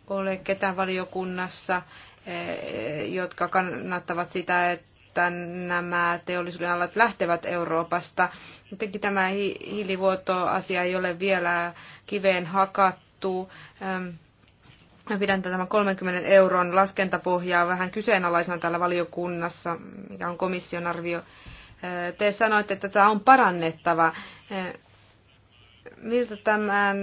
ole ketään valiokunnassa, äh, jotka kannattavat sitä, että nämä teollisuuden alat lähtevät Euroopasta. Jotenkin tämä hiilivuotoasia ei ole vielä kiveen hakattu. Ähm, Mä pidän tämän 30 euron laskentapohjaa vähän kyseenalaisena täällä valiokunnassa, mikä on komission arvio. Te sanoitte, että tämä on parannettava. Miltä tämän,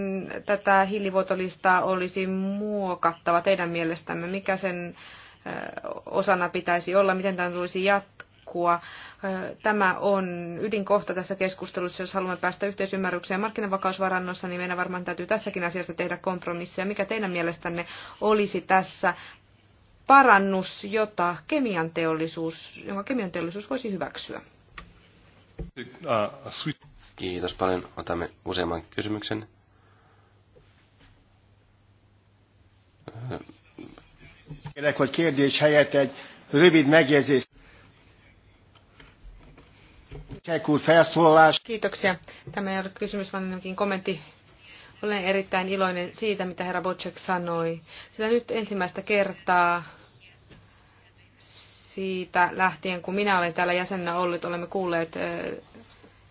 tätä hiilivuotolistaa olisi muokattava teidän mielestämme? Mikä sen osana pitäisi olla? Miten tämä tulisi jatkaa? liikkua. Tämä on ydinkohta tässä keskustelussa, jos haluamme päästä yhteisymmärrykseen markkinavakausvarannossa, niin meidän varmaan täytyy tässäkin asiassa tehdä kompromissia. Mikä teidän mielestänne olisi tässä parannus, jota kemian teollisuus, jonka kemian teollisuus voisi hyväksyä? Kiitos paljon. Otamme useamman kysymyksen. Kérlek, hogy kérdés helyett egy rövid megjegyzés. Kiitoksia. Tämä ei ole kysymys, vaan ainakin kommentti. Olen erittäin iloinen siitä, mitä herra Bocek sanoi. Sillä nyt ensimmäistä kertaa siitä lähtien, kun minä olen täällä jäsenä ollut, olemme kuulleet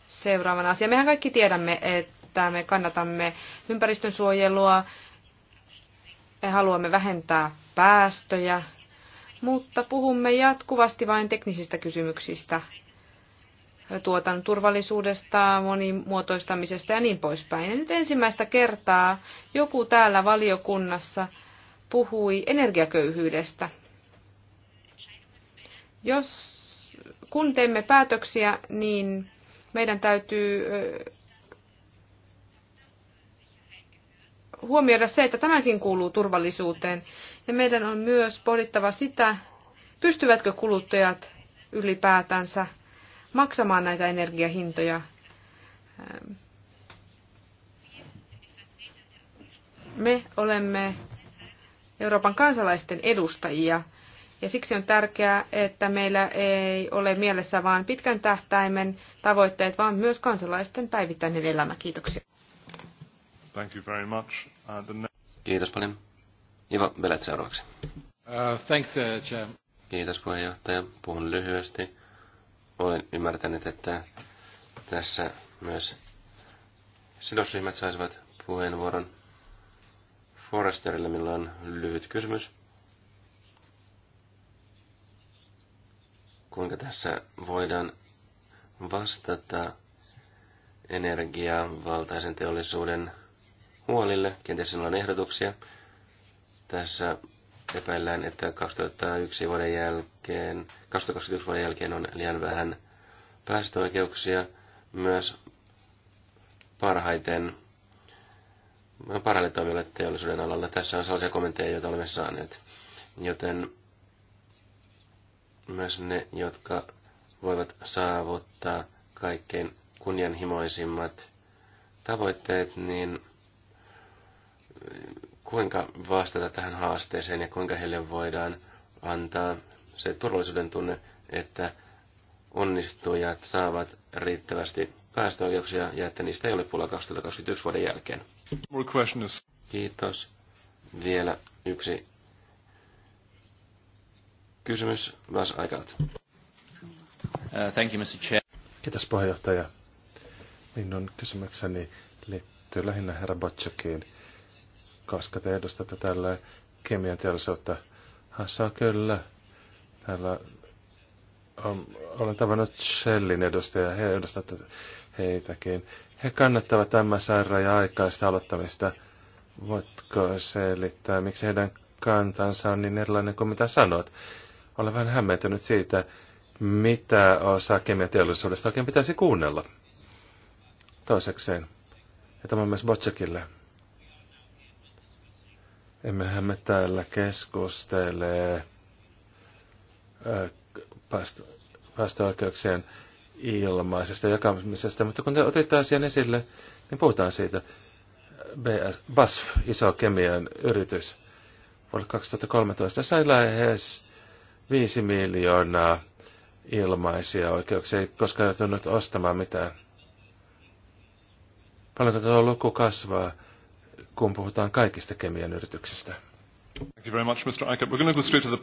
seuraavan asian. Mehän kaikki tiedämme, että me kannatamme suojelua, me haluamme vähentää päästöjä, mutta puhumme jatkuvasti vain teknisistä kysymyksistä tuotan turvallisuudesta, monimuotoistamisesta ja niin poispäin. Ja nyt ensimmäistä kertaa joku täällä valiokunnassa puhui energiaköyhyydestä. Jos, kun teemme päätöksiä, niin meidän täytyy huomioida se, että tämäkin kuuluu turvallisuuteen. Ja meidän on myös pohdittava sitä, pystyvätkö kuluttajat ylipäätänsä maksamaan näitä energiahintoja. Me olemme Euroopan kansalaisten edustajia. Ja siksi on tärkeää, että meillä ei ole mielessä vain pitkän tähtäimen tavoitteet, vaan myös kansalaisten päivittäinen elämä. Kiitoksia. Thank you very much. Uh, next... Kiitos paljon. Ivo Belet seuraavaksi. Uh, thanks, uh, Kiitos puheenjohtaja. Puhun lyhyesti olen ymmärtänyt, että tässä myös sidosryhmät saisivat puheenvuoron. Forresterille, millä on lyhyt kysymys. Kuinka tässä voidaan vastata energiavaltaisen teollisuuden huolille? Kenties sinulla on ehdotuksia. Tässä Epäillään, että 2001 vuoden jälkeen, 2021 vuoden jälkeen on liian vähän päästöoikeuksia. Myös parhaiten parhaille toimijoille teollisuuden alalla. Tässä on sellaisia kommentteja, joita olemme saaneet. Joten myös ne, jotka voivat saavuttaa kaikkein kunnianhimoisimmat tavoitteet, niin kuinka vastata tähän haasteeseen ja kuinka heille voidaan antaa se turvallisuuden tunne, että onnistujat saavat riittävästi päästöoikeuksia ja että niistä ei ole pula 2021 vuoden jälkeen. Kiitos. Vielä yksi kysymys Vas Aikalt. Uh, thank you, Mr. Chair. Kiitos puheenjohtaja. Minun kysymykseni liittyy lähinnä herra Botchakiin koska te edustatte tällä kemian teollisuutta. Hassa kyllä. Täällä on, olen tavannut Shellin edustajia, he edustavat heitäkin. He kannattavat MSR ja aikaista aloittamista. Voitko selittää, miksi heidän kantansa on niin erilainen kuin mitä sanot? Olen vähän hämmentynyt siitä, mitä osa kemiateollisuudesta oikein pitäisi kuunnella. Toisekseen, ja tämä on myös Botchekille. Emmehän me täällä keskustele äh, päästöoikeuksien ilmaisesta jakamisesta, mutta kun te otitte asian esille, niin puhutaan siitä. BS, BASF, iso kemian yritys, vuonna 2013 sai lähes 5 miljoonaa ilmaisia oikeuksia, ei koskaan joutunut ostamaan mitään. Paljonko tuo luku kasvaa? kun puhutaan kaikista kemian yrityksistä. Thank you very much, Mr. We're going to go straight to the...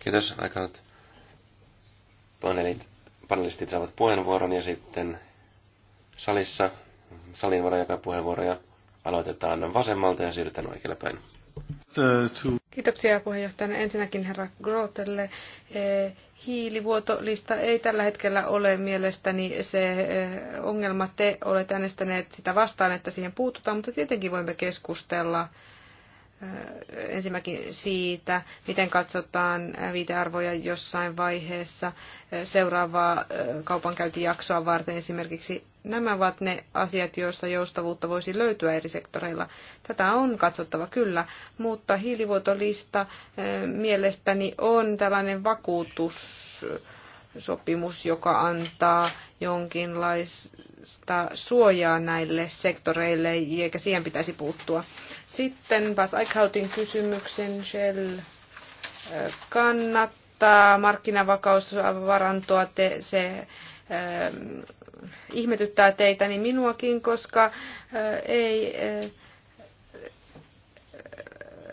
Kiitos, Eichert. Panelit, panelistit saavat puheenvuoron ja sitten salissa, salin voidaan jakaa puheenvuoroja. Aloitetaan vasemmalta ja siirrytään oikealle päin. Kiitoksia puheenjohtajana ensinnäkin herra Grotelle. E, hiilivuotolista ei tällä hetkellä ole mielestäni se e, ongelma. Te olette äänestäneet sitä vastaan, että siihen puututaan, mutta tietenkin voimme keskustella ensinnäkin siitä, miten katsotaan viitearvoja jossain vaiheessa seuraavaa kaupankäyntijaksoa varten esimerkiksi. Nämä ovat ne asiat, joista joustavuutta voisi löytyä eri sektoreilla. Tätä on katsottava kyllä, mutta hiilivuotolista mielestäni on tällainen vakuutus sopimus, joka antaa jonkinlaista suojaa näille sektoreille, eikä siihen pitäisi puuttua. Sitten taas Eichhautin kysymyksen Shell kannattaa markkinavakausvarantoa, te, se äh, ihmetyttää teitä, niin minuakin, koska äh, ei äh,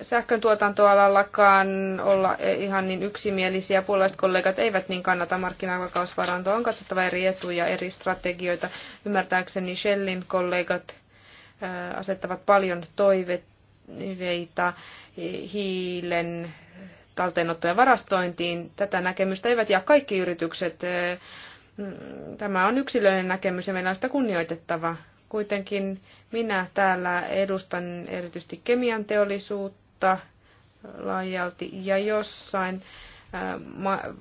sähköntuotantoalallakaan olla ihan niin yksimielisiä. Puolalaiset kollegat eivät niin kannata markkinavakausvarantoa. On katsottava eri etuja, eri strategioita. Ymmärtääkseni Shellin kollegat asettavat paljon toiveita hiilen talteenotto ja varastointiin. Tätä näkemystä eivät ja kaikki yritykset. Mm, tämä on yksilöllinen näkemys ja meillä on sitä kunnioitettava. Kuitenkin minä täällä edustan erityisesti kemian teollisuutta kautta äh, laajalti ja jossain äh,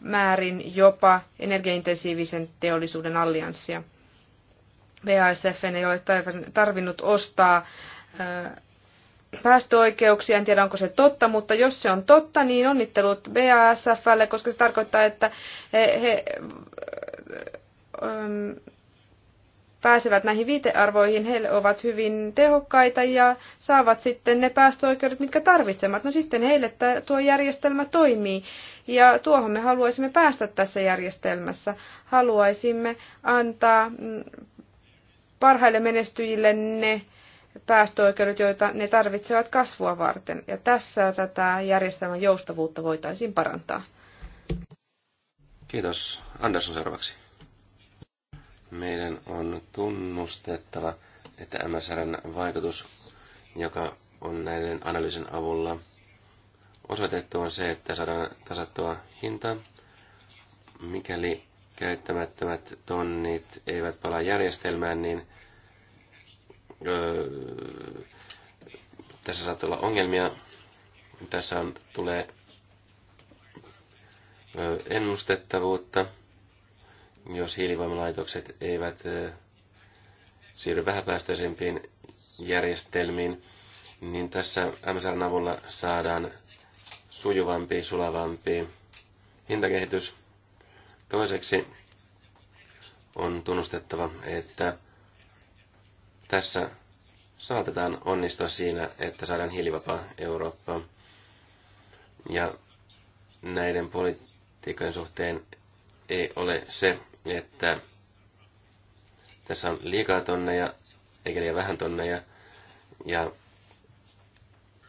määrin jopa energiaintensiivisen teollisuuden allianssia. BASF ei ole tarvinnut ostaa äh, päästöoikeuksia, en tiedä onko se totta, mutta jos se on totta, niin onnittelut BASFlle, koska se tarkoittaa, että he, he, pääsevät näihin viitearvoihin, he ovat hyvin tehokkaita ja saavat sitten ne päästöoikeudet, mitkä tarvitsevat. No sitten heille tuo järjestelmä toimii. Ja tuohon me haluaisimme päästä tässä järjestelmässä. Haluaisimme antaa mm, parhaille menestyjille ne päästöoikeudet, joita ne tarvitsevat kasvua varten. Ja tässä tätä järjestelmän joustavuutta voitaisiin parantaa. Kiitos. Andersson seuraavaksi meidän on tunnustettava, että MSRn vaikutus, joka on näiden analyysin avulla osoitettu, on se, että saadaan tasattua hinta, mikäli käyttämättömät tonnit eivät palaa järjestelmään, niin öö, tässä saattaa olla ongelmia. Tässä on, tulee öö, ennustettavuutta jos hiilivoimalaitokset eivät siirry vähäpäästöisempiin järjestelmiin, niin tässä MSRn avulla saadaan sujuvampi, sulavampi hintakehitys. Toiseksi on tunnustettava, että tässä saatetaan onnistua siinä, että saadaan hiilivapaa Eurooppa. Ja näiden politiikkojen suhteen ei ole se että tässä on liikaa tonneja, eikä liian vähän tonneja. Ja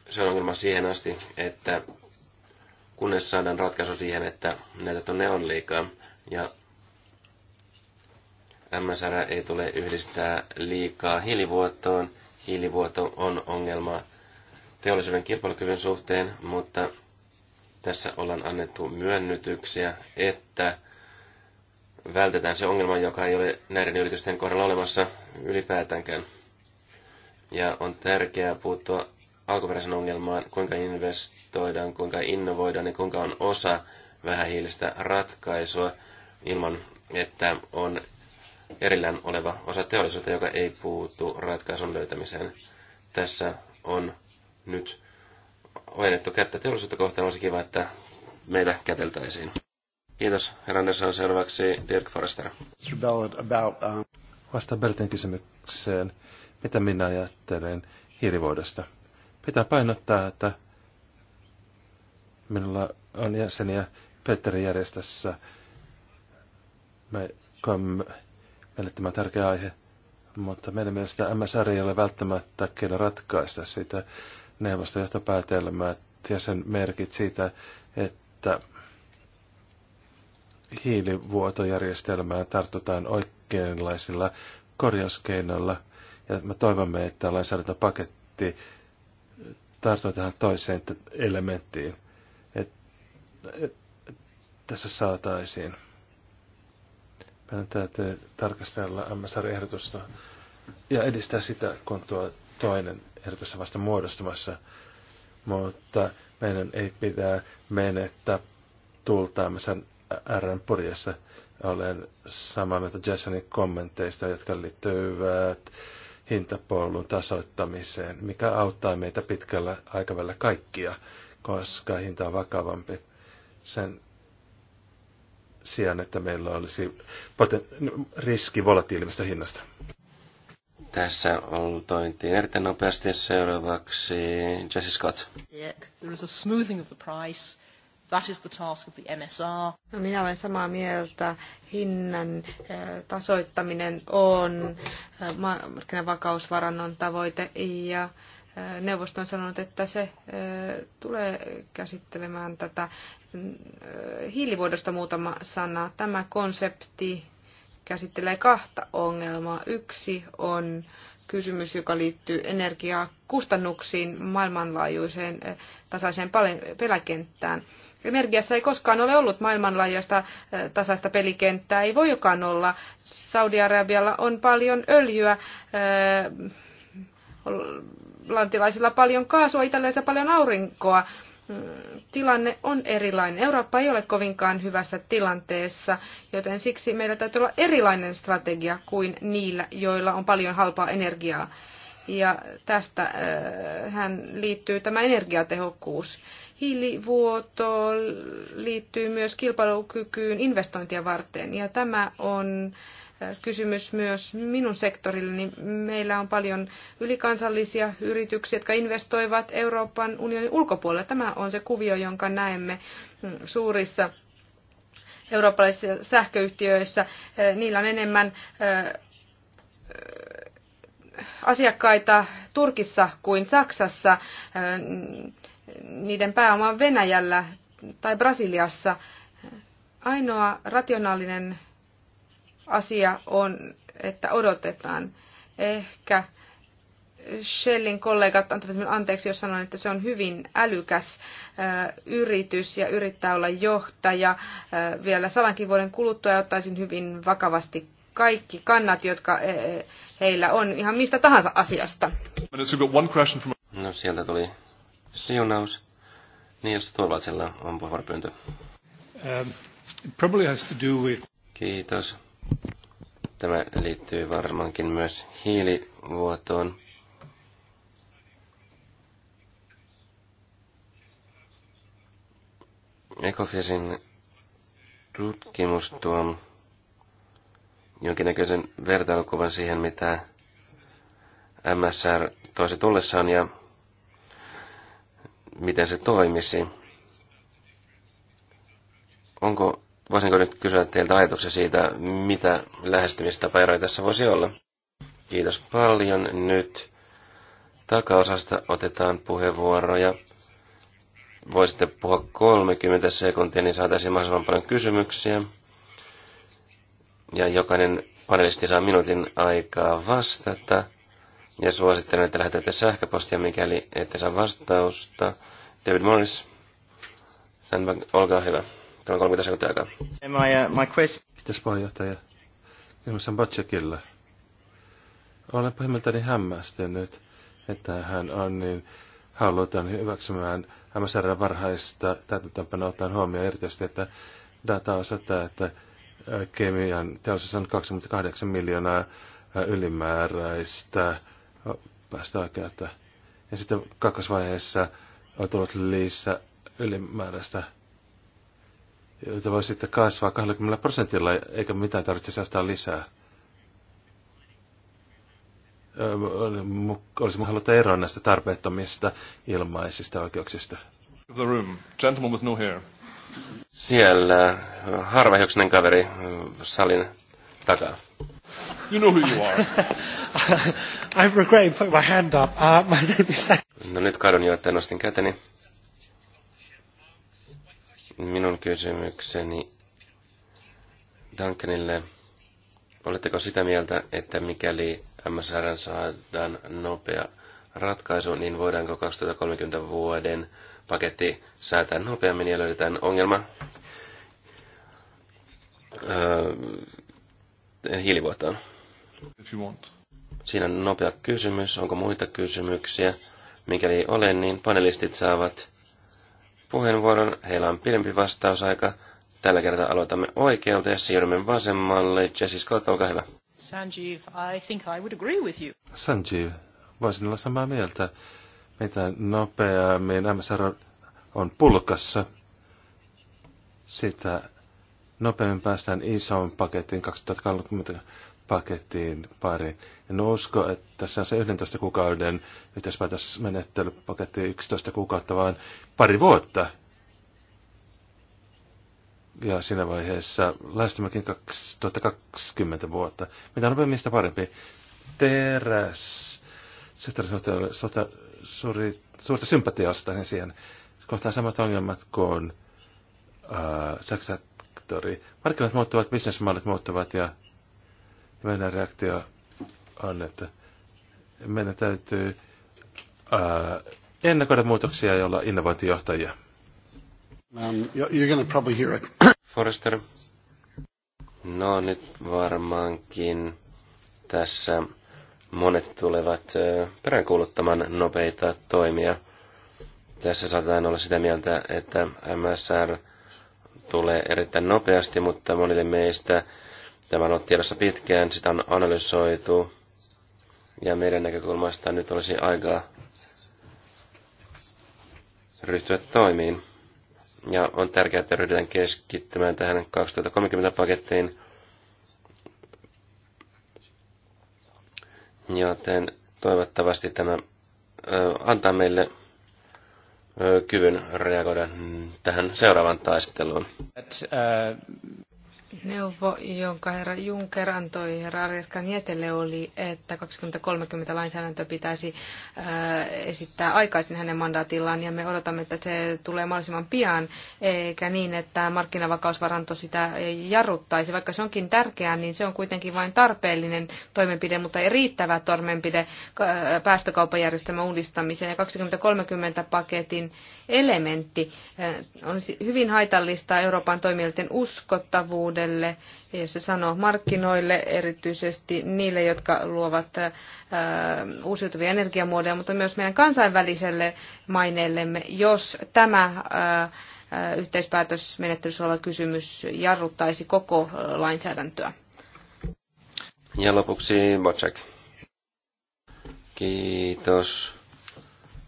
se on ongelma siihen asti, että kunnes saadaan ratkaisu siihen, että näitä tonne on liikaa. Ja MSR ei tule yhdistää liikaa hiilivuotoon. Hiilivuoto on ongelma teollisuuden kilpailukyvyn suhteen, mutta tässä ollaan annettu myönnytyksiä, että vältetään se ongelma, joka ei ole näiden yritysten kohdalla olemassa ylipäätäänkään. Ja on tärkeää puuttua alkuperäisen ongelmaan, kuinka investoidaan, kuinka innovoidaan ja kuinka on osa vähähiilistä ratkaisua ilman, että on erillään oleva osa teollisuutta, joka ei puutu ratkaisun löytämiseen. Tässä on nyt ojennettu kättä teollisuutta kohtaan. Olisi kiva, että meitä käteltäisiin. Kiitos, Hernandez on seuraavaksi Dirk Forrester. Um, Vastaan Bertin kysymykseen, mitä minä ajattelen hiilivuodosta. Pitää painottaa, että minulla on jäseniä Petteri järjestössä. Me, meille tämä on tärkeä aihe, mutta meidän mielestä MSR ei ole välttämättä keino ratkaista sitä neuvostojohtopäätelmää ja sen merkit siitä, että hiilivuotojärjestelmää tartutaan oikeanlaisilla korjauskeinoilla. Ja me toivomme, että lainsäädäntöpaketti tartuu tähän toiseen elementtiin, että et, tässä saataisiin. Meidän täytyy tarkastella MSR-ehdotusta ja edistää sitä, kun tuo toinen ehdotus on vasta muodostumassa. Mutta meidän ei pidä menettää tultaamme sen RN Porjassa Olen samaa mieltä Jasonin kommenteista, jotka liittyvät hintapolun tasoittamiseen, mikä auttaa meitä pitkällä aikavälillä kaikkia, koska hinta on vakavampi. Sen sijaan, että meillä olisi poten- riski volatiilimista hinnasta. Tässä oltointiin erittäin nopeasti seuraavaksi Jesse Scott. Yeah, there is a smoothing of the price That is the task of the MSR. No, minä olen samaa mieltä. Hinnan eh, tasoittaminen on eh, markkinavakausvarannon tavoite ja eh, neuvosto on sanonut, että se tulee käsittelemään tätä mm, hiilivuodosta muutama sana. Tämä konsepti käsittelee kahta ongelmaa. Yksi on kysymys, joka liittyy energiakustannuksiin maailmanlaajuiseen tasaiseen peläkenttään. Energiassa ei koskaan ole ollut maailmanlaajuista tasaista pelikenttää, ei voikaan olla. Saudi-Arabialla on paljon öljyä, lantilaisilla paljon kaasua, italialaisilla paljon aurinkoa. Mm, tilanne on erilainen. Eurooppa ei ole kovinkaan hyvässä tilanteessa, joten siksi meillä täytyy olla erilainen strategia kuin niillä, joilla on paljon halpaa energiaa. Ja tästä hän liittyy tämä energiatehokkuus. Hiilivuoto liittyy myös kilpailukykyyn investointia varten ja tämä on kysymys myös minun sektorilleni. Meillä on paljon ylikansallisia yrityksiä, jotka investoivat Euroopan unionin ulkopuolella. Tämä on se kuvio, jonka näemme mm, suurissa eurooppalaisissa sähköyhtiöissä. Niillä on enemmän asiakkaita Turkissa kuin Saksassa niiden pääoma on Venäjällä tai Brasiliassa. Ainoa rationaalinen asia on, että odotetaan. Ehkä Shellin kollegat antavat minun anteeksi, jos sanon, että se on hyvin älykäs äh, yritys ja yrittää olla johtaja. Äh, vielä salankin vuoden kuluttua ottaisin hyvin vakavasti kaikki kannat, jotka äh, heillä on ihan mistä tahansa asiasta. No sieltä tuli siunaus. Niels niin, Turvalsella on puheenvuoropyyntö. Um, with... Kiitos. Tämä liittyy varmaankin myös hiilivuotoon. Ecofisin tutkimus tuo jonkinnäköisen vertailukuvan siihen, mitä MSR toisi tullessaan ja miten se toimisi. Onko, voisinko nyt kysyä teiltä ajatuksia siitä, mitä lähestymistapaeroja tässä voisi olla? Kiitos paljon. Nyt takaosasta otetaan puheenvuoroja. Voisitte puhua 30 sekuntia, niin saataisiin mahdollisimman paljon kysymyksiä. Ja jokainen panelisti saa minuutin aikaa vastata. Ja suosittelen, että lähetätte sähköpostia, mikäli ette saa vastausta. David Morris, Sandberg, olkaa hyvä. Tämä on 30 sekuntia aikaa. My, uh, my quest... Kiitos puheenjohtaja. Kysymys on Olen pahimmiltani hämmästynyt, että hän on niin halutaan hyväksymään MSR varhaista täytäntöönpanoa ottaen huomioon erityisesti, että data osoittaa, että äh, kemian teollisuus on 28 miljoonaa äh, ylimääräistä päästä oikeutta. Ja sitten kakkosvaiheessa on tullut liissä ylimääräistä, jota voi sitten kasvaa 20 prosentilla, eikä mitään tarvitse säästää lisää. Öö, Olisi mun haluta eroa näistä tarpeettomista ilmaisista oikeuksista. The room. Gentleman with no hair. Siellä harvahiuksinen kaveri salin takaa. You know who you are. <laughs> I'm regretting putting my hand up. Uh, my name is No nyt kadon jo, että nostin käteni. Minun kysymykseni Duncanille. Oletteko sitä mieltä, että mikäli MSR saadaan nopea ratkaisu, niin voidaanko 2030 vuoden paketti säätää nopeammin ja löydetään ongelma öö, hiilivuotoon? If you want. Siinä on nopea kysymys. Onko muita kysymyksiä? Mikäli ei ole, niin panelistit saavat puheenvuoron. Heillä on pidempi vastausaika. Tällä kertaa aloitamme oikealta ja siirrymme vasemmalle. Jesse Scott, olkaa hyvä. Sanjeev, I think I would agree with you. Sanjeev, voisin olla samaa mieltä. Mitä nopeammin MSR on pulkassa, sitä nopeammin päästään isoon pakettiin 2030 pakettiin pari. En usko, että tässä on se 11 kuukauden yhteispäätösmenettelypaketti 11 kuukautta, vaan pari vuotta. Ja siinä vaiheessa lähestymmekin 2020 vuotta. Mitä nopeammista parempi. Teräs. Sitten suhta, suuri, suurta sympatiasta sen siihen. Kohtaan samat ongelmat kuin äh, sektori. Markkinat muuttuvat, bisnesmallit muuttuvat ja meidän reaktio on, että meidän täytyy ennakoida muutoksia ja olla innovointijohtajia. Um, you're gonna probably hear it. Forrester. No nyt varmaankin tässä monet tulevat peräänkuuluttamaan nopeita toimia. Tässä saatetaan olla sitä mieltä, että MSR tulee erittäin nopeasti, mutta monille meistä Tämä on ollut tiedossa pitkään, sitä on analysoitu ja meidän näkökulmasta nyt olisi aikaa ryhtyä toimiin. Ja on tärkeää, että ryhdytään keskittymään tähän 2030-pakettiin, joten toivottavasti tämä antaa meille kyvyn reagoida tähän seuraavaan taisteluun. Uh, Neuvo, jonka herra Juncker antoi herra Ariaskan Nietelle, oli, että 2030 lainsäädäntö pitäisi äh, esittää aikaisin hänen mandaatillaan, ja me odotamme, että se tulee mahdollisimman pian, eikä niin, että markkinavakausvaranto sitä jarruttaisi. Vaikka se onkin tärkeää, niin se on kuitenkin vain tarpeellinen toimenpide, mutta ei riittävä toimenpide äh, päästökauppajärjestelmän uudistamiseen. Ja 2030 paketin elementti äh, on hyvin haitallista Euroopan toimijoiden uskottavuuden taloudelle, ja se sanoo markkinoille, erityisesti niille, jotka luovat äh, uusiutuvia energiamuodoja, mutta myös meidän kansainväliselle maineellemme, jos tämä äh, äh, yhteispäätösmenettelyssä oleva kysymys jarruttaisi koko lainsäädäntöä. Ja lopuksi Bocek. Kiitos.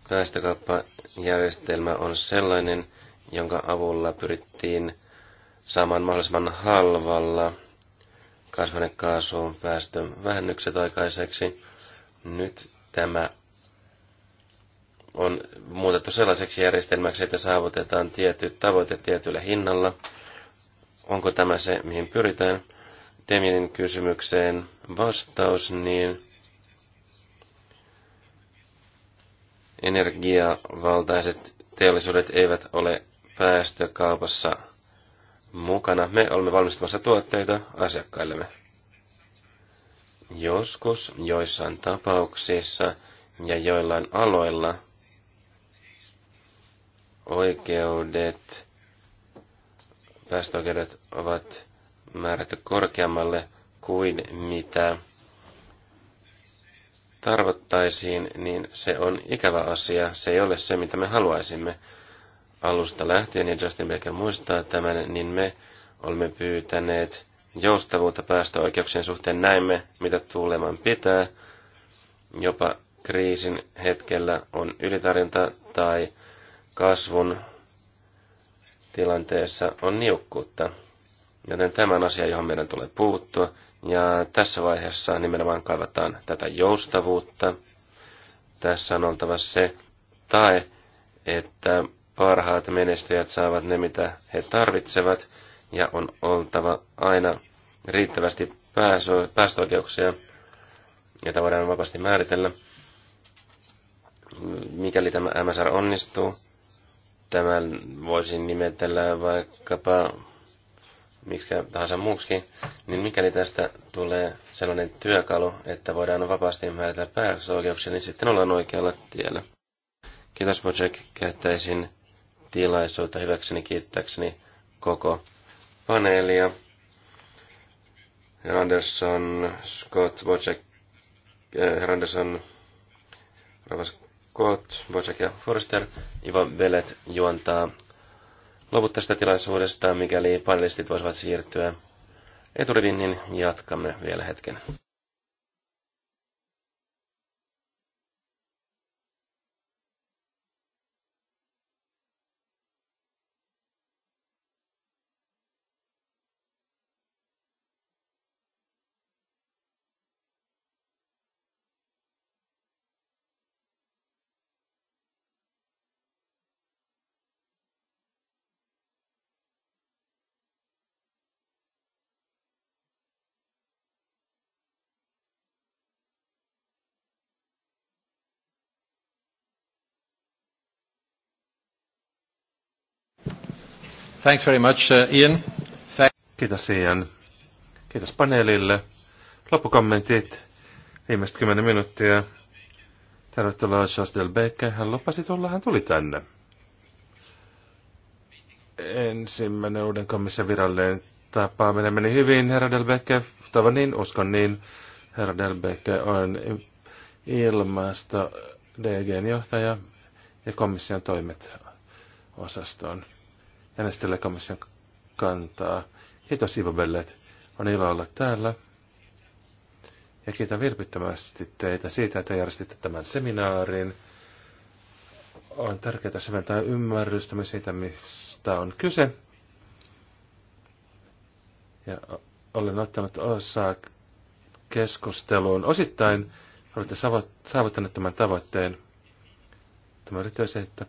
Päästökauppajärjestelmä on sellainen, jonka avulla pyrittiin saamaan mahdollisimman halvalla päästön vähennykset aikaiseksi. Nyt tämä on muutettu sellaiseksi järjestelmäksi, että saavutetaan tietty tavoite tietyllä hinnalla. Onko tämä se, mihin pyritään? Demianin kysymykseen vastaus, niin energiavaltaiset teollisuudet eivät ole päästökaupassa mukana. Me olemme valmistamassa tuotteita asiakkaillemme. Joskus, joissain tapauksissa ja joillain aloilla oikeudet, päästöoikeudet ovat määrätty korkeammalle kuin mitä tarvottaisiin, niin se on ikävä asia. Se ei ole se, mitä me haluaisimme alusta lähtien, ja Justin Baker muistaa tämän, niin me olemme pyytäneet joustavuutta päästöoikeuksien suhteen. Näimme, mitä tuuleman pitää. Jopa kriisin hetkellä on ylitarjonta tai kasvun tilanteessa on niukkuutta. Joten tämän asia, johon meidän tulee puuttua. Ja tässä vaiheessa nimenomaan kaivataan tätä joustavuutta. Tässä on oltava se tae, että parhaat menestäjät saavat ne, mitä he tarvitsevat, ja on oltava aina riittävästi pääsö, päästöoikeuksia, joita voidaan vapaasti määritellä. Mikäli tämä MSR onnistuu, tämän voisin nimetellä vaikkapa miksi tahansa muuksi, niin mikäli tästä tulee sellainen työkalu, että voidaan vapaasti määritellä päästöoikeuksia, niin sitten ollaan oikealla tiellä. Kiitos Bocek, käyttäisin tilaisuutta hyväkseni kiittääkseni koko paneelia. Anderson, Scott, Wojcik, äh, eh, Anderson, Ravas Scott, Wojcik ja Forster. Ivo Belet juontaa loput tästä tilaisuudesta, mikäli panelistit voisivat siirtyä eturivin, niin jatkamme vielä hetken. Thanks very much, uh, Ian. Kiitos Ian. Kiitos paneelille. Loppukommentit. Viimeiset kymmenen minuuttia. Tervetuloa Charles Delbecke. Hän lupasi tulla, hän tuli tänne. Ensimmäinen uuden komission virallinen tapaaminen meni hyvin, herra Delbecke. Toivon niin, uskon niin. Herra Delbecke on ilmasto DGn johtaja ja komission toimet osastoon äänestellä komission kantaa. Kiitos Ivo Bellet. On ilo olla täällä. Ja kiitän vilpittömästi teitä siitä, että järjestitte tämän seminaarin. On tärkeää syventää ymmärrystä siitä, mistä on kyse. Ja olen ottanut osaa keskusteluun. Osittain olette saavuttaneet tämän tavoitteen. Tämä liittyy se, että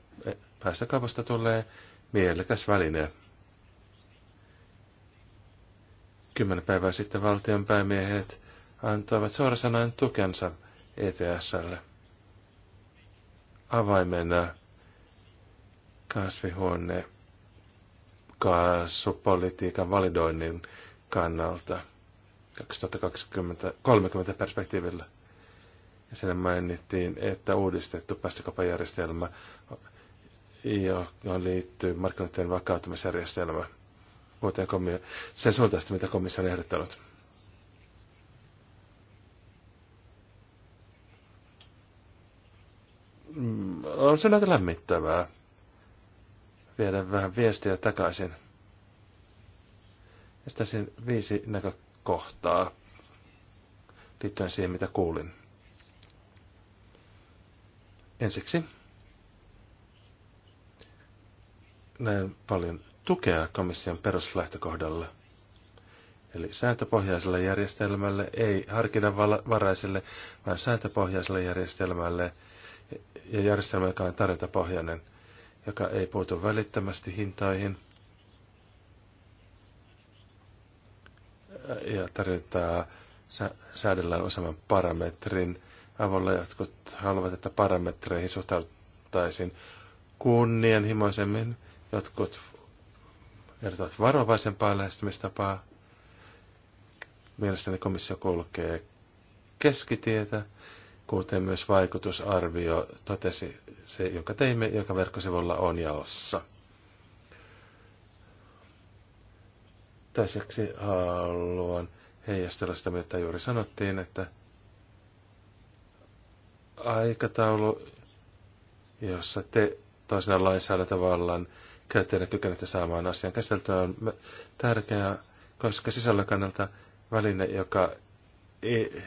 päästökaupasta tulee mielekäs väline. Kymmenen päivää sitten valtion päämiehet antoivat suorasanain tukensa ETSlle avaimena kasvihuone kaasupolitiikan validoinnin kannalta 2030 perspektiivillä. Ja siellä mainittiin, että uudistettu päästökauppajärjestelmä johon liittyy markkinoiden vakautumisjärjestelmä. vuoteen komi- sen suuntaista, mitä komissio on ehdottanut. Mm, on se näitä lämmittävää. Viedä vähän viestiä takaisin. Ja viisi näkökohtaa liittyen siihen, mitä kuulin. Ensiksi näin paljon tukea komission peruslähtökohdalle. Eli sääntöpohjaiselle järjestelmälle, ei harkinnanvaraiselle, vaan sääntöpohjaiselle järjestelmälle ja järjestelmä, joka on tarjontapohjainen, joka ei puutu välittömästi hintoihin ja tarjontaa säädellään useamman parametrin avulla. Jotkut haluavat, että parametreihin suhtauduttaisiin kunnianhimoisemmin Jotkut ehdottavat varovaisempaa lähestymistapaa. Mielestäni komissio kulkee keskitietä, kuten myös vaikutusarvio totesi se, jonka teimme, joka verkkosivulla on jaossa. Toiseksi haluan heijastella sitä, mitä juuri sanottiin, että aikataulu, jossa te toisena lainsäädäntövallan tavallaan käyttäjänä kykenette saamaan asian käsiteltyä on tärkeää, koska sisällön kannalta väline, joka ei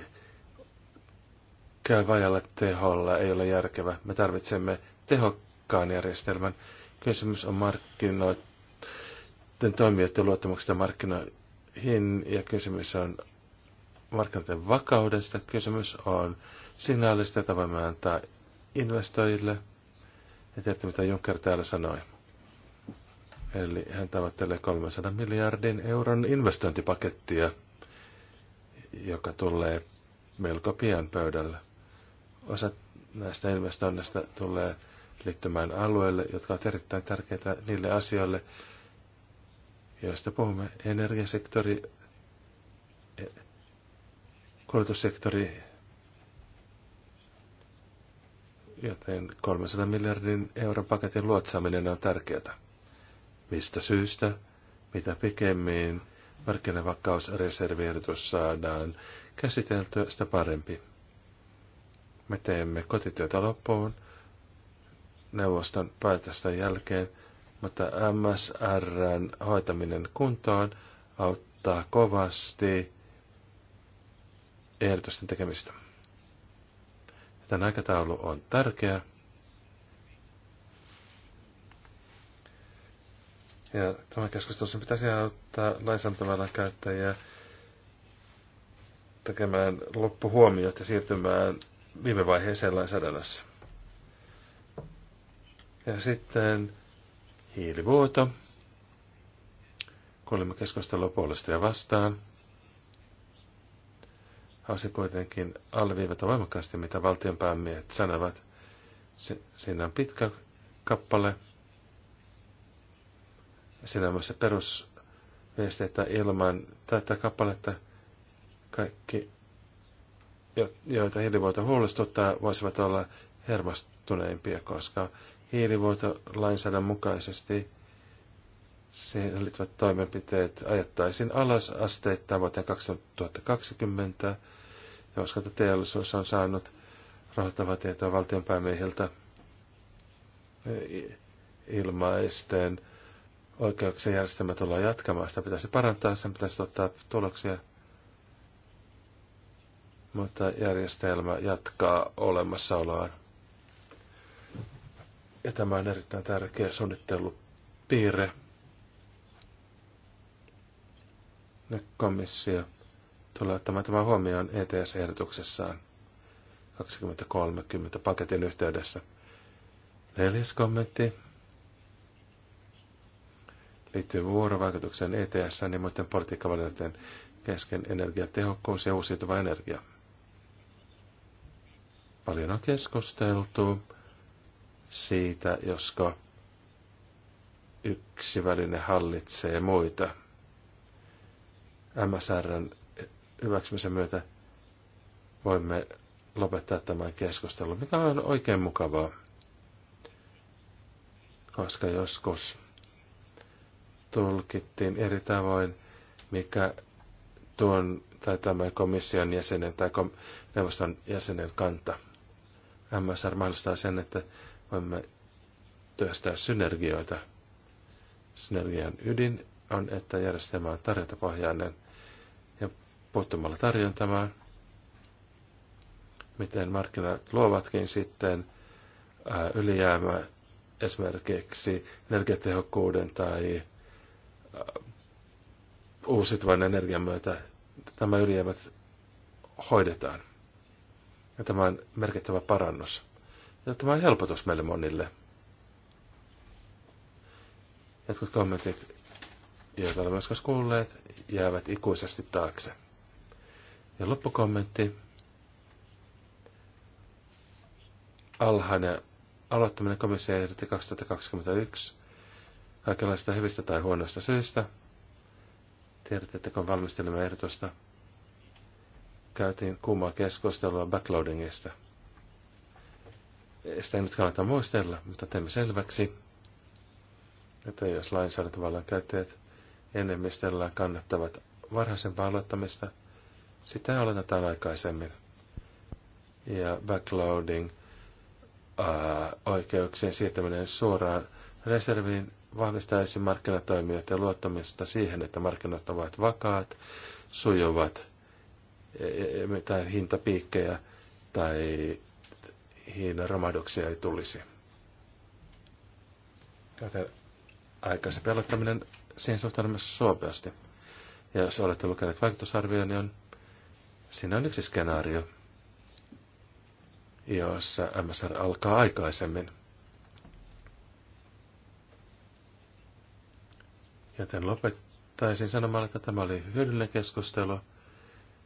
käy vajalle teholla, ei ole järkevä. Me tarvitsemme tehokkaan järjestelmän. Kysymys on markkinoiden toimijoiden luottamuksesta markkinoihin ja kysymys on markkinoiden vakaudesta. Kysymys on signaalista, jota voimme antaa investoijille. Ja tiedätte, mitä Juncker täällä sanoi. Eli hän tavoittelee 300 miljardin euron investointipakettia, joka tulee melko pian pöydälle. Osa näistä investoinneista tulee liittymään alueelle, jotka ovat erittäin tärkeitä niille asioille, joista puhumme. Energiasektori, kulutussektori, joten 300 miljardin euron paketin luotsaaminen on tärkeää. Mistä syystä? Mitä pikemmin markkinavakausreserviehdotus saadaan käsiteltyä, sitä parempi. Me teemme kotityötä loppuun neuvoston päätöstä jälkeen, mutta MSRn hoitaminen kuntoon auttaa kovasti ehdotusten tekemistä. Tämän aikataulu on tärkeä. Ja tämä keskustelu pitäisi auttaa lainsäädäntövallan käyttäjiä tekemään loppuhuomiot ja siirtymään viime vaiheeseen lainsäädännössä. Ja sitten hiilivuoto. Kuulimme keskustelua puolesta ja vastaan. Haluaisin kuitenkin alleviivata voimakkaasti, mitä valtionpäämiehet sanovat. Si- siinä on pitkä kappale – sinämässä perusviesteitä että ilman tätä kappaletta kaikki, joita hiilivuoto huolestuttaa, voisivat olla hermastuneimpia, koska lainsäädännön mukaisesti siihen liittyvät toimenpiteet ajattaisiin alas asteittain vuoteen 2020, ja teollisuus on saanut rahoittavaa tietoa valtionpäämiehiltä ilmaisten oikeuksien järjestelmä tullaan jatkamaan. Sitä pitäisi parantaa, sen pitäisi ottaa tuloksia. Mutta järjestelmä jatkaa olemassaoloaan. Ja tämä on erittäin tärkeä suunnittelupiirre. Ja komissio tulee ottamaan tämän huomioon ETS-ehdotuksessaan 2030 paketin yhteydessä. Neljäs kommentti liittyy vuorovaikutukseen ETS ja muiden politiikkavalintojen kesken energiatehokkuus ja uusiutuva energia. Paljon on keskusteltu siitä, josko yksi väline hallitsee muita. MSRn hyväksymisen myötä voimme lopettaa tämän keskustelun, mikä on oikein mukavaa, koska joskus tulkittiin eri tavoin, mikä tuon tai tämän komission jäsenen tai kom- neuvoston jäsenen kanta. MSR mahdollistaa sen, että voimme työstää synergioita. Synergian ydin on, että järjestelmä on tarjontapohjainen ja puuttumalla tarjontamaan, miten markkinat luovatkin sitten ylijäämä esimerkiksi energiatehokkuuden tai uusiutuvan energian myötä tämä ylijäämät hoidetaan. Ja tämä on merkittävä parannus. Ja tämä on helpotus meille monille. Jotkut kommentit, joita olemme myös kuulleet, jäävät ikuisesti taakse. Ja loppukommentti. Alhainen aloittaminen komissio ehdotti 2021 kaikenlaista hyvistä tai huonoista syistä. Tiedätte, että kun valmistelimme ehdotusta, käytiin kuumaa keskustelua backloadingista. Sitä ei nyt kannata muistella, mutta teemme selväksi, että jos lainsäädäntövallan käyttäjät enemmistöllä kannattavat varhaisempaa aloittamista, sitä aloitetaan aikaisemmin. Ja backloading, oikeuksien siirtäminen suoraan reserviin vahvistaisi markkinatoimijoiden luottamista siihen, että markkinat ovat vakaat, sujuvat, mitään e, e, e, hintapiikkejä tai hinnan romahduksia ei tulisi. Joten aikaisen pelottaminen, siihen myös suopeasti. Ja jos olette lukeneet vaikutusarvioon, niin on, siinä on yksi skenaario, jossa MSR alkaa aikaisemmin. Joten lopettaisin sanomalla, että tämä oli hyödyllinen keskustelu.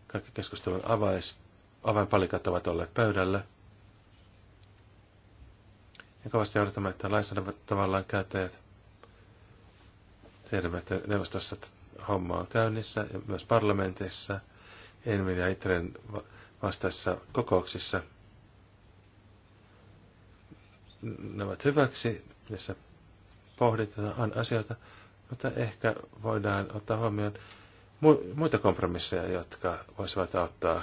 Kaikki keskustelun avais, avainpalikat ovat olleet pöydällä. Ja kovasti odotamme, että tavallaan käyttäjät tiedämme, että neuvostossa homma on käynnissä ja myös parlamentissa, Envin ja Itren vastaissa kokouksissa. Ne ovat hyväksi, missä pohditaan asioita. Mutta ehkä voidaan ottaa huomioon muita kompromisseja, jotka voisivat auttaa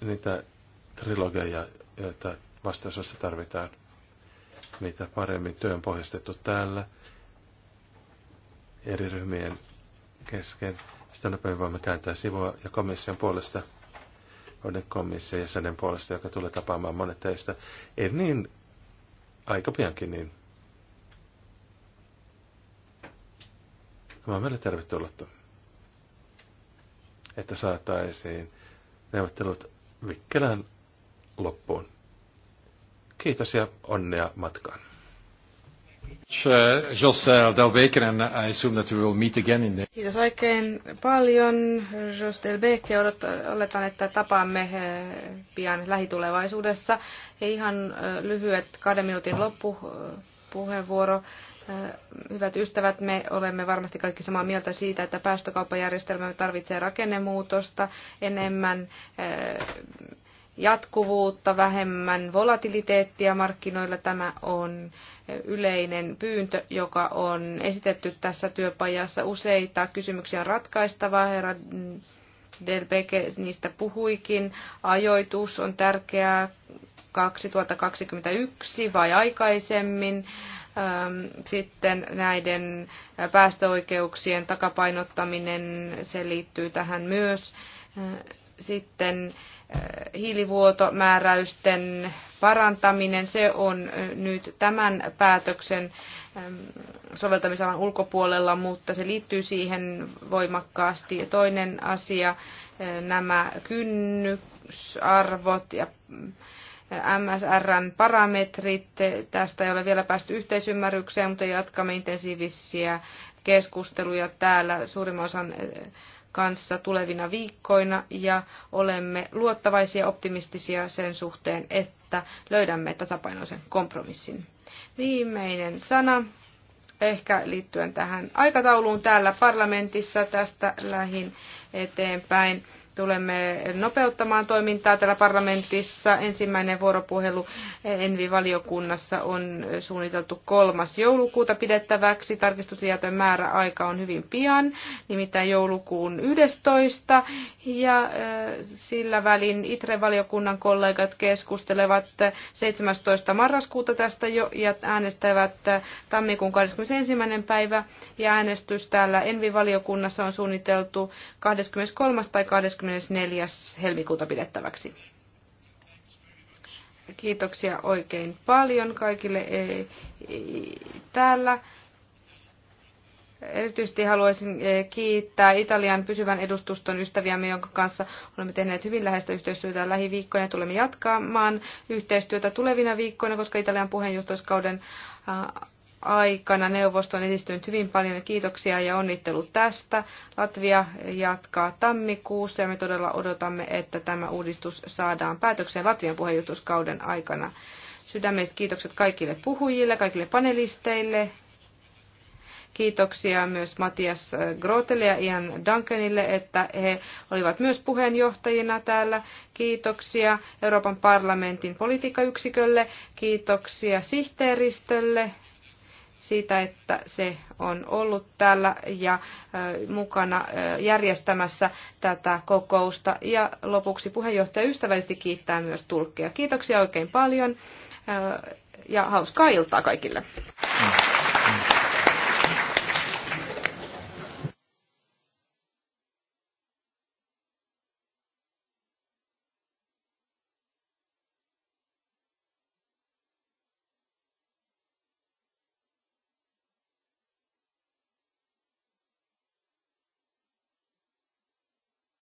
niitä trilogeja, joita vastaisuudessa tarvitaan. Mitä paremmin työn pohjastettu täällä eri ryhmien kesken, sitä nopeammin voimme kääntää sivua ja komission puolesta, onnen komission jäsenen puolesta, joka tulee tapaamaan monet teistä. Ei niin aika piankin, niin Tämä on meille tervetullutta, että saataisiin neuvottelut vikkelään loppuun. Kiitos ja onnea matkaan. Jos Del I assume that we will meet again in the... Kiitos oikein paljon. Jos Del oletan, että tapaamme eh, pian lähitulevaisuudessa. Ja ihan eh, lyhyet kahden minuutin loppupuheenvuoro Hyvät ystävät, me olemme varmasti kaikki samaa mieltä siitä, että päästökauppajärjestelmä tarvitsee rakennemuutosta, enemmän jatkuvuutta, vähemmän volatiliteettia markkinoilla. Tämä on yleinen pyyntö, joka on esitetty tässä työpajassa. Useita kysymyksiä on ratkaistava. Herra Delbeke niistä puhuikin. Ajoitus on tärkeää 2021 vai aikaisemmin. Ähm, sitten näiden äh, päästöoikeuksien takapainottaminen, se liittyy tähän myös. Äh, sitten äh, hiilivuotomääräysten parantaminen, se on nyt tämän päätöksen ähm, soveltamisalan ulkopuolella, mutta se liittyy siihen voimakkaasti. Toinen asia, nämä kynnysarvot ja MSRn parametrit. Tästä ei ole vielä päästy yhteisymmärrykseen, mutta jatkamme intensiivisiä keskusteluja täällä suurimman osan eh, kanssa tulevina viikkoina ja olemme luottavaisia ja optimistisia sen suhteen, että löydämme tasapainoisen kompromissin. Viimeinen sana ehkä liittyen tähän aikatauluun täällä parlamentissa tästä lähin eteenpäin. Tulemme nopeuttamaan toimintaa täällä parlamentissa. Ensimmäinen vuoropuhelu Envi-valiokunnassa on suunniteltu 3. joulukuuta pidettäväksi. Tarkistustietojen määräaika on hyvin pian, nimittäin joulukuun 11. Ja äh, sillä välin ITRE-valiokunnan kollegat keskustelevat 17. marraskuuta tästä jo ja äänestävät äh, tammikuun 21. päivä. Ja äänestys täällä Envi-valiokunnassa on suunniteltu 23. tai 20 24. helmikuuta pidettäväksi. Kiitoksia oikein paljon kaikille e, täällä. Erityisesti haluaisin e, kiittää Italian pysyvän edustuston ystäviämme, jonka kanssa olemme tehneet hyvin läheistä yhteistyötä lähiviikkoina ja tulemme jatkamaan yhteistyötä tulevina viikkoina, koska Italian puheenjohtajuuskauden aikana neuvosto on edistynyt hyvin paljon. Kiitoksia ja onnittelut tästä. Latvia jatkaa tammikuussa ja me todella odotamme, että tämä uudistus saadaan päätökseen Latvian puheenjohtajuuskauden aikana. Sydämelliset kiitokset kaikille puhujille, kaikille panelisteille. Kiitoksia myös Matias Grotelle ja Ian Duncanille, että he olivat myös puheenjohtajina täällä. Kiitoksia Euroopan parlamentin politiikkayksikölle, kiitoksia sihteeristölle, siitä, että se on ollut täällä ja mukana järjestämässä tätä kokousta. Ja lopuksi puheenjohtaja ystävällisesti kiittää myös tulkkeja. Kiitoksia oikein paljon ja hauskaa iltaa kaikille.